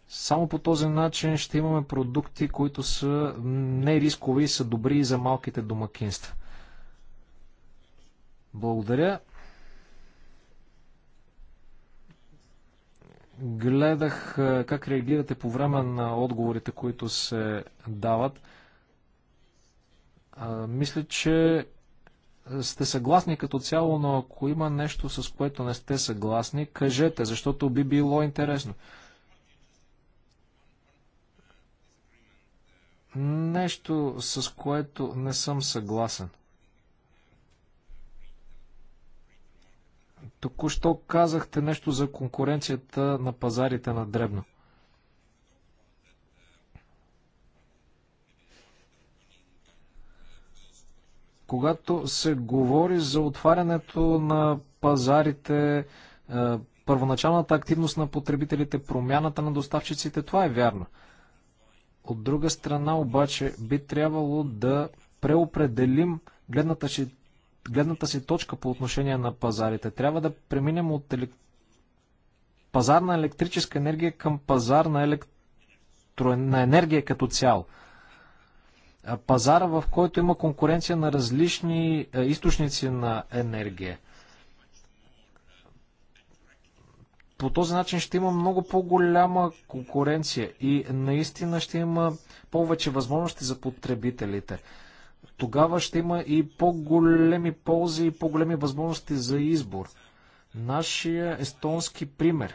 Само по този начин ще имаме продукти, които са нерискови и са добри и за малките домакинства. Благодаря. Гледах как реагирате по време на отговорите, които се дават. Мисля, че сте съгласни като цяло, но ако има нещо, с което не сте съгласни, кажете, защото би било интересно. Нещо, с което не съм съгласен. Току-що казахте нещо за конкуренцията на пазарите на дребно. Когато се говори за отварянето на пазарите, е, първоначалната активност на потребителите, промяната на доставчиците, това е вярно. От друга страна обаче би трябвало да преопределим гледната гледната си точка по отношение на пазарите. Трябва да преминем от елек... пазар на електрическа енергия към пазар на, електро... на енергия като цяло. Пазара, в който има конкуренция на различни източници на енергия. по този начин ще има много по-голяма конкуренция и наистина ще има повече възможности за потребителите тогава ще има и по-големи ползи и по-големи възможности за избор. Нашия естонски пример.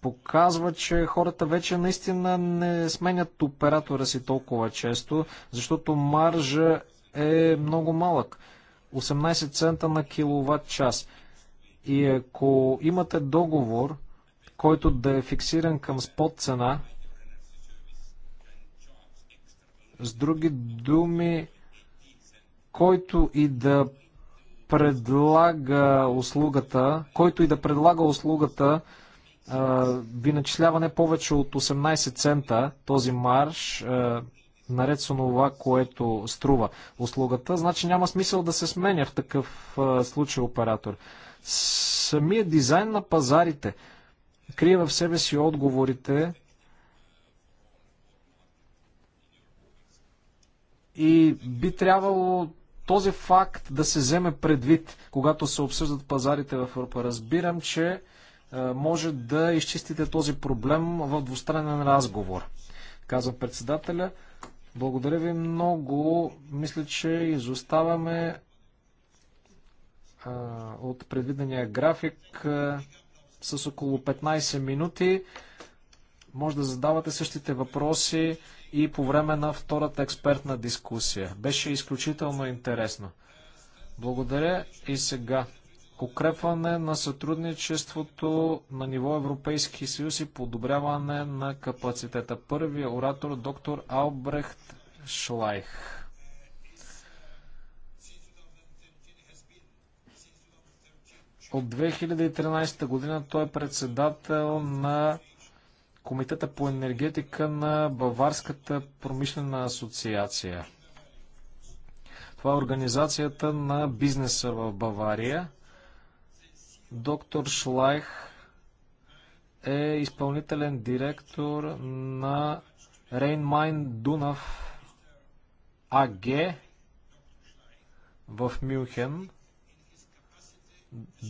показва, че хората вече наистина не сменят оператора си толкова често, защото маржа е много малък. 18 цента на киловатт час. И ако имате договор, който да е фиксиран към спот цена. С други думи, който и да предлага услугата, който и да предлага услугата, ви начислява не повече от 18 цента този марш, наред с това, което струва услугата. Значи няма смисъл да се сменя в такъв случай оператор. Самия дизайн на пазарите – крие в себе си отговорите и би трябвало този факт да се вземе предвид, когато се обсъждат пазарите в Европа. Разбирам, че може да изчистите този проблем в двустранен разговор, казва председателя. Благодаря ви много. Мисля, че изоставаме а, от предвидения график с около 15 минути. Може да задавате същите въпроси и по време на втората експертна дискусия. Беше изключително интересно. Благодаря и сега. Укрепване на сътрудничеството на ниво Европейски съюз и подобряване на капацитета. Първият оратор доктор Албрехт Шлайх. От 2013 година той е председател на Комитета по енергетика на Баварската промишлена асоциация. Това е организацията на бизнеса в Бавария. Доктор Шлайх е изпълнителен директор на Рейнмайн Дунав АГ в Мюнхен.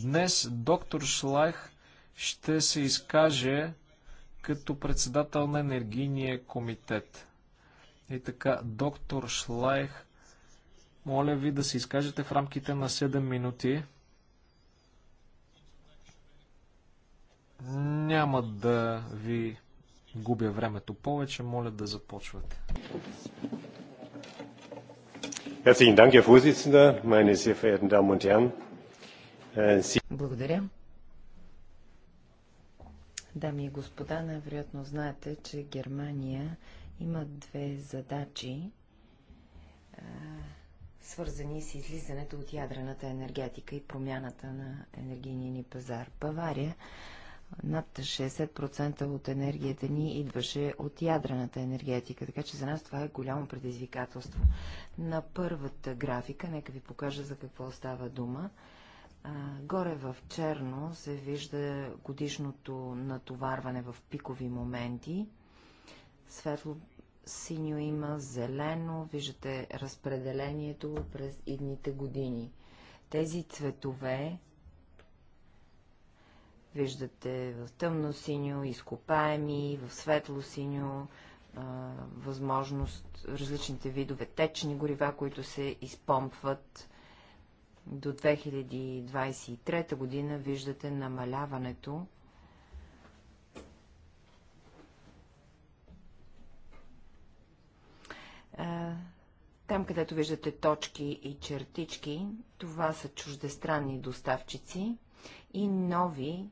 Днес доктор Шлайх ще се изкаже като председател на енергийния комитет. И така, доктор Шлайх, моля ви да се изкажете в рамките на 7 минути. Няма да ви губя времето повече, моля да започвате. Herzlichen Dank, Herr Vorsitzender, meine sehr verehrten Damen und Herren. Е, Благодаря. Дами и господа, най-вероятно знаете, че Германия има две задачи, е, свързани с излизането от ядрената енергетика и промяната на енергийния ни пазар. Бавария над 60% от енергията ни идваше от ядрената енергетика, така че за нас това е голямо предизвикателство. На първата графика, нека ви покажа за какво става дума. Горе в черно се вижда годишното натоварване в пикови моменти. Светло синьо има, зелено, виждате разпределението през идните години. Тези цветове виждате в тъмно синьо, изкопаеми, в светло синьо, възможност, различните видове течни горива, които се изпомпват до 2023 година виждате намаляването е, Там, където виждате точки и чертички, това са чуждестранни доставчици и нови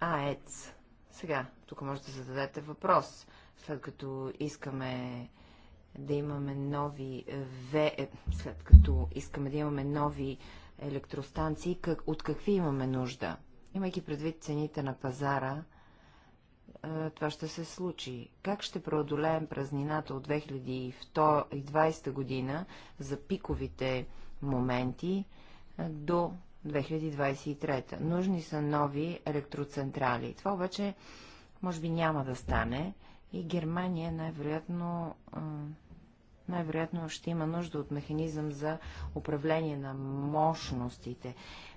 АЕЦ. Сега, тук можете да зададете въпрос, след като искаме да имаме нови е, ве... Е, след като искаме да имаме нови електростанции, как... от какви имаме нужда? Имайки предвид цените на пазара, е, това ще се случи. Как ще преодолеем празнината от 2020 година за пиковите моменти до 2023? Нужни са нови електроцентрали. Това обаче може би няма да стане и Германия най-вероятно най-вероятно ще има нужда от механизъм за управление на мощностите.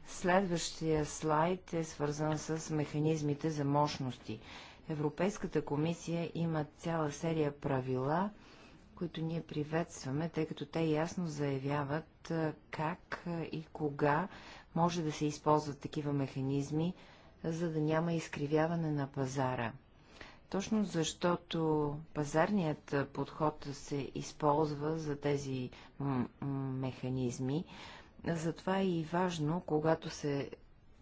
Следващия слайд е свързан с механизмите за мощности. Европейската комисия има цяла серия правила, които ние приветстваме, тъй като те ясно заявяват как и кога може да се използват такива механизми, за да няма изкривяване на пазара – точно защото пазарният подход се използва за тези механизми, затова е и важно, когато се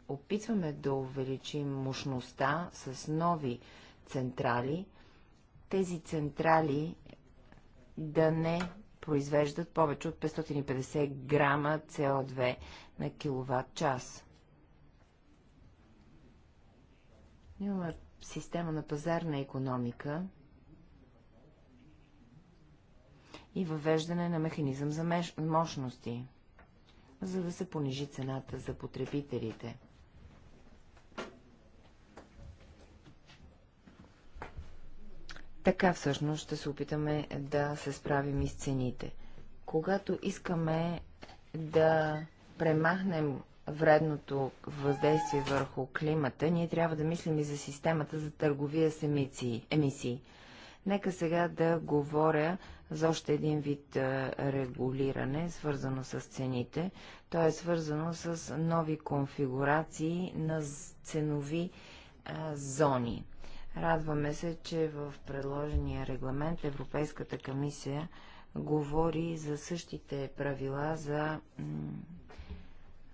опитваме да увеличим мощността с нови централи, тези централи да не произвеждат повече от 550 грама CO2 на киловатт час. Имаме система на пазарна економика и въвеждане на механизъм за мощности, за да се понижи цената за потребителите. Така всъщност ще се опитаме да се справим и с цените. Когато искаме да премахнем вредното въздействие върху климата, ние трябва да мислим и за системата за търговия с емисии. емисии. Нека сега да говоря за още един вид регулиране, свързано с цените. То е свързано с нови конфигурации на ценови а, зони. Радваме се, че в предложения регламент Европейската комисия говори за същите правила за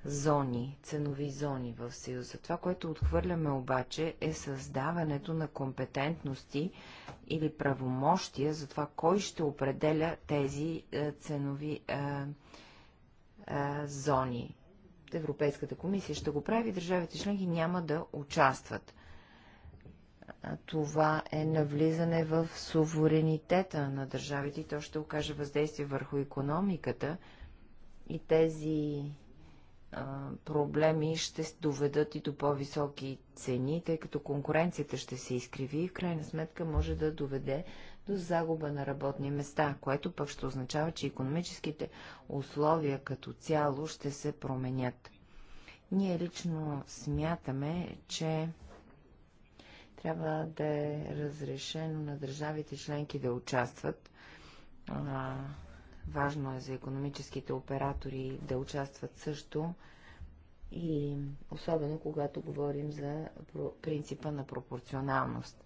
зони, ценови зони в Съюза. Това, което отхвърляме обаче е създаването на компетентности или правомощия за това, кой ще определя тези е, ценови а, е, а, е, зони. Европейската комисия ще го прави, държавите членки няма да участват. Това е навлизане в суверенитета на държавите и то ще окаже въздействие върху економиката и тези проблеми ще доведат и до по-високи цени, тъй като конкуренцията ще се изкриви и в крайна сметка може да доведе до загуба на работни места, което пък ще означава, че економическите условия като цяло ще се променят. Ние лично смятаме, че трябва да е разрешено на държавите членки да участват Важно е за економическите оператори да участват също и особено когато говорим за принципа на пропорционалност.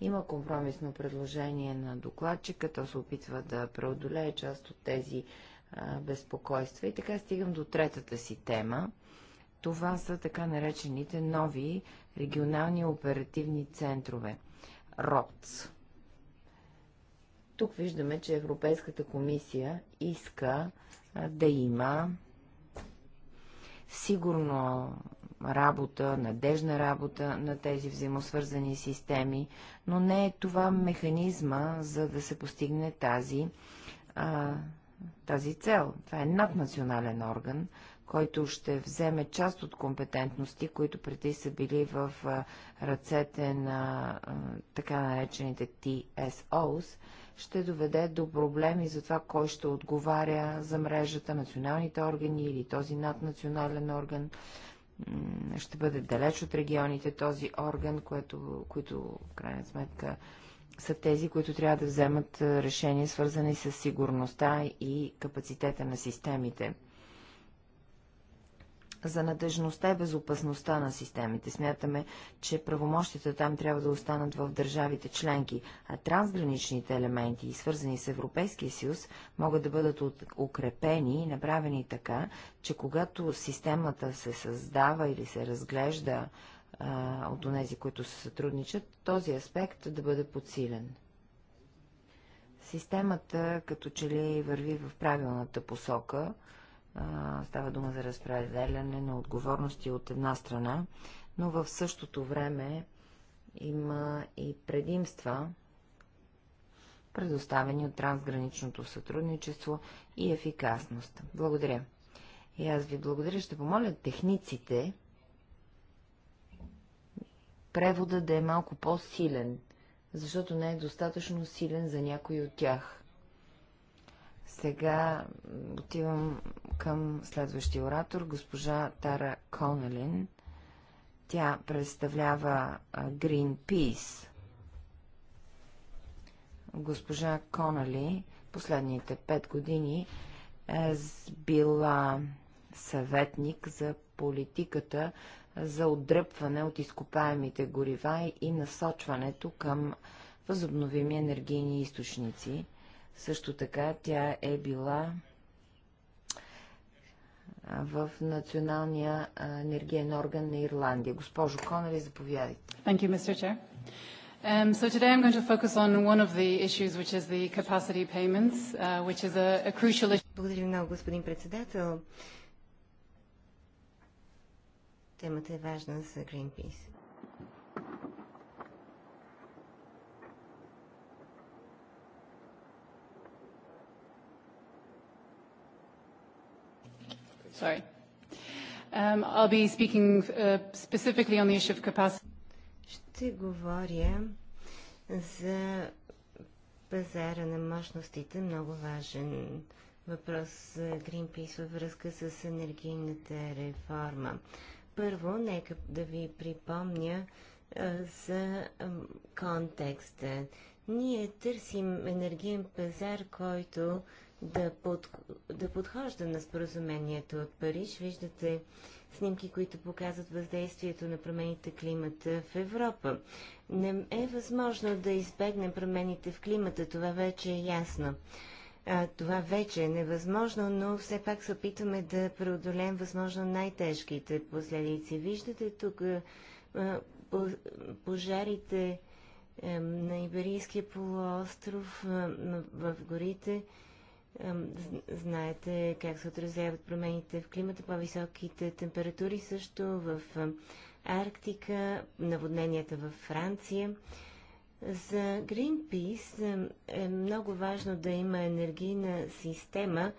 Има компромисно предложение на докладчика, то се опитва да преодолее част от тези а, безпокойства. И така стигам до третата си тема. Това са така наречените нови регионални оперативни центрове. РОЦ. Тук виждаме, че Европейската комисия иска да има сигурно работа, надежна работа на тези взаимосвързани системи, но не е това механизма, за да се постигне тази, а, тази цел. Това е наднационален орган, който ще вземе част от компетентности, които преди са били в ръцете на така наречените TSOs, ще доведе до проблеми за това, кой ще отговаря за мрежата, националните органи или този наднационален орган. Ще бъде далеч от регионите този орган, което, които в крайна сметка са тези, които трябва да вземат решения, свързани с сигурността и капацитета на системите за надежността и безопасността на системите. Смятаме, че правомощите там трябва да останат в държавите членки, а трансграничните елементи, свързани с Европейския съюз, могат да бъдат укрепени и направени така, че когато системата се създава или се разглежда а, от онези, които се сътрудничат, този аспект да бъде подсилен. Системата като че ли върви в правилната посока – става дума за разпределяне на отговорности от една страна, но в същото време има и предимства, предоставени от трансграничното сътрудничество и ефикасност. Благодаря. И аз ви благодаря. Ще помоля техниците превода да е малко по-силен, защото не е достатъчно силен за някой от тях. Сега отивам към следващия оратор, госпожа Тара Конелин. Тя представлява Greenpeace. Госпожа Конали последните пет години е била съветник за политиката за отдръпване от изкопаемите горива и насочването към възобновими енергийни източници – също така тя е била в Националния енергиен орган на Ирландия. Госпожо Конери, заповядайте. Thank you, Mr. Chair. Um, so today I'm going to focus on one of the issues, which is the capacity payments, uh, which is a, a crucial issue. Благодаря много, господин председател. Темата е важна за Greenpeace. Sorry. Um, I'll be speaking uh, specifically on the issue of capacity. Ще говоря за пазара на мощностите, много важен въпрос за Greenpeace във връзка с енергийната реформа. Първо, нека да ви припомня за контекста. Ние търсим енергиен пазар, който да, под, да подхожда на споразумението от Париж. Виждате снимки, които показват въздействието на промените климата в Европа. Не е възможно да избегнем промените в климата, това вече е ясно. А, това вече е невъзможно, но все пак се опитваме да преодолеем възможно най-тежките последици. Виждате тук а, по, пожарите а, на Иберийския полуостров а, в горите. А, Знаете как се отразяват промените в климата, по-високите температури също в Арктика, наводненията във Франция. За Greenpeace е много важно да има енергийна система,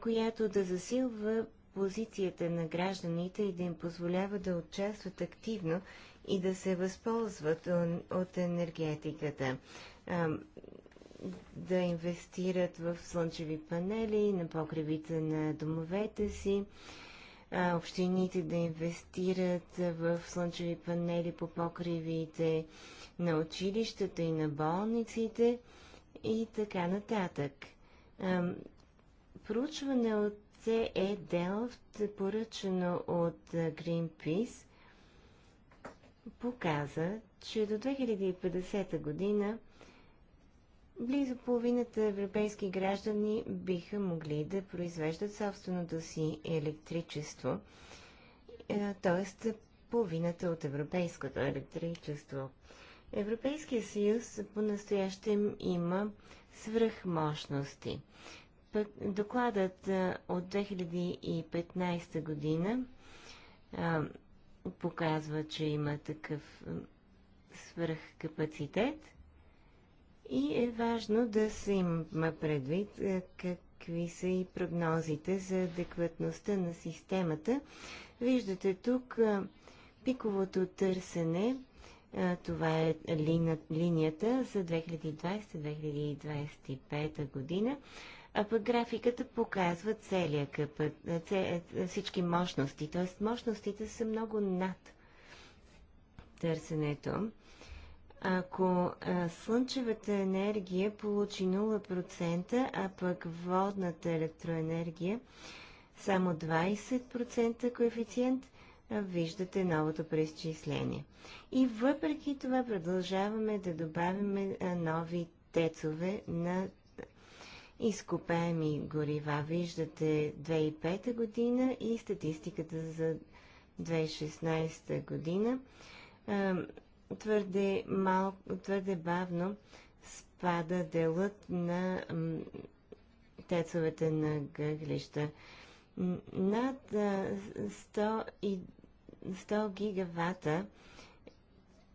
която да засилва позицията на гражданите и да им позволява да участват активно и да се възползват от енергетиката да инвестират в слънчеви панели на покривите на домовете си, общините да инвестират в слънчеви панели по покривите на училищата и на болниците и така нататък. проучване от CE Delft, поръчано от Greenpeace, показа, че до 2050 година близо половината европейски граждани биха могли да произвеждат собственото си електричество, т.е. половината от европейското електричество. Европейския съюз по-настоящем има свръхмощности. докладът е, от 2015 година е, показва, че има такъв е, свръхкапацитет – и е важно да се има предвид е, какви са и прогнозите за адекватността на системата. Виждате тук е, пиковото търсене. Е, това е линията за 2020-2025 година. А пък графиката показва целия къпът, всички мощности. Т.е. мощностите са много над търсенето. Ако слънчевата енергия получи 0%, а пък водната електроенергия само 20% коефициент, виждате новото преизчисление. И въпреки това продължаваме да добавяме нови тецове на изкопаеми горива. Виждате 2005 година и статистиката за 2016 година твърде, мал, твърде бавно спада делът на тецовете на гъглища. Над 100, 100 гигавата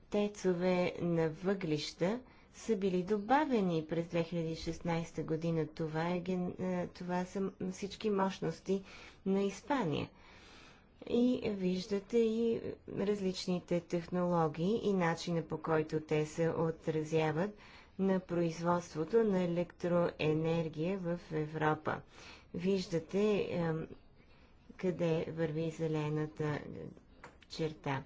тецове на въглища са били добавени през 2016 година. Това, е, това са всички мощности на Испания – и виждате и различните технологии и начина по който те се отразяват на производството на електроенергия в Европа. Виждате е, къде върви зелената черта.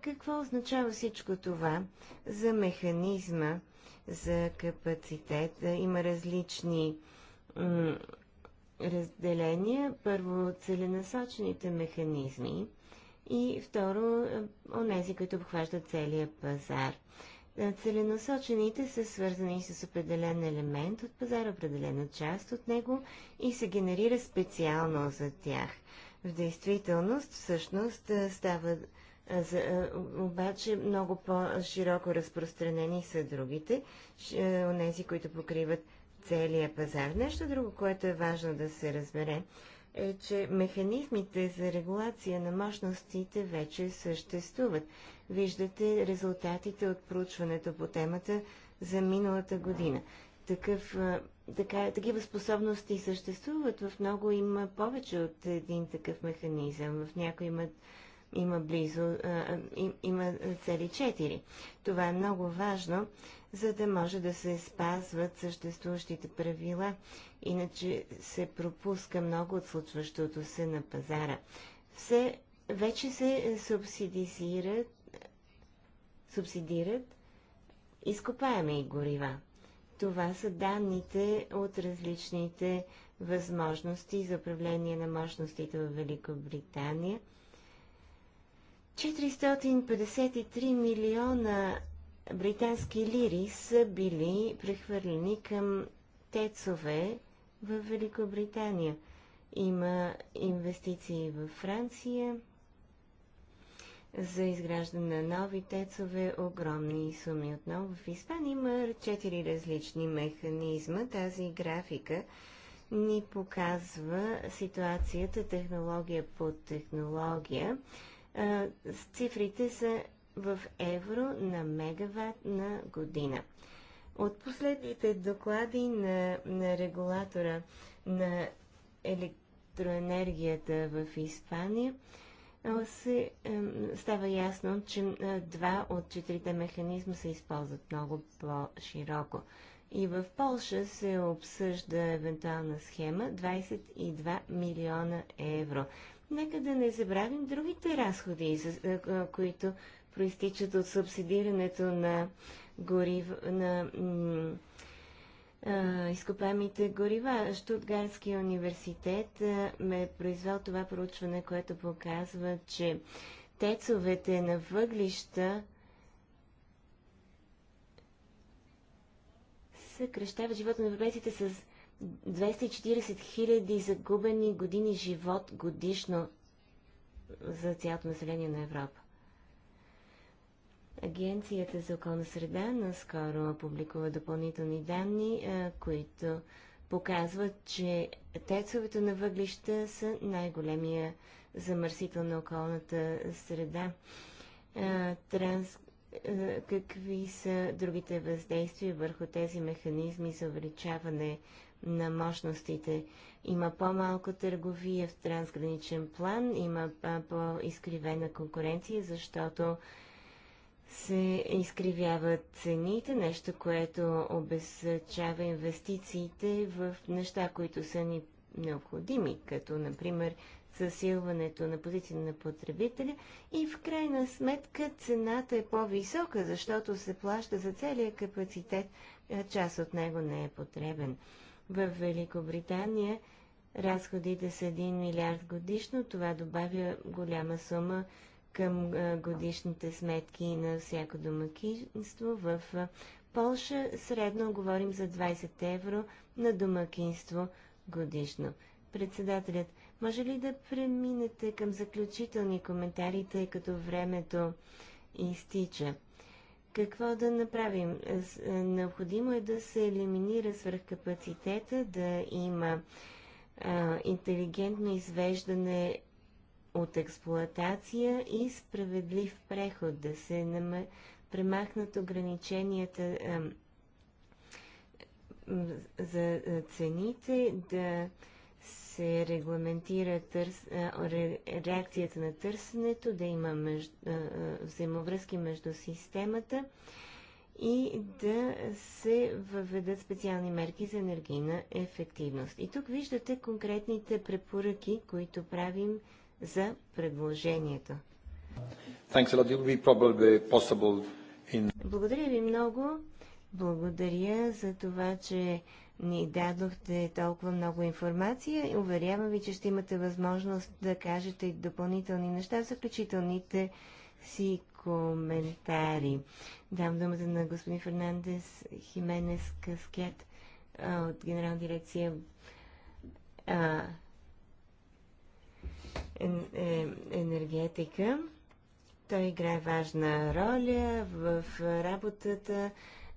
Какво означава всичко това за механизма за капацитет? Има различни разделения. Първо, целенасочените механизми и второ, онези, които обхващат целия пазар. Е, целенасочените са свързани с определен елемент от пазара, определена част от него и се генерира специално за тях. В действителност, всъщност, е, става е, за, обаче много по-широко разпространени са другите, онези, които покриват целия пазар. Нещо друго, което е важно да се разбере, е, че механизмите за регулация на мощностите вече съществуват. Виждате резултатите от проучването по темата за миналата година. Такъв, така, такива способности съществуват. В много има повече от един такъв механизъм. В някои има, има близо, а, им, има цели четири. Това е много важно, за да може да се спазват съществуващите правила, иначе се пропуска много от случващото се на пазара. Все вече се субсидизират, субсидират изкопаеми и горива. Това са данните от различните възможности за управление на мощностите в Великобритания. 453 милиона британски лири са били прехвърлени към тецове в Великобритания. Има инвестиции във Франция за изграждане на нови тецове, огромни суми отново. В Испания има четири различни механизма. Тази графика ни показва ситуацията технология по технология. Цифрите са в евро на мегаватт на година. От последните доклади на, на регулатора на електроенергията в Испания се, е, става ясно, че два от четирите механизма се използват много по-широко. И в Польша се обсъжда евентуална схема 22 милиона евро. Нека да не забравим другите разходи, които проистичат от субсидирането на, горив... на изкопаемите горива. Штутгарския университет ме е произвел това проучване, което показва, че тецовете на въглища съкрещават живота на европейците с 240 хиляди загубени години живот годишно за цялото население на Европа. Агенцията за околна среда наскоро публикува допълнителни данни, които показват, че тецовете на въглища са най-големия замърсител на околната среда. Транс... Какви са другите въздействия върху тези механизми за увеличаване на мощностите? Има по-малко търговия в трансграничен план, има по-изкривена конкуренция, защото се изкривяват цените, нещо, което обезчава инвестициите в неща, които са ни необходими, като, например, засилването на позиция на потребителя и в крайна сметка цената е по-висока, защото се плаща за целия капацитет, а част от него не е потребен. В Великобритания разходите са 1 милиард годишно, това добавя голяма сума към годишните сметки на всяко домакинство. В Полша средно говорим за 20 евро на домакинство годишно. Председателят, може ли да преминете към заключителни коментари, тъй като времето изтича? Какво да направим? Необходимо е да се елиминира свръхкапацитета, да има а, интелигентно извеждане от експлоатация и справедлив преход, да се премахнат ограниченията за цените, да се регламентира търс... реакцията на търсенето, да има меж... взаимовръзки между системата и да се въведат специални мерки за енергийна ефективност. И тук виждате конкретните препоръки, които правим за предложението. Благодаря ви много. Благодаря за това, че ни дадохте толкова много информация. Уверявам ви, че ще имате възможност да кажете допълнителни неща в заключителните си коментари. Дам думата на господин Фернандес Хименес Каскет от Генерална дирекция е, енергетика. Той играе важна роля в работата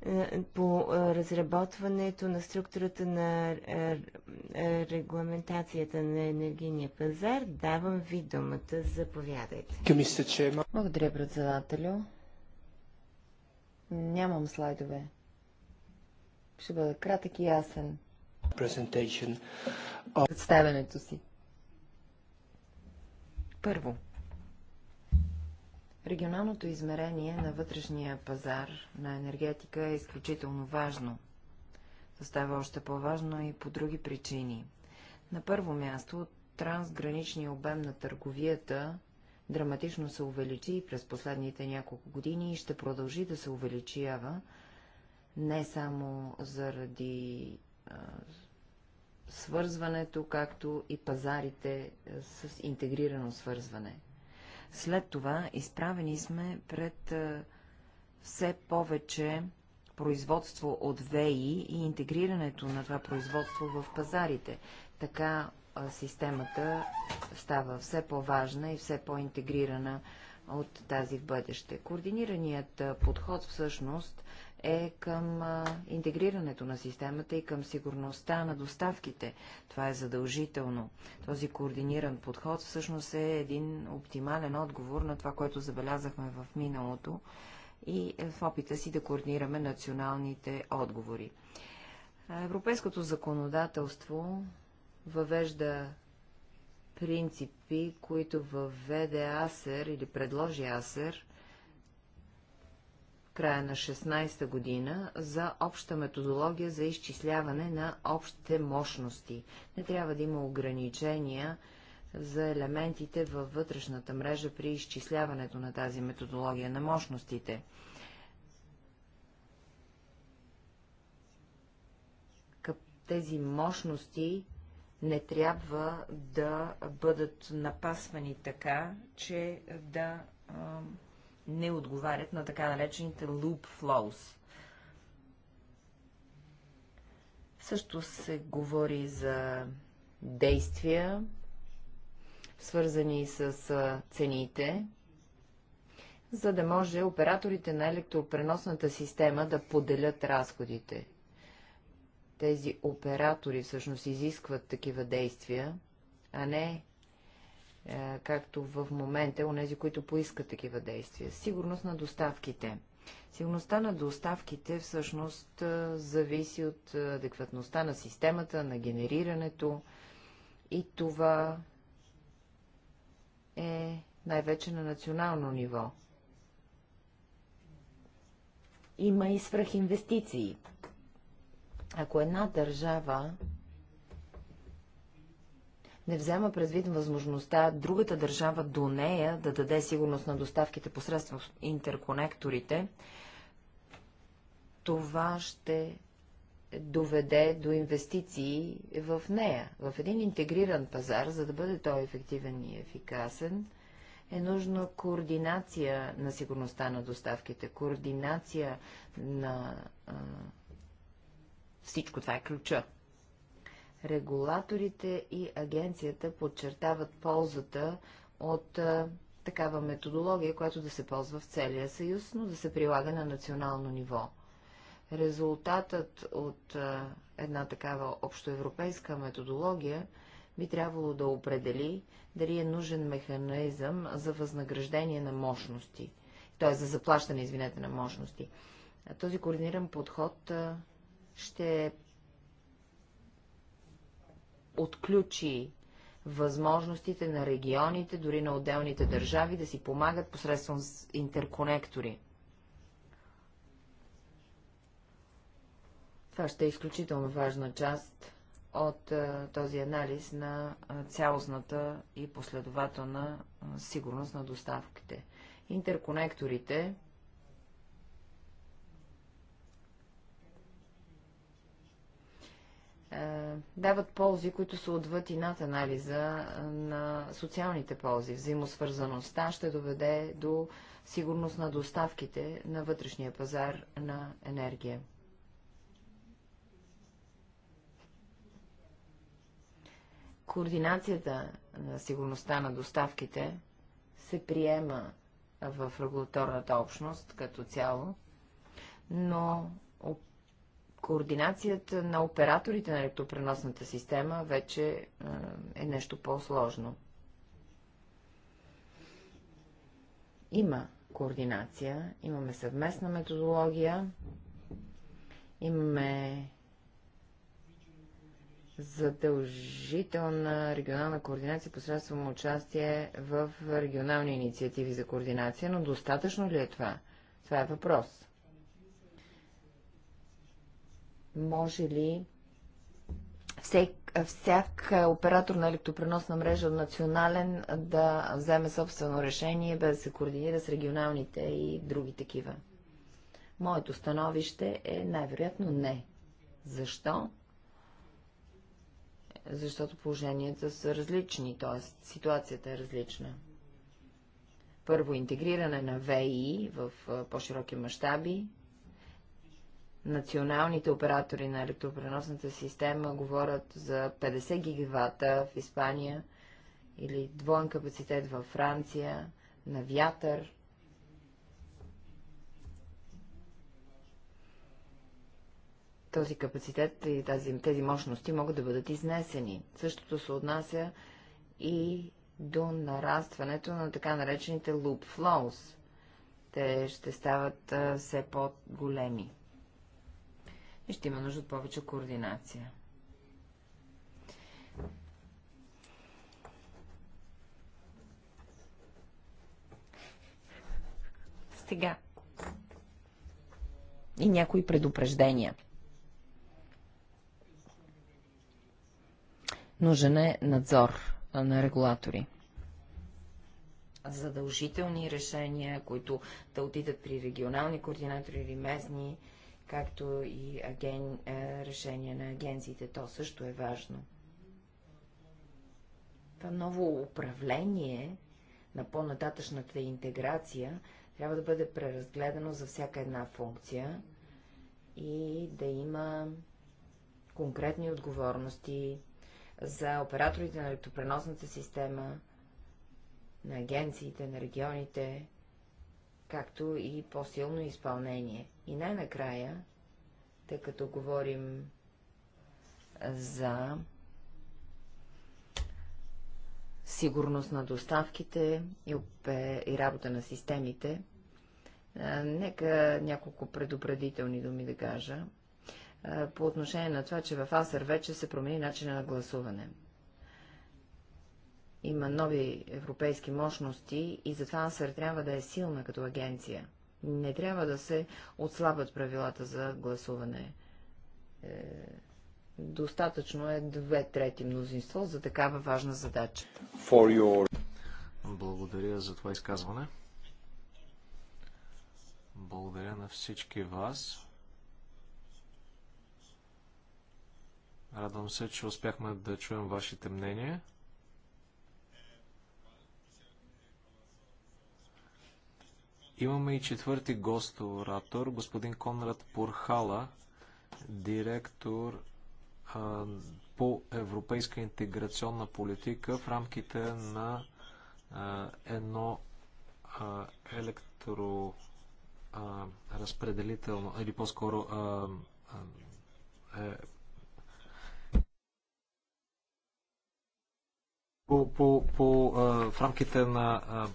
е, по разработването на структурата на е, регламентацията на енергийния пазар. Давам ви думата. Заповядайте. Благодаря, председателю. Нямам слайдове. Ще бъда кратък и ясен. Представянето си. Първо, регионалното измерение на вътрешния пазар на енергетика е изключително важно. То става още по-важно и по други причини. На първо място, трансграничния обем на търговията драматично се увеличи и през последните няколко години и ще продължи да се увеличава не само заради свързването, както и пазарите е, с интегрирано свързване. След това изправени сме пред е, все повече производство от ВЕИ и интегрирането на това производство в пазарите. Така е, системата става все по-важна и все по-интегрирана от тази в бъдеще. Координираният подход всъщност е към интегрирането на системата и към сигурността на доставките. Това е задължително. Този координиран подход всъщност е един оптимален отговор на това, което забелязахме в миналото и в опита си да координираме националните отговори. Европейското законодателство въвежда принципи, които въведе АСЕР или предложи АСЕР – края на 16-та година за обща методология за изчисляване на общите мощности. Не трябва да има ограничения за елементите във вътрешната мрежа при изчисляването на тази методология на мощностите. Тези мощности не трябва да бъдат напасвани така, че да не отговарят на така наречените loop flows. Също се говори за действия, свързани с цените, за да може операторите на електропреносната система да поделят разходите. Тези оператори всъщност изискват такива действия, а не е, както в момента, у нези, които поискат такива действия. Сигурност на доставките. Сигурността на доставките всъщност е, зависи от е, адекватността на системата, на генерирането и това е най-вече на национално ниво. Има и свръхинвестиции. Ако една държава не взема предвид възможността другата държава до нея да даде сигурност на доставките посредством интерконекторите, това ще доведе до инвестиции в нея. В един интегриран пазар, за да бъде той ефективен и ефикасен, е нужна координация на сигурността на доставките, координация на а, всичко. Това е ключа. Регулаторите и агенцията подчертават ползата от а, такава методология, която да се ползва в целия съюз, но да се прилага на национално ниво. Резултатът от а, една такава общоевропейска методология би трябвало да определи дали е нужен механизъм за възнаграждение на мощности, т.е. за заплащане, извинете, на мощности. Този координиран подход ще отключи възможностите на регионите, дори на отделните държави да си помагат посредством интерконектори. Това ще е изключително важна част от а, този анализ на а, цялостната и последователна а, сигурност на доставките. Интерконекторите Е, дават ползи, които са отвъд и над анализа е, на социалните ползи. Взаимосвързаността ще доведе до сигурност на доставките на вътрешния пазар на енергия. Координацията на сигурността на доставките се приема в регулаторната общност като цяло, но координацията на операторите на електропреносната система вече е, е нещо по-сложно. Има координация, имаме съвместна методология, имаме задължителна регионална координация посредством участие в регионални инициативи за координация, но достатъчно ли е това? Това е въпрос. може ли всек, всяк оператор на електропреносна мрежа национален да вземе собствено решение, без да се координира с регионалните и други такива. Моето становище е най-вероятно не. Защо? Защото положенията са различни, т.е. ситуацията е различна. Първо, интегриране на ВИ в по-широки мащаби, националните оператори на електропреносната система говорят за 50 гигавата в Испания или двоен капацитет във Франция, на вятър. Този капацитет и тази, тези мощности могат да бъдат изнесени. Същото се отнася и до нарастването на така наречените loop flows. Те ще стават а, все по-големи и ще има нужда от повече координация. Сега. И някои предупреждения. Нужен е надзор на регулатори задължителни решения, които да отидат при регионални координатори или местни както и аген... Е, решение на агенциите. То също е важно. Това ново управление на по-нататъчната интеграция трябва да бъде преразгледано за всяка една функция и да има конкретни отговорности за операторите на електропреносната система, на агенциите, на регионите, както и по-силно изпълнение – и най-накрая, тъй като говорим за сигурност на доставките и, и работа на системите, нека няколко предупредителни думи да кажа по отношение на това, че в АСР вече се промени начина на гласуване. Има нови европейски мощности и затова АСЕР трябва да е силна като агенция – не трябва да се отслабят правилата за гласуване. Е, достатъчно е две трети мнозинство за такава важна задача. Your... Благодаря за това изказване. Благодаря на всички вас. Радвам се, че успяхме да чуем вашите мнения. Имаме и четвърти гост-оратор, господин Конрад Пурхала, директор а, по европейска интеграционна политика в рамките на а, едно а, електро а, разпределително, или по-скоро е, по, по, по, а, в рамките на а,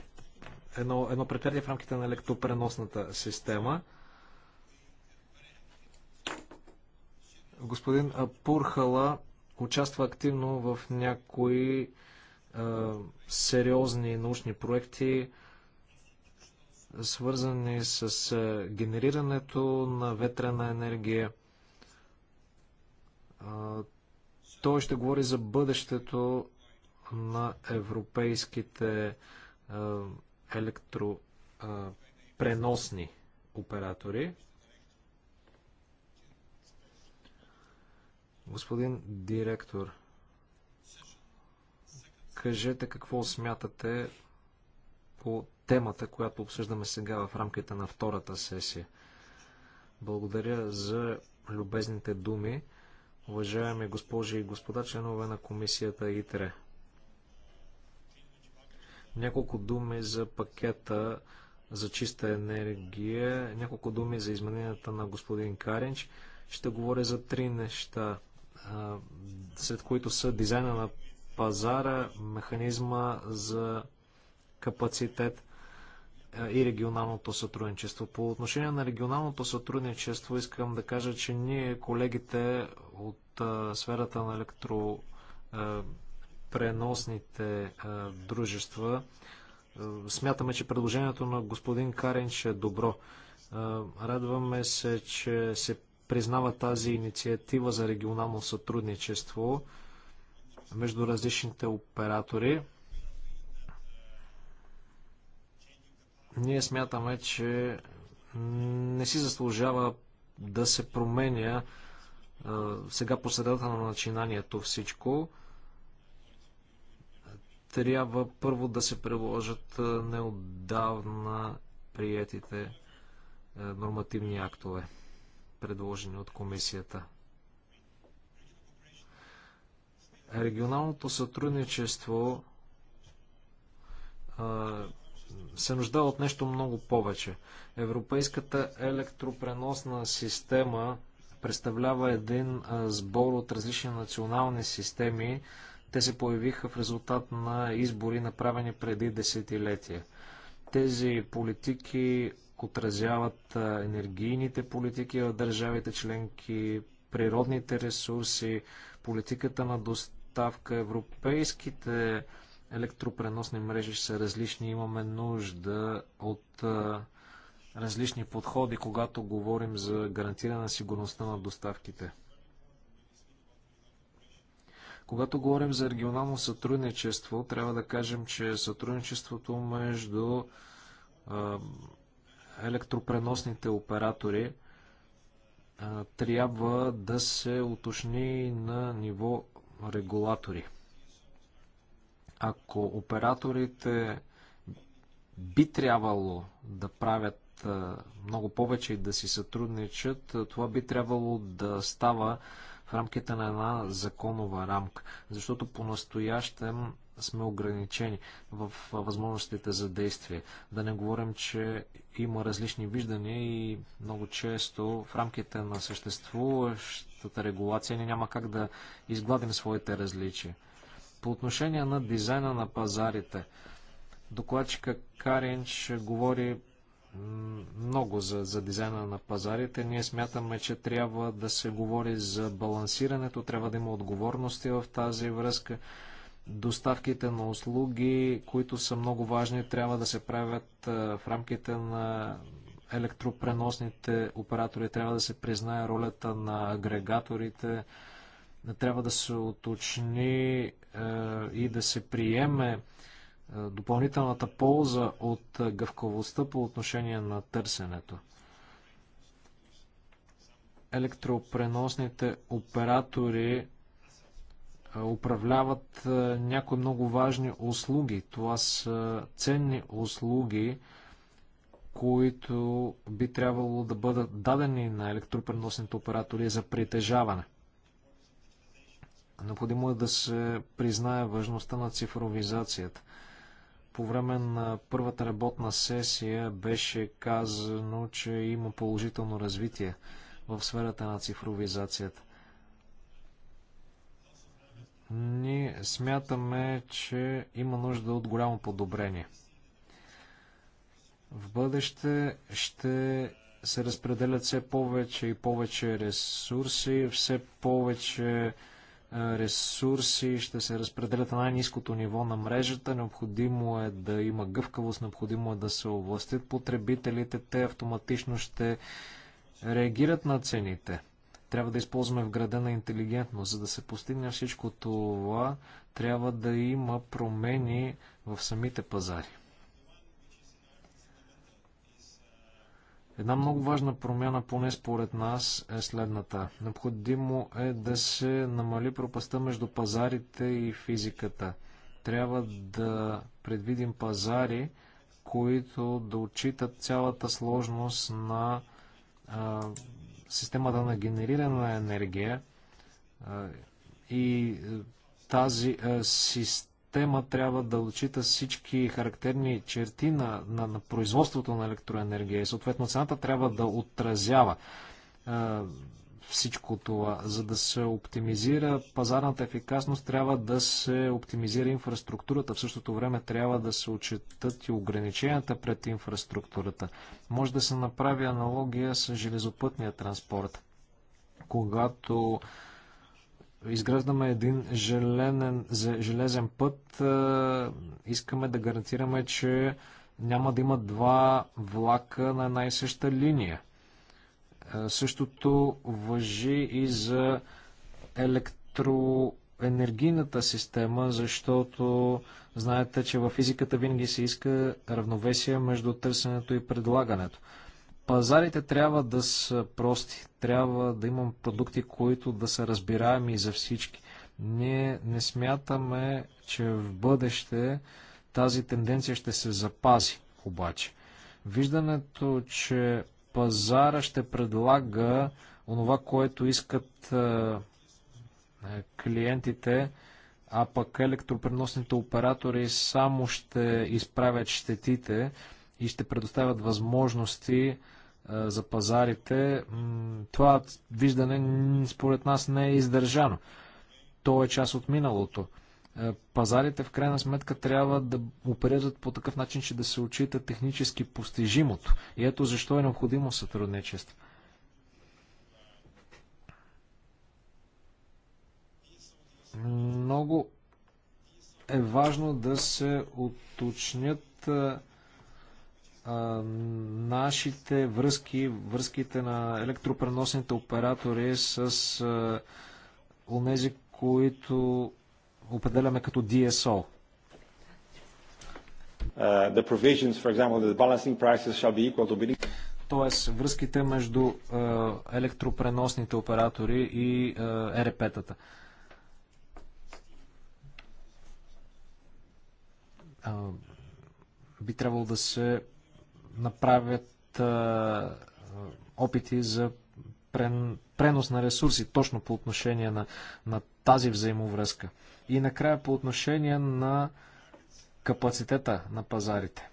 едно, едно предприятие в рамките на електропреносната система. Господин Пурхала участва активно в някои е, сериозни научни проекти, свързани с е, генерирането на ветрена енергия. Е, той ще говори за бъдещето на европейските е, електропреносни оператори. Господин директор, кажете какво смятате по темата, която обсъждаме сега в рамките на втората сесия. Благодаря за любезните думи, уважаеми госпожи и господа, членове на комисията ИТРЕ. Няколко думи за пакета за чиста енергия, няколко думи за измененията на господин Каринч. Ще говоря за три неща, след които са дизайна на пазара, механизма за капацитет и регионалното сътрудничество. По отношение на регионалното сътрудничество искам да кажа, че ние, колегите от сферата на електро преносните дружества. Смятаме, че предложението на господин Каренч е добро. Радваме се, че се признава тази инициатива за регионално сътрудничество между различните оператори. Ние смятаме, че не си заслужава да се променя сега по на начинанието всичко трябва първо да се приложат неодавна приетите нормативни актове, предложени от комисията. Регионалното сътрудничество се нужда от нещо много повече. Европейската електропреносна система представлява един сбор от различни национални системи те се появиха в резултат на избори, направени преди десетилетия. Тези политики отразяват енергийните политики в държавите членки, природните ресурси, политиката на доставка, европейските електропреносни мрежи са различни. Имаме нужда от различни подходи, когато говорим за гарантиране на сигурността на доставките. Когато говорим за регионално сътрудничество, трябва да кажем, че сътрудничеството между електропреносните оператори трябва да се уточни на ниво регулатори. Ако операторите би трябвало да правят много повече и да си сътрудничат, това би трябвало да става в рамките на една законова рамка, защото по-настоящем сме ограничени в възможностите за действие. Да не говорим, че има различни виждания и много често в рамките на съществуващата регулация ни няма как да изгладим своите различия. По отношение на дизайна на пазарите, докладчика Каринч говори много за, за дизайна на пазарите. Ние смятаме, че трябва да се говори за балансирането, трябва да има отговорности в тази връзка. Доставките на услуги, които са много важни, трябва да се правят в рамките на електропреносните оператори, трябва да се признае ролята на агрегаторите, трябва да се уточни и да се приеме е, допълнителната полза от е, гъвкавостта по отношение на търсенето. Електропреносните оператори е, управляват някои много важни услуги. Това са ценни услуги, които би трябвало да бъдат дадени на електропреносните оператори за притежаване. Необходимо е да се признае важността на цифровизацията по време на първата работна сесия беше казано, че има положително развитие в сферата на цифровизацията. Ние смятаме, че има нужда от голямо подобрение. В бъдеще ще се разпределят все повече и повече ресурси, все повече ресурси ще се разпределят на най-низкото ниво на мрежата. Необходимо е да има гъвкавост, необходимо е да се овластят потребителите. Те автоматично ще реагират на цените. Трябва да използваме вградена интелигентност. За да се постигне всичко това, трябва да има промени в самите пазари. Една много важна промяна, поне според нас, е следната. Необходимо е да се намали пропаста между пазарите и физиката. Трябва да предвидим пазари, които да отчитат цялата сложност на а, системата на генерирана енергия а, и тази а, система система трябва да отчита всички характерни черти на, на, на производството на електроенергия и съответно цената трябва да отразява е, всичко това. За да се оптимизира пазарната ефикасност, трябва да се оптимизира инфраструктурата. В същото време трябва да се отчитат и ограниченията пред инфраструктурата. Може да се направи аналогия с железопътния транспорт. Когато изграждаме един желенен, железен път, е, искаме да гарантираме, че няма да има два влака на една и съща линия. Е, същото въжи и за електроенергийната система, защото знаете, че във физиката винаги се иска равновесие между търсенето и предлагането. Пазарите трябва да са прости, трябва да имам продукти, които да са разбираеми за всички. Ние не смятаме, че в бъдеще тази тенденция ще се запази обаче. Виждането, че пазара ще предлага онова, което искат е, е, клиентите, а пък електропреносните оператори само ще изправят щетите, и ще предоставят възможности е, за пазарите. Това виждане според нас не е издържано. То е част от миналото. Е, пазарите в крайна сметка трябва да оперират по такъв начин, че да се отчита технически постижимото. И ето защо е необходимо сътрудничество. Много е важно да се уточнят е, а, нашите връзки, връзките на електропреносните оператори с а, онези, които определяме като DSO. Uh, the provisions, for example, the balancing prices shall be equal to billing връзките между uh, електропреносните оператори и uh, ЕРП-тата. Uh, би трябвало да се направят опити за пренос на ресурси, точно по отношение на, на тази взаимовръзка. И накрая по отношение на капацитета на пазарите.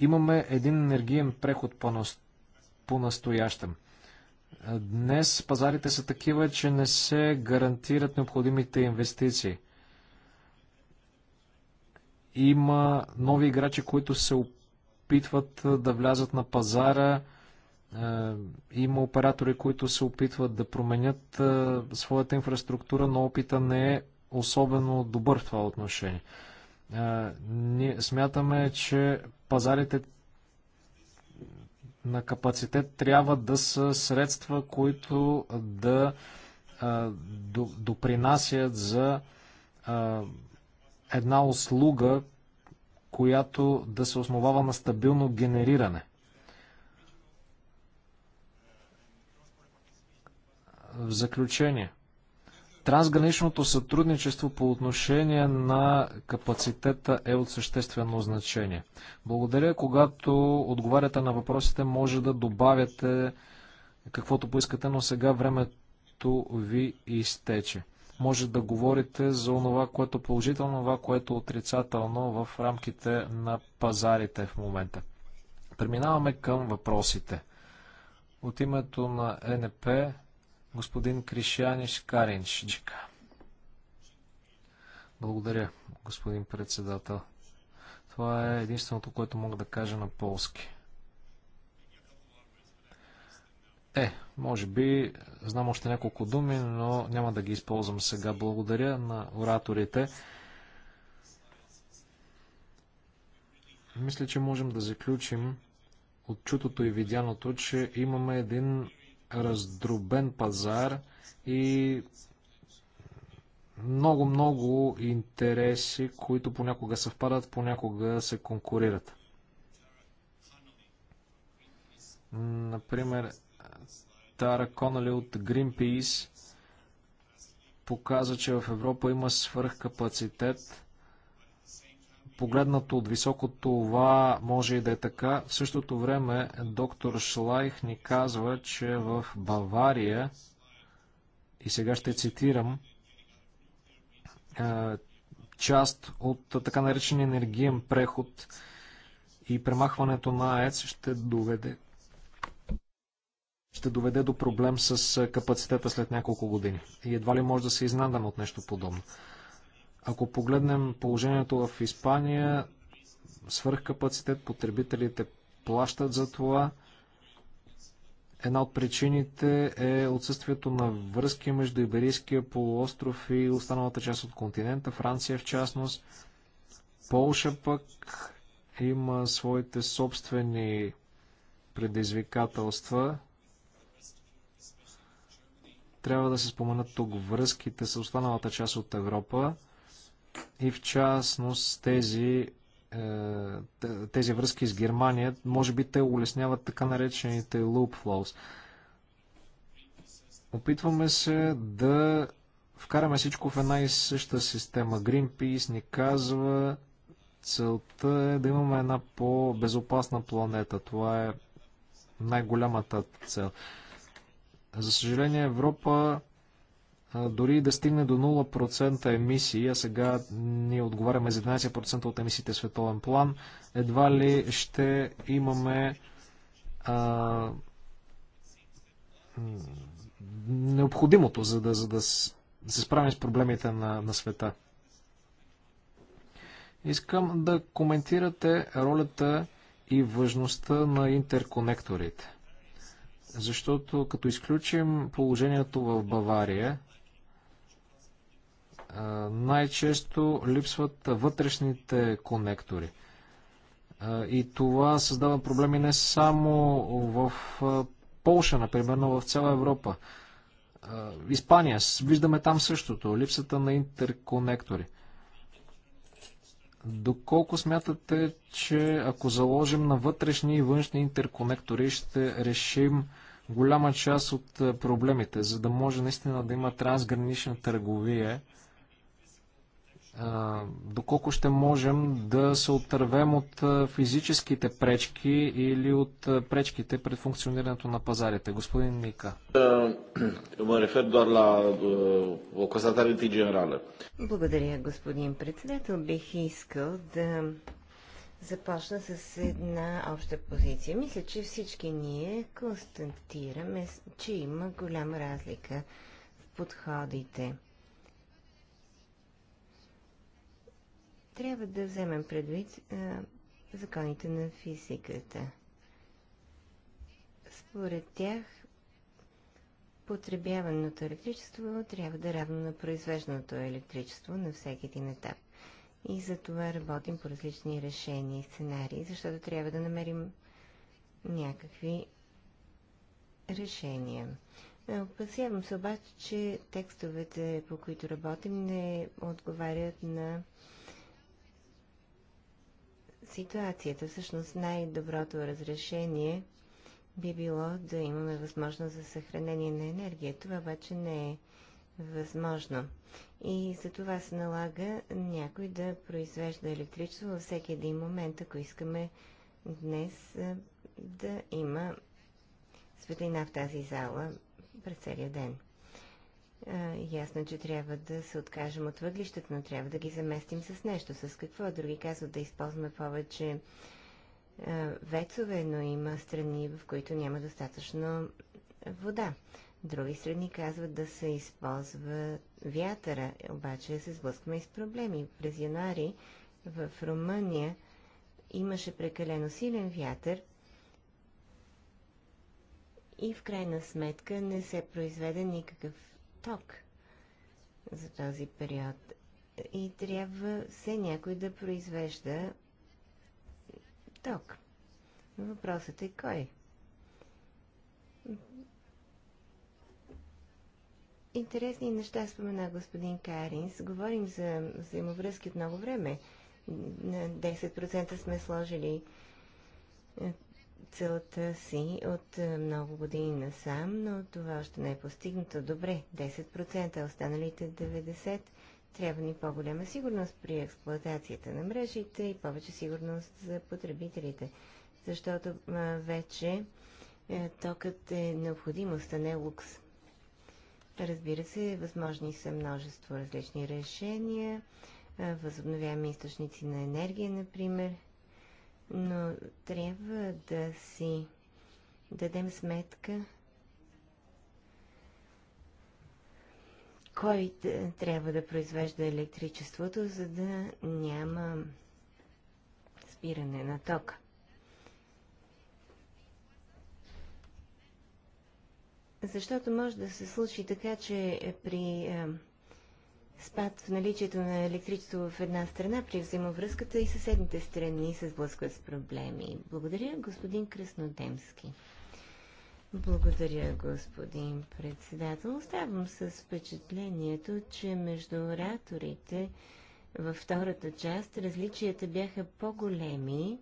Имаме един енергиен преход по-настоящем. Днес пазарите са такива, че не се гарантират необходимите инвестиции – има нови играчи, които се опитват да влязат на пазара. Е, има оператори, които се опитват да променят своята инфраструктура, но опита не е особено добър в това отношение. Е, ние смятаме, че пазарите на капацитет трябва да са средства, които да допринасят за една услуга, която да се основава на стабилно генериране. В заключение, трансграничното сътрудничество по отношение на капацитета е от съществено значение. Благодаря, когато отговаряте на въпросите, може да добавяте каквото поискате, но сега времето ви изтече може да говорите за това, което е положително, това, което е отрицателно в рамките на пазарите в момента. Преминаваме към въпросите. От името на НП господин Кришяниш Каринчичка. Благодаря, господин председател. Това е единственото, което мога да кажа на полски. Е, може би знам още няколко думи, но няма да ги използвам сега. Благодаря на ораторите. Мисля, че можем да заключим от чутото и видяното, че имаме един раздробен пазар и много-много интереси, които понякога съвпадат, понякога се конкурират. Например, Тара Конали от Greenpeace показа, че в Европа има свърхкапацитет. Погледнато от високо това може и да е така. В същото време доктор Шлайх ни казва, че в Бавария, и сега ще цитирам, част от така наречен енергиен преход и премахването на АЕЦ ще доведе ще доведе до проблем с капацитета след няколко години. И едва ли може да се изнадам от нещо подобно. Ако погледнем положението в Испания, свърхкапацитет, потребителите плащат за това. Една от причините е отсъствието на връзки между Иберийския полуостров и останалата част от континента, Франция в частност. Полша пък има своите собствени предизвикателства, трябва да се споменат тук връзките с останалата част от Европа и в частност тези, е, тези връзки с Германия. Може би те улесняват така наречените loop flows. Опитваме се да вкараме всичко в една и съща система. Greenpeace ни казва, целта е да имаме една по-безопасна планета. Това е най-голямата цел. За съжаление, Европа дори да стигне до 0% емисии, а сега ние отговаряме за 11% от емисиите в световен план, едва ли ще имаме а, необходимото, за да, за да се справим с проблемите на, на света. Искам да коментирате ролята и важността на интерконекторите. Защото като изключим положението в Бавария, най-често липсват вътрешните конектори. И това създава проблеми не само в Полша, например, но в цяла Европа. Испания, виждаме там същото, липсата на интерконектори. Доколко смятате, че ако заложим на вътрешни и външни интерконектори, ще решим голяма част от проблемите, за да може наистина да има трансгранична търговия доколко ще можем да се отървем от физическите пречки или от пречките пред функционирането на пазарите. Господин Мика. Е, е, Благодаря, господин председател. Бих искал да започна с една обща позиция. Мисля, че всички ние констатираме, че има голяма разлика в подходите – трябва да вземем предвид а, законите на физиката. Според тях, потребяваното електричество трябва да е равно на произвежданото електричество на всеки един етап. И за това работим по различни решения и сценарии, защото трябва да намерим някакви решения. Опасявам се обаче, че текстовете, по които работим, не отговарят на ситуацията. Всъщност най-доброто разрешение би било да имаме възможност за съхранение на енергия. Това обаче не е възможно. И за това се налага някой да произвежда електричество във всеки един момент, ако искаме днес да има светлина в тази зала през целия ден. А, ясно, че трябва да се откажем от въглищата, но трябва да ги заместим с нещо. С какво? Други казват да използваме повече а, вецове, но има страни, в които няма достатъчно вода. Други страни казват да се използва вятъра, обаче се сблъскваме и с проблеми. През януари в Румъния имаше прекалено силен вятър и в крайна сметка не се произведе никакъв поток за този период. И трябва все някой да произвежда ток. Въпросът е кой? Интересни неща спомена господин Каринс. Говорим за взаимовръзки от много време. На 10% сме сложили целта си от е, много години насам, но това още не е постигнато. Добре, 10%, а останалите 90% трябва ни по-голяма сигурност при експлуатацията на мрежите и повече сигурност за потребителите, защото вече е, токът е необходимост, а не лукс. Разбира се, възможни са множество различни решения, е, възобновяваме източници на енергия, например – но трябва да си дадем сметка кой трябва да произвежда електричеството, за да няма спиране на тока. Защото може да се случи така, че при спад в наличието на електричество в една страна при взаимовръзката и съседните страни се сблъскват с проблеми. Благодаря, господин Краснодемски. Благодаря, господин председател. Оставам с впечатлението, че между ораторите във втората част различията бяха по-големи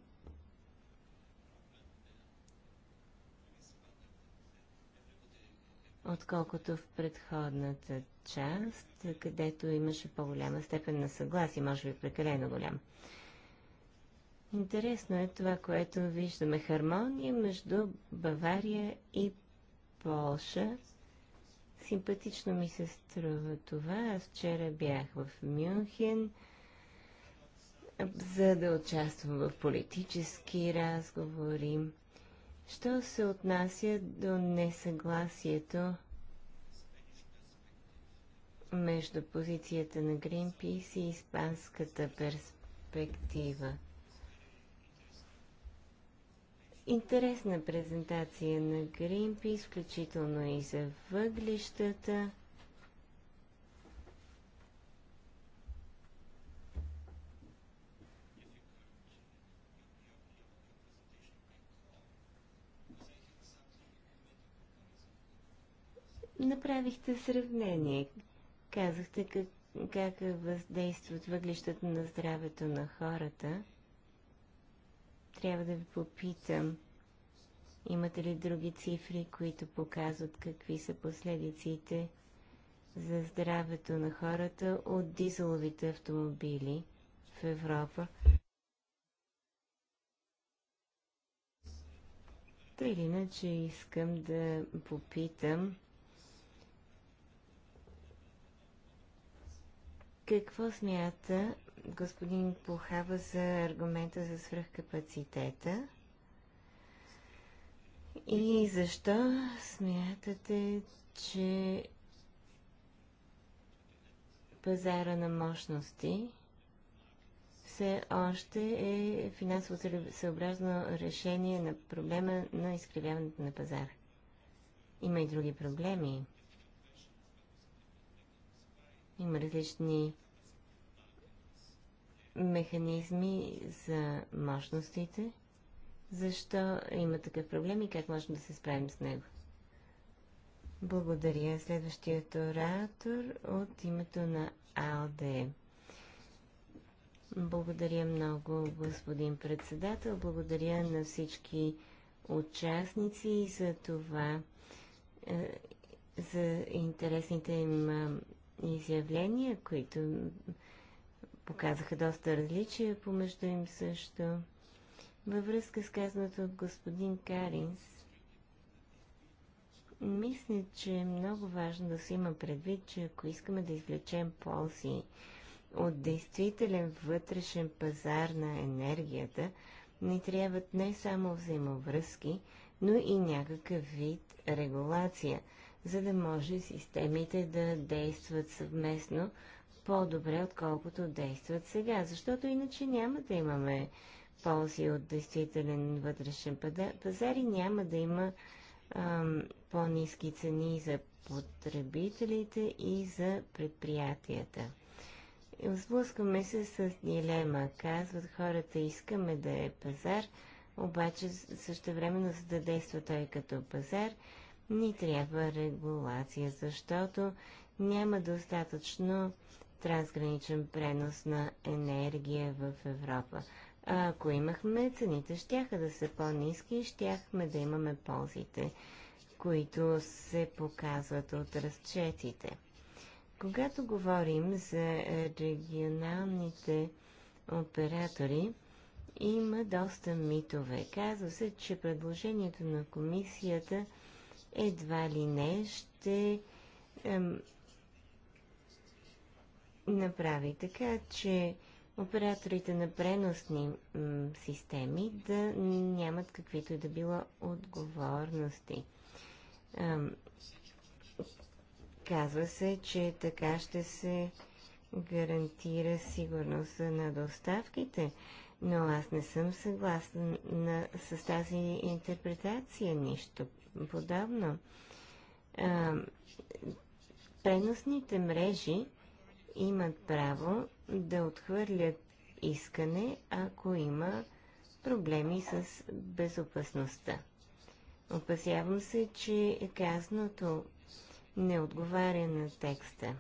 отколкото в предходната част, където имаше по-голяма степен на съгласие, може би прекалено голям. Интересно е това, което виждаме. Хармония между Бавария и Полша. Симпатично ми се струва това. Аз вчера бях в Мюнхен, за да участвам в политически разговори. Що се отнася до несъгласието между позицията на Greenpeace и испанската перспектива? Интересна презентация на Greenpeace, включително и за въглищата. направихте сравнение. Казахте как, как въздействат въглищата на здравето на хората. Трябва да ви попитам, имате ли други цифри, които показват какви са последиците за здравето на хората от дизеловите автомобили в Европа? или иначе искам да попитам Какво смята господин Похава за аргумента за свръхкапацитета? И защо смятате, че пазара на мощности все още е финансово съобразно решение на проблема на изкривяването на пазара? Има и други проблеми. Има различни механизми за мощностите? Защо има такъв проблем и как можем да се справим с него? Благодаря. Следващият оратор от името на АЛДЕ. Благодаря много, господин председател. Благодаря на всички участници за това, е, за интересните им изявления, които показаха доста различия помежду им също. Във връзка с казаното от господин Каринс, мисля, че е много важно да се има предвид, че ако искаме да извлечем ползи от действителен вътрешен пазар на енергията, ни трябват не само взаимовръзки, но и някакъв вид регулация, за да може системите да действат съвместно по-добре, отколкото действат сега, защото иначе няма да имаме ползи от действителен вътрешен пазар и няма да има по-низки цени за потребителите и за предприятията. Сблъскваме се с дилема. Казват хората, искаме да е пазар, обаче същевременно за да действа той като пазар, ни трябва регулация, защото няма достатъчно трансграничен пренос на енергия в Европа. А ако имахме, цените щяха да са по-низки и щяхме да имаме ползите, които се показват от разчетите. Когато говорим за регионалните оператори, има доста митове. Казва се, че предложението на комисията едва ли не ще ем, направи така, че операторите на преносни системи да нямат каквито и да било отговорности. А, казва се, че така ще се гарантира сигурност на доставките, но аз не съм съгласна на, с тази интерпретация, нищо подобно. А, преносните мрежи имат право да отхвърлят искане, ако има проблеми с безопасността. Опасявам се, че казаното не отговаря на текста.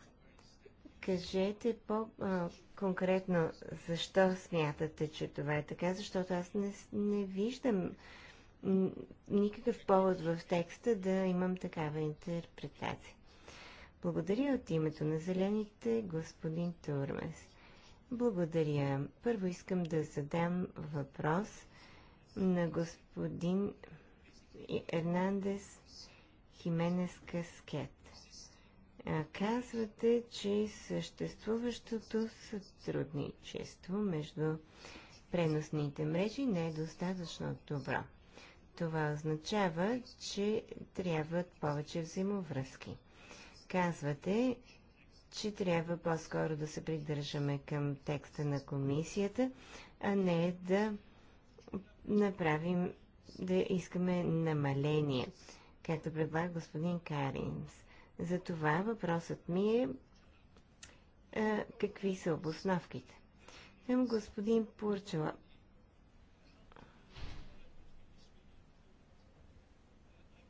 Кажете по-конкретно защо смятате, че това е така, защото аз не, не виждам никакъв повод в текста да имам такава интерпретация. Благодаря от името на зелените, господин Турмес. Благодаря. Първо искам да задам въпрос на господин Ернандес Хименес Каскет. Казвате, че съществуващото сътрудничество между преносните мрежи не е достатъчно добро. Това означава, че трябват повече взаимовръзки казвате, че трябва по-скоро да се придържаме към текста на комисията, а не да направим, да искаме намаление, както предлага господин Каринс. Затова въпросът ми е а, какви са обосновките. Към господин Пурчела.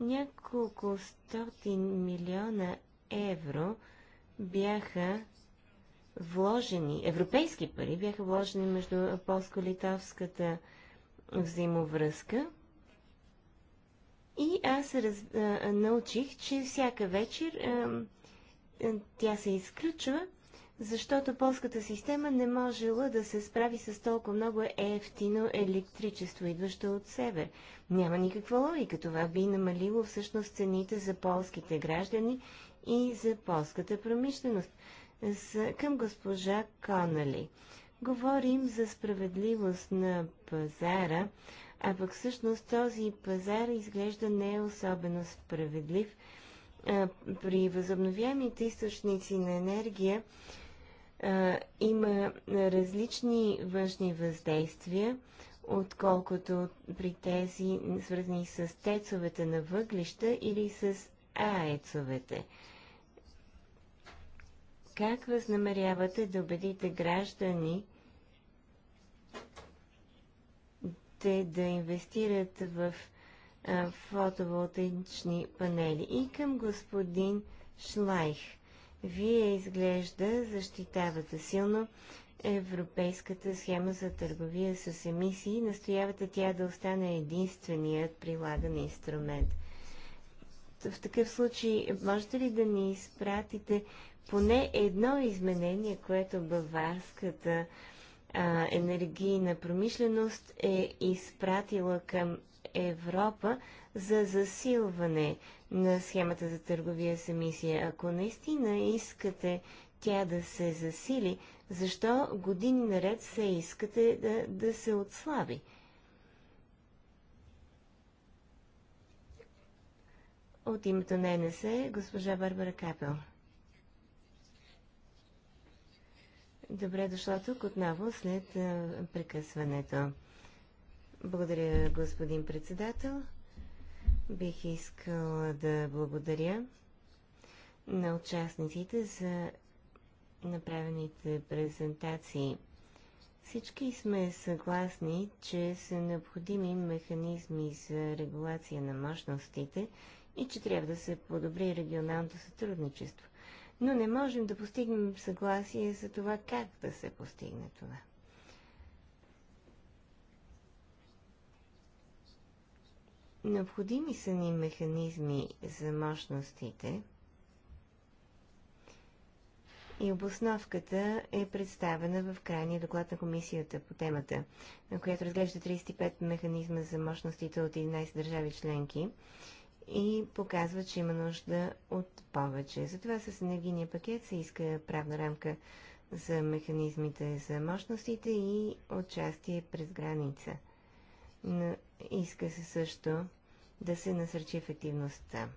Няколко стотин милиона евро бяха вложени, европейски пари бяха вложени между полско-литовската взаимовръзка. И аз раз, а, научих, че всяка вечер а, тя се изключва, защото полската система не можела да се справи с толкова много ефтино електричество, идващо от север. Няма никаква логика. Това би намалило всъщност цените за полските граждани и за полската промишленост. С, към госпожа Конали. Говорим за справедливост на пазара, а пък всъщност този пазар изглежда не е особено справедлив. А, при възобновяемите източници на енергия а, има различни външни въздействия, отколкото при тези свързани с тецовете на въглища или с аецовете. Как възнамерявате да убедите граждани те да инвестират в а, фотоволтаични панели? И към господин Шлайх. Вие изглежда защитавате силно европейската схема за търговия с емисии. Настоявате тя да остане единственият прилаган инструмент. В такъв случай, можете ли да ни изпратите поне едно изменение, което баварската а, енергийна промишленост е изпратила към Европа за засилване на схемата за търговия с емисия. Ако наистина искате тя да се засили, защо години наред се искате да, да се отслаби? От името на НС, госпожа Барбара Капел. Добре дошла тук отново след прекъсването. Благодаря, господин председател. Бих искала да благодаря на участниците за направените презентации. Всички сме съгласни, че са необходими механизми за регулация на мощностите и че трябва да се подобри регионалното сътрудничество но не можем да постигнем съгласие за това как да се постигне това. Необходими са ни механизми за мощностите и обосновката е представена в крайния доклад на комисията по темата, на която разглежда 35 механизма за мощностите от 11 държави членки и показва, че има нужда от повече. Затова с енергийния пакет се иска правна рамка за механизмите за мощностите и участие през граница. Но иска се също да се насърчи ефективността.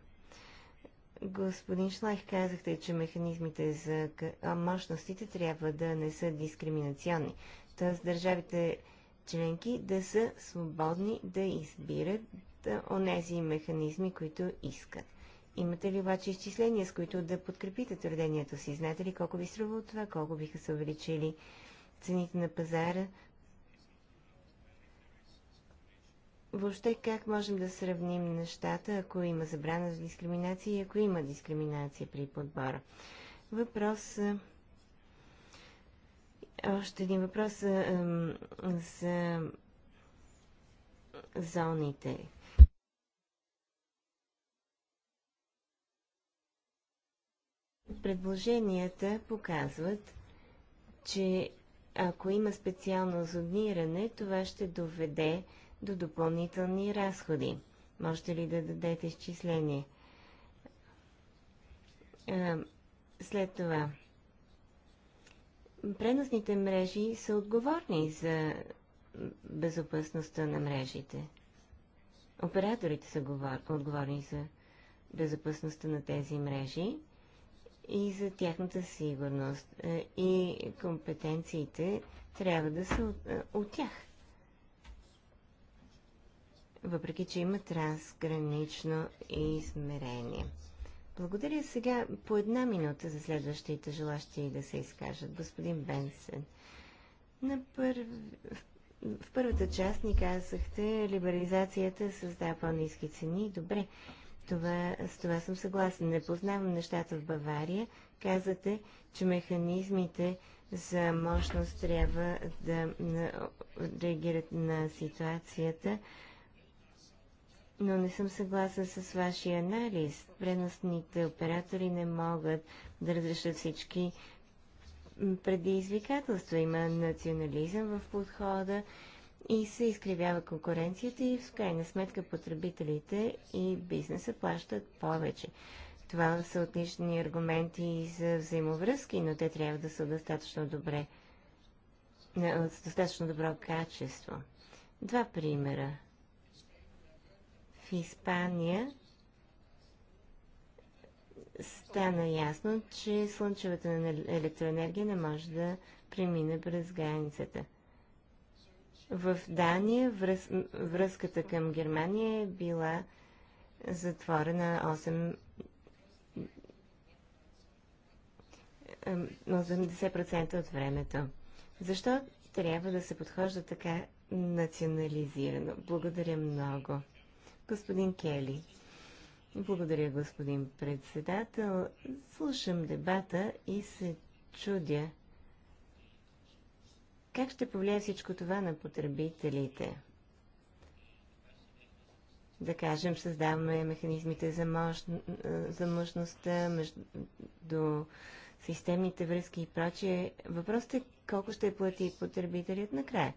Господин Шлайх, казахте, че механизмите за мощностите трябва да не са дискриминационни. Тоест държавите членки да са свободни да избират онези механизми, които искат. Имате ли обаче изчисления, с които да подкрепите твърдението си? Знаете ли колко ви струва от това? Колко биха се увеличили цените на пазара? Въобще как можем да сравним нещата, ако има забрана за дискриминация и ако има дискриминация при подбора? Въпрос още един въпрос за, за зоните. Предложенията показват, че ако има специално зониране, това ще доведе до допълнителни разходи. Можете ли да дадете изчисление? След това преносните мрежи са отговорни за безопасността на мрежите. Операторите са отговорни за безопасността на тези мрежи и за тяхната сигурност. Е, и компетенциите трябва да са от, е, от тях. Въпреки, че има трансгранично измерение. Благодаря сега по една минута за следващите желащи да се изкажат. Господин Бенсен, на първ... в първата част ни казахте, либерализацията създава по-низки цени. Добре, това, с това съм съгласен. Не познавам нещата в Бавария. Казате, че механизмите за мощност трябва да реагират на ситуацията но не съм съгласен с вашия анализ. Преносните оператори не могат да разрешат всички предизвикателства. Има национализъм в подхода и се изкривява конкуренцията и в крайна сметка потребителите и бизнеса плащат повече. Това са отлични аргументи и за взаимовръзки, но те трябва да са достатъчно добре, с достатъчно добро качество. Два примера в Испания стана ясно, че слънчевата електроенергия не може да премине през границата. В Дания връз... връзката към Германия е била затворена 8... 80% от времето. Защо трябва да се подхожда така национализирано? Благодаря много. Господин Кели. Благодаря, господин председател. Слушам дебата и се чудя. Как ще повлияе всичко това на потребителите? Да кажем, създаваме механизмите за, мощ... за мощността, между системните връзки и прочие. Въпросът е колко ще плати потребителят накрая.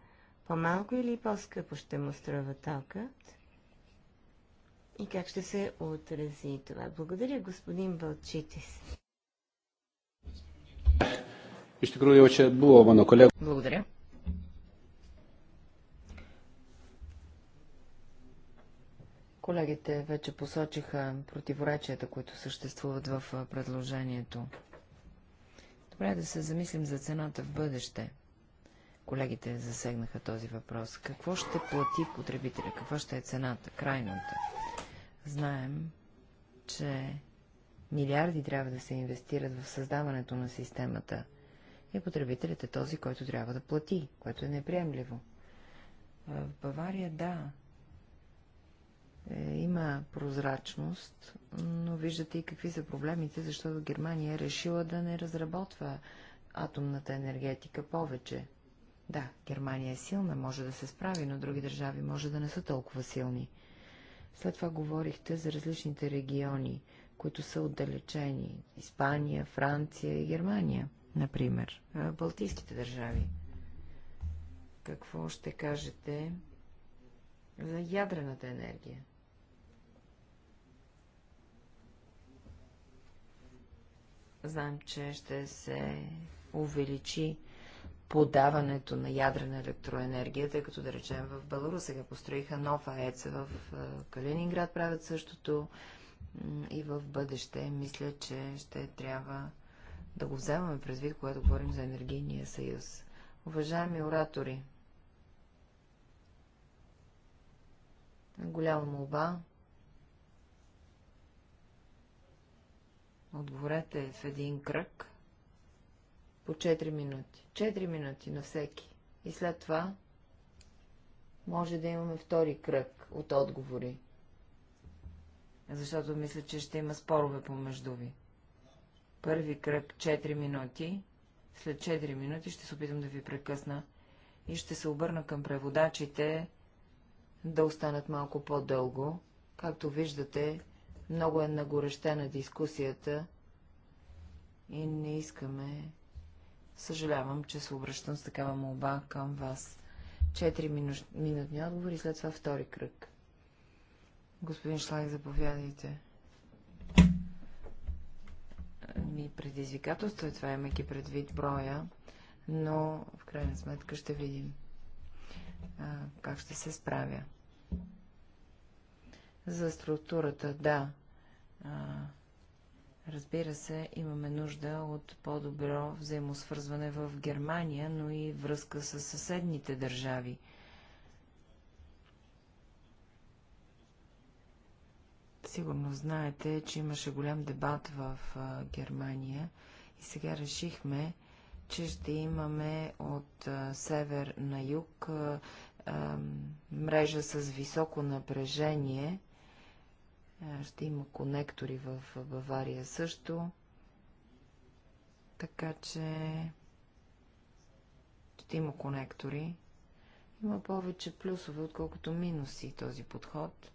По-малко или по-скъпо ще му струва токът? и как ще се отрази това. Благодаря, господин Балчитис. Благодаря. Колегите вече посочиха противоречията, които съществуват в предложението. Добре да се замислим за цената в бъдеще. Колегите засегнаха този въпрос. Какво ще плати потребителя? Каква ще е цената? Крайната. Знаем, че милиарди трябва да се инвестират в създаването на системата и потребителят е този, който трябва да плати, което е неприемливо. В Бавария, да, е, има прозрачност, но виждате и какви са проблемите, защото Германия е решила да не разработва атомната енергетика повече. Да, Германия е силна, може да се справи, но други държави може да не са толкова силни. След това говорихте за различните региони, които са отдалечени. Испания, Франция и Германия, например. Балтийските държави. Какво ще кажете за ядрената енергия? Знам, че ще се увеличи подаването на ядрена електроенергия, тъй като да речем в Беларус сега построиха нов АЕЦ в Калининград, правят същото и в бъдеще мисля, че ще трябва да го вземаме предвид, когато говорим за енергийния съюз. Уважаеми оратори, голяма молба, отговорете в един кръг – по 4 минути. 4 минути на всеки. И след това може да имаме втори кръг от отговори. Защото мисля, че ще има спорове помежду ви. Първи кръг 4 минути. След 4 минути ще се опитам да ви прекъсна и ще се обърна към преводачите да останат малко по-дълго. Както виждате, много е нагорещена дискусията и не искаме Съжалявам, че се обръщам с такава молба към вас. Четири минутни отговори, след това втори кръг. Господин Шлайк, заповядайте. Ми предизвикателство е това, имайки предвид броя, но в крайна сметка ще видим а, как ще се справя. За структурата, да. А, Разбира се, имаме нужда от по-добро взаимосвързване в Германия, но и връзка с съседните държави. Сигурно знаете, че имаше голям дебат в Германия и сега решихме, че ще имаме от север на юг мрежа с високо напрежение ще има конектори в Бавария също. Така че ще има конектори. Има повече плюсове, отколкото минуси този подход.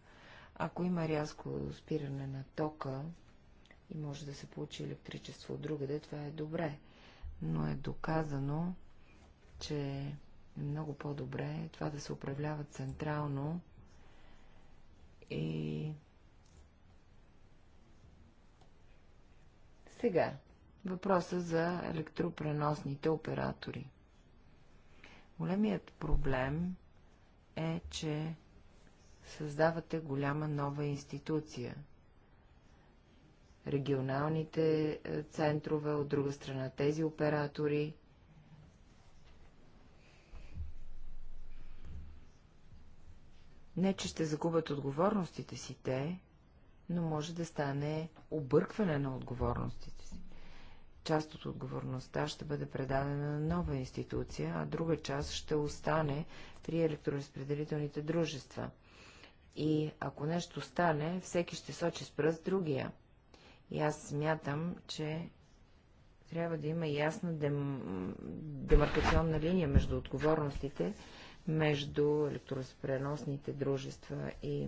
Ако има рязко спиране на тока и може да се получи електричество от другаде, това е добре. Но е доказано, че е много по-добре това да се управлява централно и Сега, въпроса за електропреносните оператори. Големият проблем е, че създавате голяма нова институция. Регионалните е, центрове, от друга страна тези оператори. Не, че ще загубят отговорностите си те, но може да стане объркване на отговорностите си. Част от отговорността ще бъде предадена на нова институция, а друга част ще остане при електроразпределителните дружества. И ако нещо стане, всеки ще сочи с пръст другия. И аз смятам, че трябва да има ясна дем... демаркационна линия между отговорностите, между електроразпреносните дружества и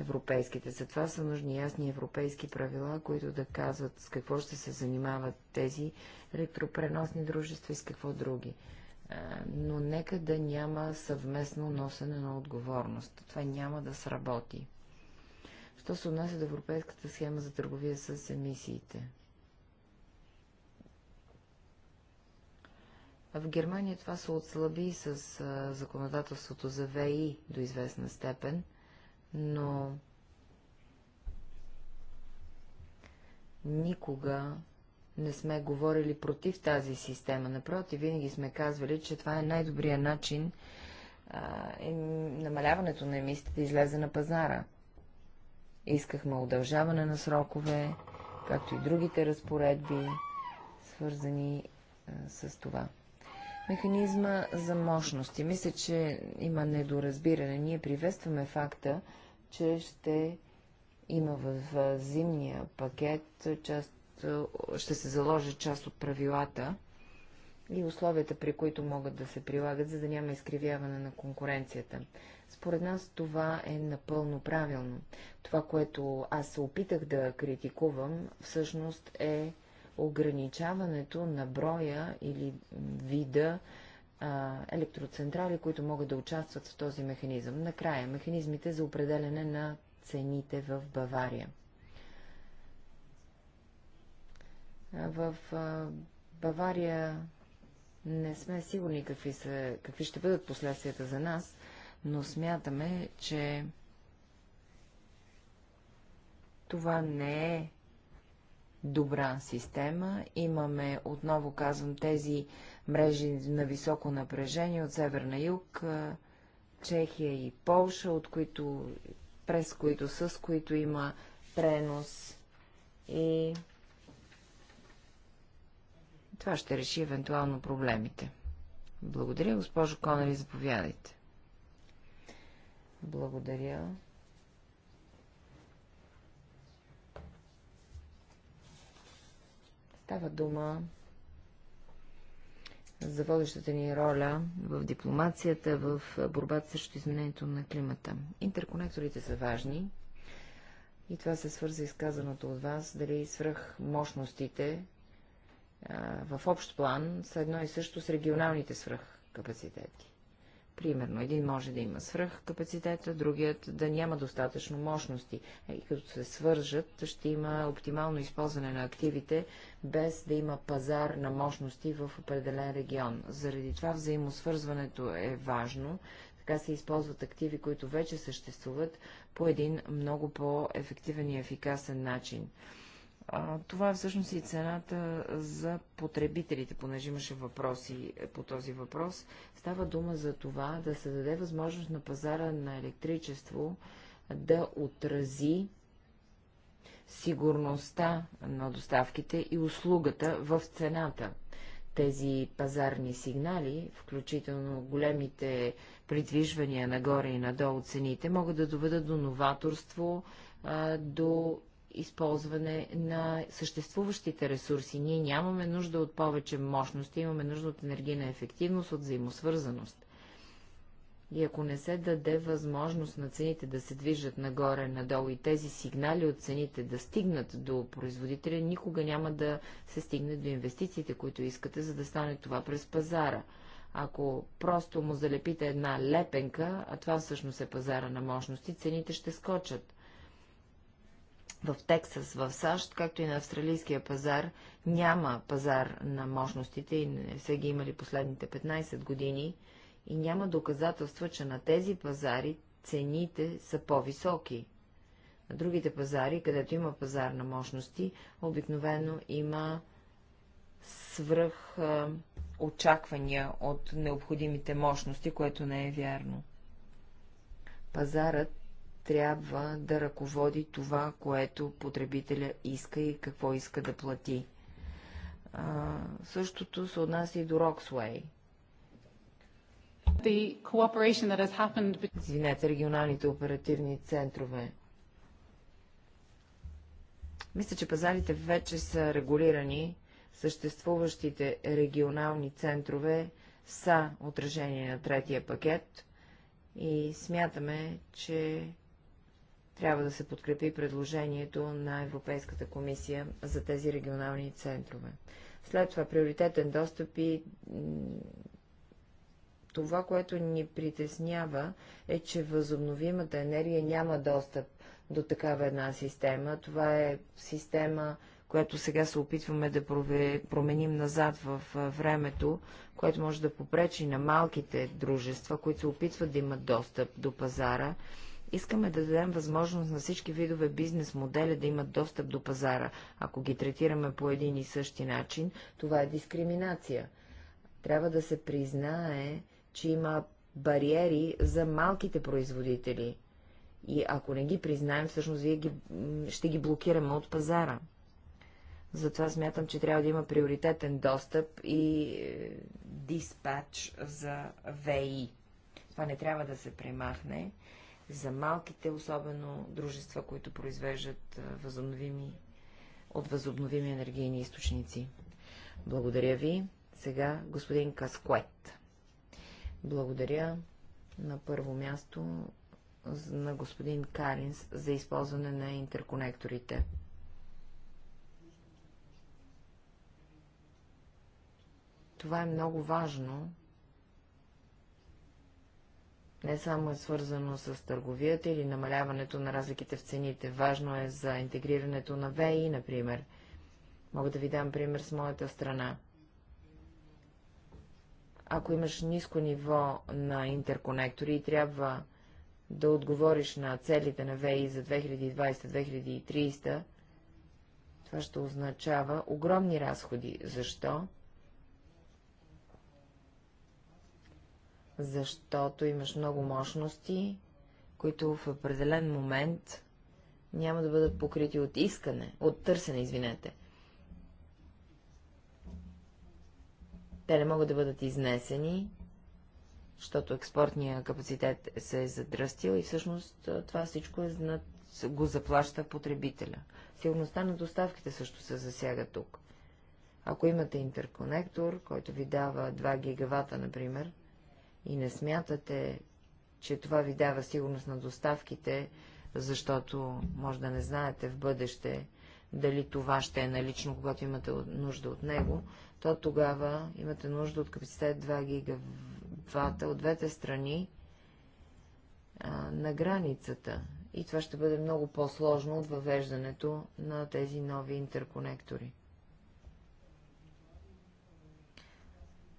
европейските. Затова са нужни ясни европейски правила, които да казват с какво ще се занимават тези електропреносни дружества и с какво други. Но нека да няма съвместно носене на отговорност. Това няма да сработи. Що се отнася до европейската схема за търговия с емисиите? В Германия това се отслаби с законодателството за ВИ до известна степен – но никога не сме говорили против тази система. Напротив, винаги сме казвали, че това е най-добрия начин а, е намаляването на емисите да излезе на пазара. Искахме удължаване на срокове, както и другите разпоредби, свързани а, с това. Механизма за мощности. Мисля, че има недоразбиране. Ние приветстваме факта, че ще има в, зимния пакет част, ще се заложи част от правилата и условията, при които могат да се прилагат, за да няма изкривяване на конкуренцията. Според нас това е напълно правилно. Това, което аз се опитах да критикувам, всъщност е ограничаването на броя или вида а, електроцентрали, които могат да участват в този механизъм. Накрая, механизмите за определене на цените в Бавария. В а, Бавария не сме сигурни какви, са, какви ще бъдат последствията за нас, но смятаме, че това не е добра система. Имаме, отново казвам, тези мрежи на високо напрежение от север на юг, Чехия и Полша, от които, през които, с които има пренос и това ще реши евентуално проблемите. Благодаря, госпожо Конери, заповядайте. Благодаря. Става дума за водещата ни роля в дипломацията, в борбата срещу изменението на климата. Интерконекторите са важни и това се свърза изказаното от вас, дали свръх мощностите а, в общ план са едно и също с регионалните капацитети. Примерно, един може да има свръх капацитета, другият да няма достатъчно мощности. Е, и като се свържат, ще има оптимално използване на активите, без да има пазар на мощности в определен регион. Заради това взаимосвързването е важно. Така се използват активи, които вече съществуват по един много по-ефективен и ефикасен начин. А, това е всъщност и цената за потребителите, понеже имаше въпроси е, по този въпрос. Става дума за това да се даде възможност на пазара на електричество да отрази сигурността на доставките и услугата в цената. Тези пазарни сигнали, включително големите придвижвания нагоре и надолу цените, могат да доведат до новаторство, до използване на съществуващите ресурси. Ние нямаме нужда от повече мощности, имаме нужда от енергийна ефективност, от взаимосвързаност. И ако не се даде възможност на цените да се движат нагоре-надолу и тези сигнали от цените да стигнат до производителя, никога няма да се стигне до инвестициите, които искате, за да стане това през пазара. Ако просто му залепите една лепенка, а това всъщност е пазара на мощности, цените ще скочат в Тексас, в САЩ, както и на австралийския пазар, няма пазар на мощностите и не са ги имали последните 15 години и няма доказателства, че на тези пазари цените са по-високи. На другите пазари, където има пазар на мощности, обикновено има свръх очаквания от необходимите мощности, което не е вярно. Пазарът трябва да ръководи това, което потребителя иска и какво иска да плати. А, същото се отнася и до Роксуей. Извинете, регионалните оперативни центрове. Мисля, че пазарите вече са регулирани. Съществуващите регионални центрове са отражение на третия пакет и смятаме, че трябва да се подкрепи предложението на Европейската комисия за тези регионални центрове. След това приоритетен достъп и това, което ни притеснява, е, че възобновимата енергия няма достъп до такава една система. Това е система, която сега се опитваме да променим назад в времето, което може да попречи на малките дружества, които се опитват да имат достъп до пазара Искаме да дадем възможност на всички видове бизнес модели да имат достъп до пазара. Ако ги третираме по един и същи начин, това е дискриминация. Трябва да се признае, че има бариери за малките производители. И ако не ги признаем, всъщност вие ги, ще ги блокираме от пазара. Затова смятам, че трябва да има приоритетен достъп и е, диспач за ВИ. Това не трябва да се премахне за малките, особено дружества, които произвеждат възобновими, от възобновими енергийни източници. Благодаря ви. Сега господин Каскует. Благодаря на първо място на господин Каринс за използване на интерконекторите. Това е много важно, не само е свързано с търговията или намаляването на разликите в цените. Важно е за интегрирането на ВИ, например. Мога да ви дам пример с моята страна. Ако имаш ниско ниво на интерконектори и трябва да отговориш на целите на ВИ за 2020-2030, това ще означава огромни разходи. Защо? защото имаш много мощности, които в определен момент няма да бъдат покрити от искане, от търсене, извинете. Те не могат да бъдат изнесени, защото експортния капацитет се е задръстил и всъщност това всичко е знат, го заплаща потребителя. Сигурността на доставките също се засяга тук. Ако имате интерконектор, който ви дава 2 гигавата, например, и не смятате, че това ви дава сигурност на доставките, защото може да не знаете в бъдеще дали това ще е налично, когато имате нужда от него, то тогава имате нужда от капацитет 2 гигавата от двете страни а, на границата. И това ще бъде много по-сложно от въвеждането на тези нови интерконектори.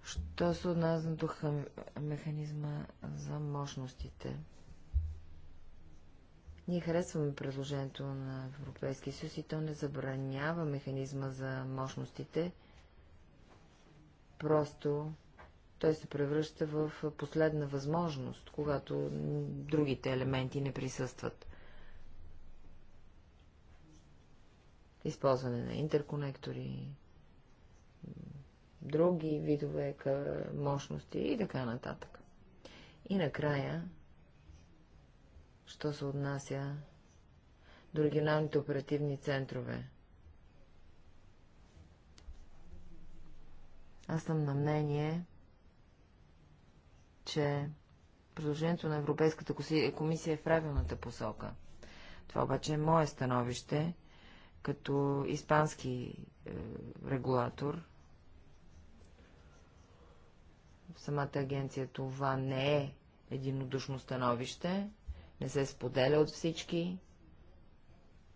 Що се отнася до механизма за мощностите? Ние харесваме предложението на Европейския съюз и то не забранява механизма за мощностите. Просто той се превръща в последна възможност, когато другите елементи не присъстват. Използване на интерконектори, други видове мощности и така нататък. И накрая, що се отнася до регионалните оперативни центрове. Аз съм на мнение, че предложението на Европейската комисия е в правилната посока. Това обаче е мое становище, като испански е, регулатор – в самата агенция това не е единодушно становище, не се споделя от всички.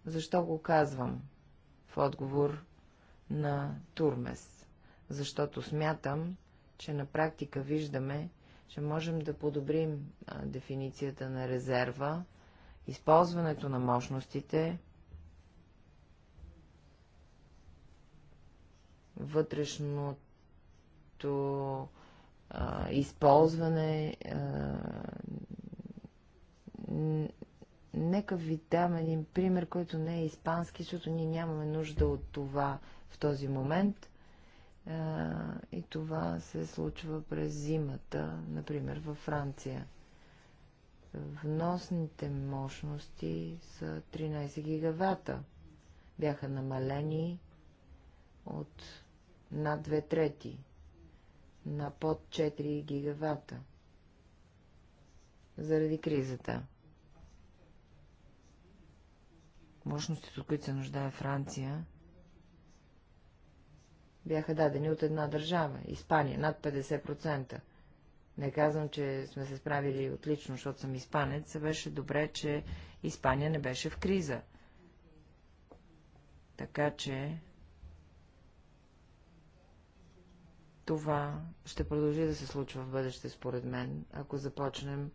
Защо го казвам? В отговор на Турмес. Защото смятам, че на практика виждаме, че можем да подобрим а, дефиницията на резерва, използването на мощностите, вътрешното използване. А, нека ви дам един пример, който не е испански, защото ние нямаме нужда от това в този момент. А, и това се случва през зимата, например във Франция. Вносните мощности са 13 гигавата. Бяха намалени от над две трети на под 4 гигавата заради кризата. Мощностите, от които се нуждае Франция, бяха дадени от една държава, Испания, над 50%. Не казвам, че сме се справили отлично, защото съм испанец, беше добре, че Испания не беше в криза. Така че Това ще продължи да се случва в бъдеще, според мен, ако започнем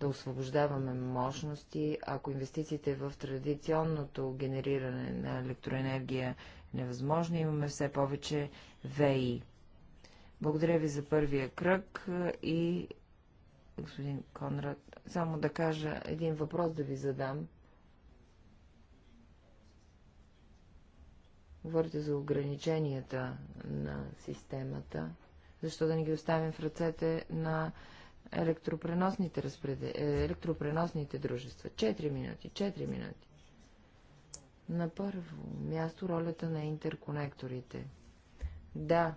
да освобождаваме мощности, ако инвестициите в традиционното генериране на електроенергия е невъзможно, имаме все повече ВИ. Благодаря ви за първия кръг и господин Конрад, само да кажа един въпрос да ви задам. Говорите за ограниченията на системата. Защо да не ги оставим в ръцете на електропреносните, разпреде... Е, електропреносните дружества? Четири минути, 4 минути. На първо място ролята на интерконекторите. Да,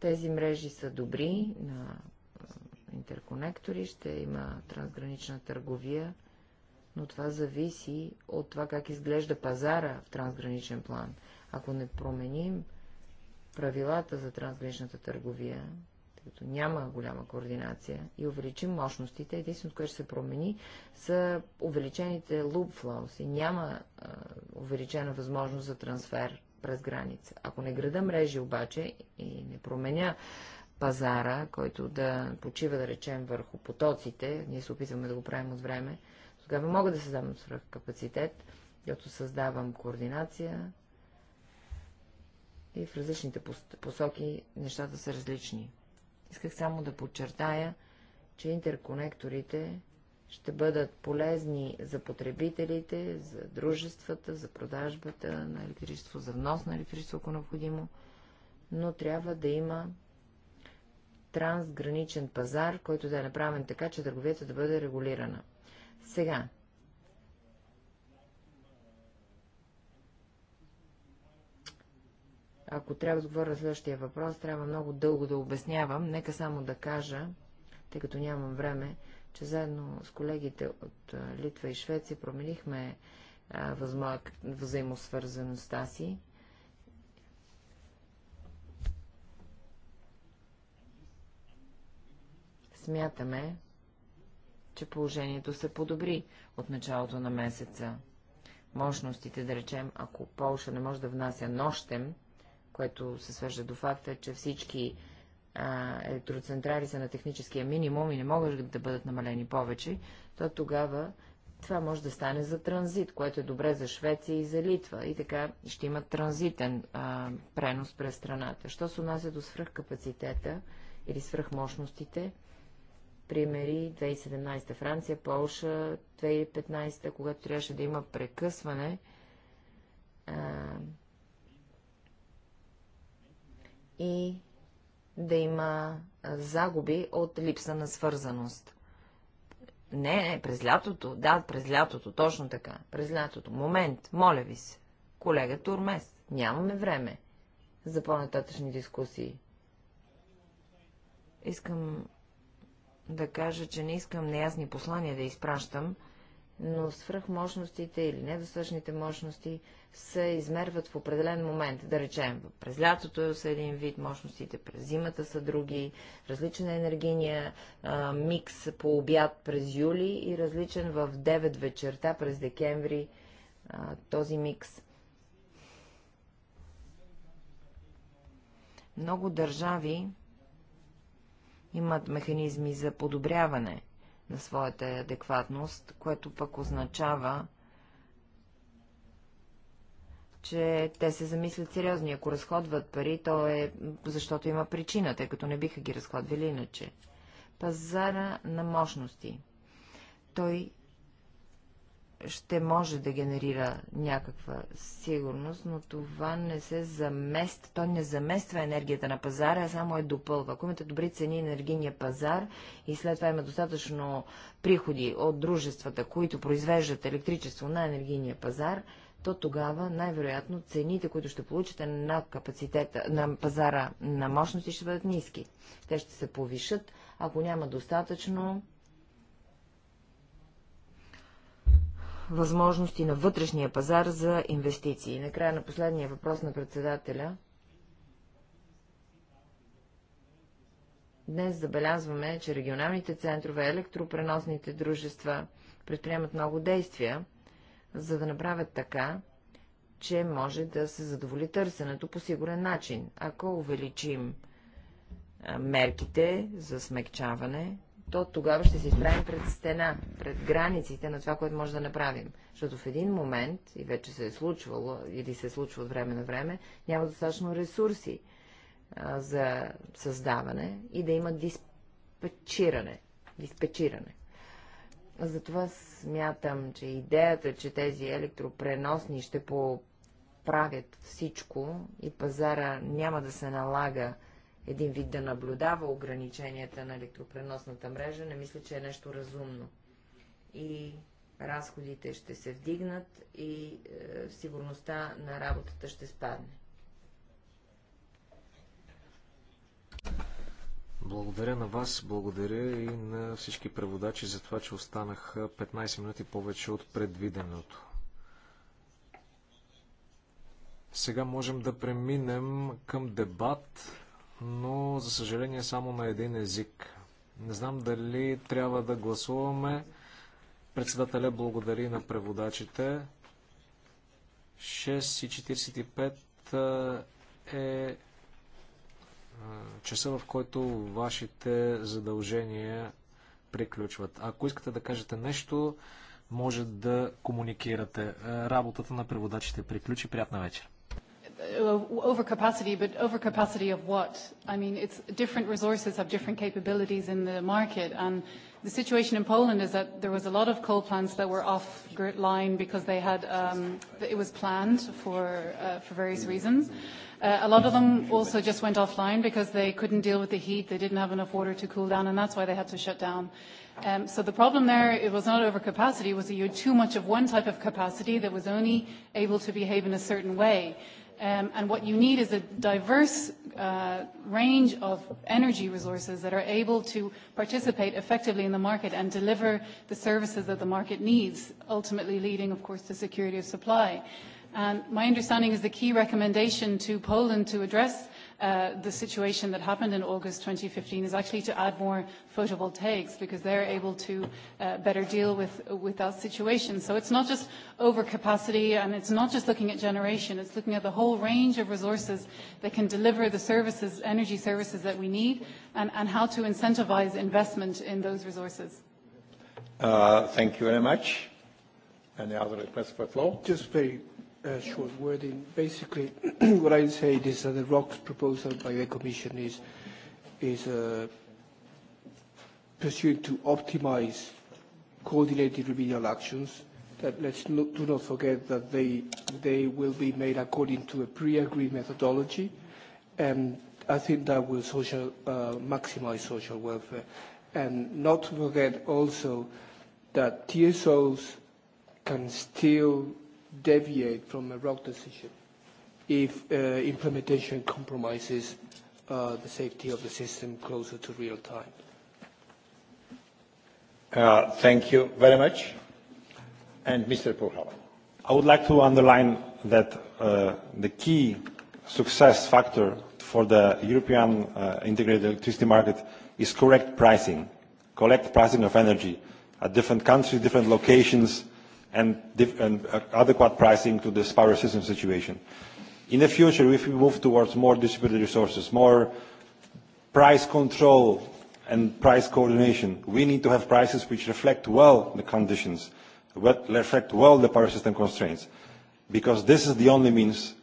тези мрежи са добри на интерконектори, ще има трансгранична търговия, но това зависи от това как изглежда пазара в трансграничен план. Ако не променим правилата за трансграничната търговия, тъй като няма голяма координация и увеличим мощностите, единственото, което ще се промени, са увеличените loop flows и няма а, увеличена възможност за трансфер през граница. Ако не града мрежи обаче и не променя пазара, който да почива, да речем, върху потоците, ние се опитваме да го правим от време, тогава мога да създам свръхкапацитет, като създавам координация и в различните посоки нещата са различни. Исках само да подчертая, че интерконекторите ще бъдат полезни за потребителите, за дружествата, за продажбата на електричество, за внос на електричество, ако необходимо, но трябва да има трансграничен пазар, който да е направен така, че търговията да бъде регулирана. Сега. Ако трябва да говоря следващия въпрос, трябва много дълго да обяснявам. Нека само да кажа, тъй като нямам време, че заедно с колегите от Литва и Швеция променихме взаимосвързаността си. Смятаме, че положението се подобри от началото на месеца. Мощностите, да речем, ако Полша не може да внася нощем, което се свежда до факта, че всички а, електроцентрали са на техническия минимум и не могат да бъдат намалени повече, то тогава това може да стане за транзит, което е добре за Швеция и за Литва. И така ще има транзитен а, пренос през страната. Що се отнася до свръхкапацитета или свръхмощностите, примери 2017 Франция, Полша, 2015, когато трябваше да има прекъсване. А, и да има загуби от липса на свързаност. Не, не, през лятото. Да, през лятото, точно така. През лятото. Момент, моля ви се. Колега Турмес, нямаме време за по-нататъчни дискусии. Искам да кажа, че не искам неясни послания да изпращам, но свръхмощностите или недостъчните мощности се измерват в определен момент. Да речем, през лятото са един вид мощностите, през зимата са други, различен е енергийния а, микс по обяд през юли и различен в 9 вечерта през декември а, този микс. Много държави имат механизми за подобряване на своята адекватност, което пък означава, че те се замислят сериозни. Ако разходват пари, то е защото има причина, тъй като не биха ги разходвали иначе. Пазара на мощности. Той ще може да генерира някаква сигурност, но това не се замества, то не замества енергията на пазара, а само е допълва. Ако имате добри цени на енергийния пазар и след това има достатъчно приходи от дружествата, които произвеждат електричество на енергийния пазар, то тогава най-вероятно цените, които ще получите на капацитета, на пазара на мощности ще бъдат ниски. Те ще се повишат, ако няма достатъчно възможности на вътрешния пазар за инвестиции. Накрая на последния въпрос на председателя. Днес забелязваме, че регионалните центрове, електропреносните дружества предприемат много действия, за да направят така, че може да се задоволи търсенето по сигурен начин. Ако увеличим мерките за смягчаване, то тогава ще се изправим пред стена, пред границите на това, което може да направим. Защото в един момент, и вече се е случвало, или се случва от време на време, няма достатъчно ресурси а, за създаване и да има диспетчиране. диспечиране. Затова смятам, че идеята, че тези електропреносни ще поправят всичко и пазара няма да се налага един вид да наблюдава ограниченията на електропреносната мрежа, не мисля, че е нещо разумно. И разходите ще се вдигнат и е, сигурността на работата ще спадне. Благодаря на вас, благодаря и на всички преводачи за това, че останаха 15 минути повече от предвиденото. Сега можем да преминем към дебат но за съжаление само на един език. Не знам дали трябва да гласуваме. Председателя благодари на преводачите. 6.45 е, е часа, в който вашите задължения приключват. Ако искате да кажете нещо, може да комуникирате. Работата на преводачите приключи. Приятна вечер! overcapacity, but overcapacity of what? I mean, it's different resources have different capabilities in the market, and the situation in Poland is that there was a lot of coal plants that were off grid line because they had um, it was planned for uh, for various reasons. Uh, a lot of them also just went offline because they couldn't deal with the heat, they didn't have enough water to cool down, and that's why they had to shut down. Um, so the problem there, it was not overcapacity, it was that you had too much of one type of capacity that was only able to behave in a certain way. Um, and what you need is a diverse uh, range of energy resources that are able to participate effectively in the market and deliver the services that the market needs, ultimately leading, of course, to security of supply. And my understanding is the key recommendation to Poland to address uh, the situation that happened in August 2015 is actually to add more photovoltaics because they're able to uh, better deal with, with that situation. So it's not just overcapacity and it's not just looking at generation, it's looking at the whole range of resources that can deliver the services, energy services that we need and, and how to incentivize investment in those resources. Uh, thank you very much. Any other requests for floor? Just very short wording. Basically, what I say is that the ROC's proposal by the Commission is, is uh, pursuant to optimize coordinated remedial actions that let's not, do not forget that they, they will be made according to a pre-agreed methodology and I think that will social, uh, maximize social welfare. And not to forget also that TSOs can still deviate from a road decision if uh, implementation compromises uh, the safety of the system closer to real time. Uh, thank you very much. And Mr. Purhala. I would like to underline that uh, the key success factor for the European uh, integrated electricity market is correct pricing, correct pricing of energy at different countries, different locations, and adequate pricing to this power system situation. In the future, if we move towards more distributed resources, more price control and price coordination, we need to have prices which reflect well the conditions, reflect well the power system constraints, because this is the only means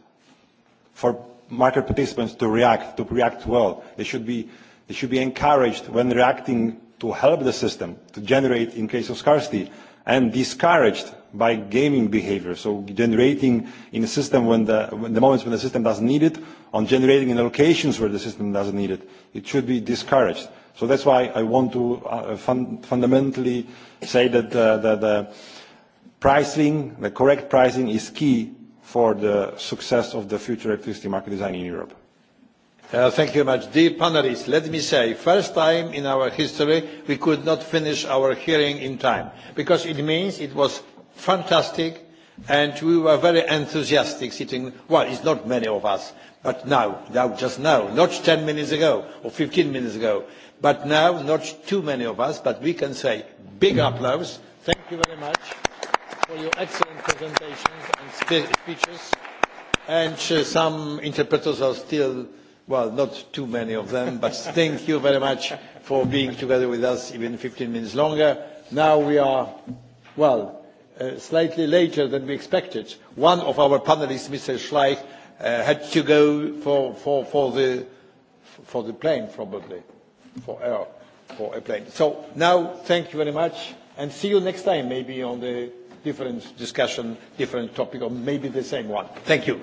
for market participants to react, to react well. They should be, they should be encouraged when reacting to help the system, to generate, in case of scarcity, and discouraged by gaming behavior. So generating in a system when the, when the moments when the system doesn't need it, on generating in locations where the system doesn't need it. It should be discouraged. So that's why I want to uh, fun fundamentally say that uh, the, the pricing, the correct pricing is key for the success of the future electricity market design in Europe thank you very much. Dear panelists, let me say, first time in our history we could not finish our hearing in time, because it means it was fantastic and we were very enthusiastic sitting, well, it's not many of us, but now, now, just now, not ten minutes ago or fifteen minutes ago, but now, not too many of us, but we can say big applause. Thank you very much for your excellent presentations and speeches. And some interpreters are still well, not too many of them, but thank you very much for being together with us even 15 minutes longer. Now we are, well, uh, slightly later than we expected. One of our panelists, Mr. Schleich, uh, had to go for, for, for, the, for the plane, probably, for air, for a plane. So now, thank you very much, and see you next time, maybe on the different discussion, different topic, or maybe the same one. Thank you.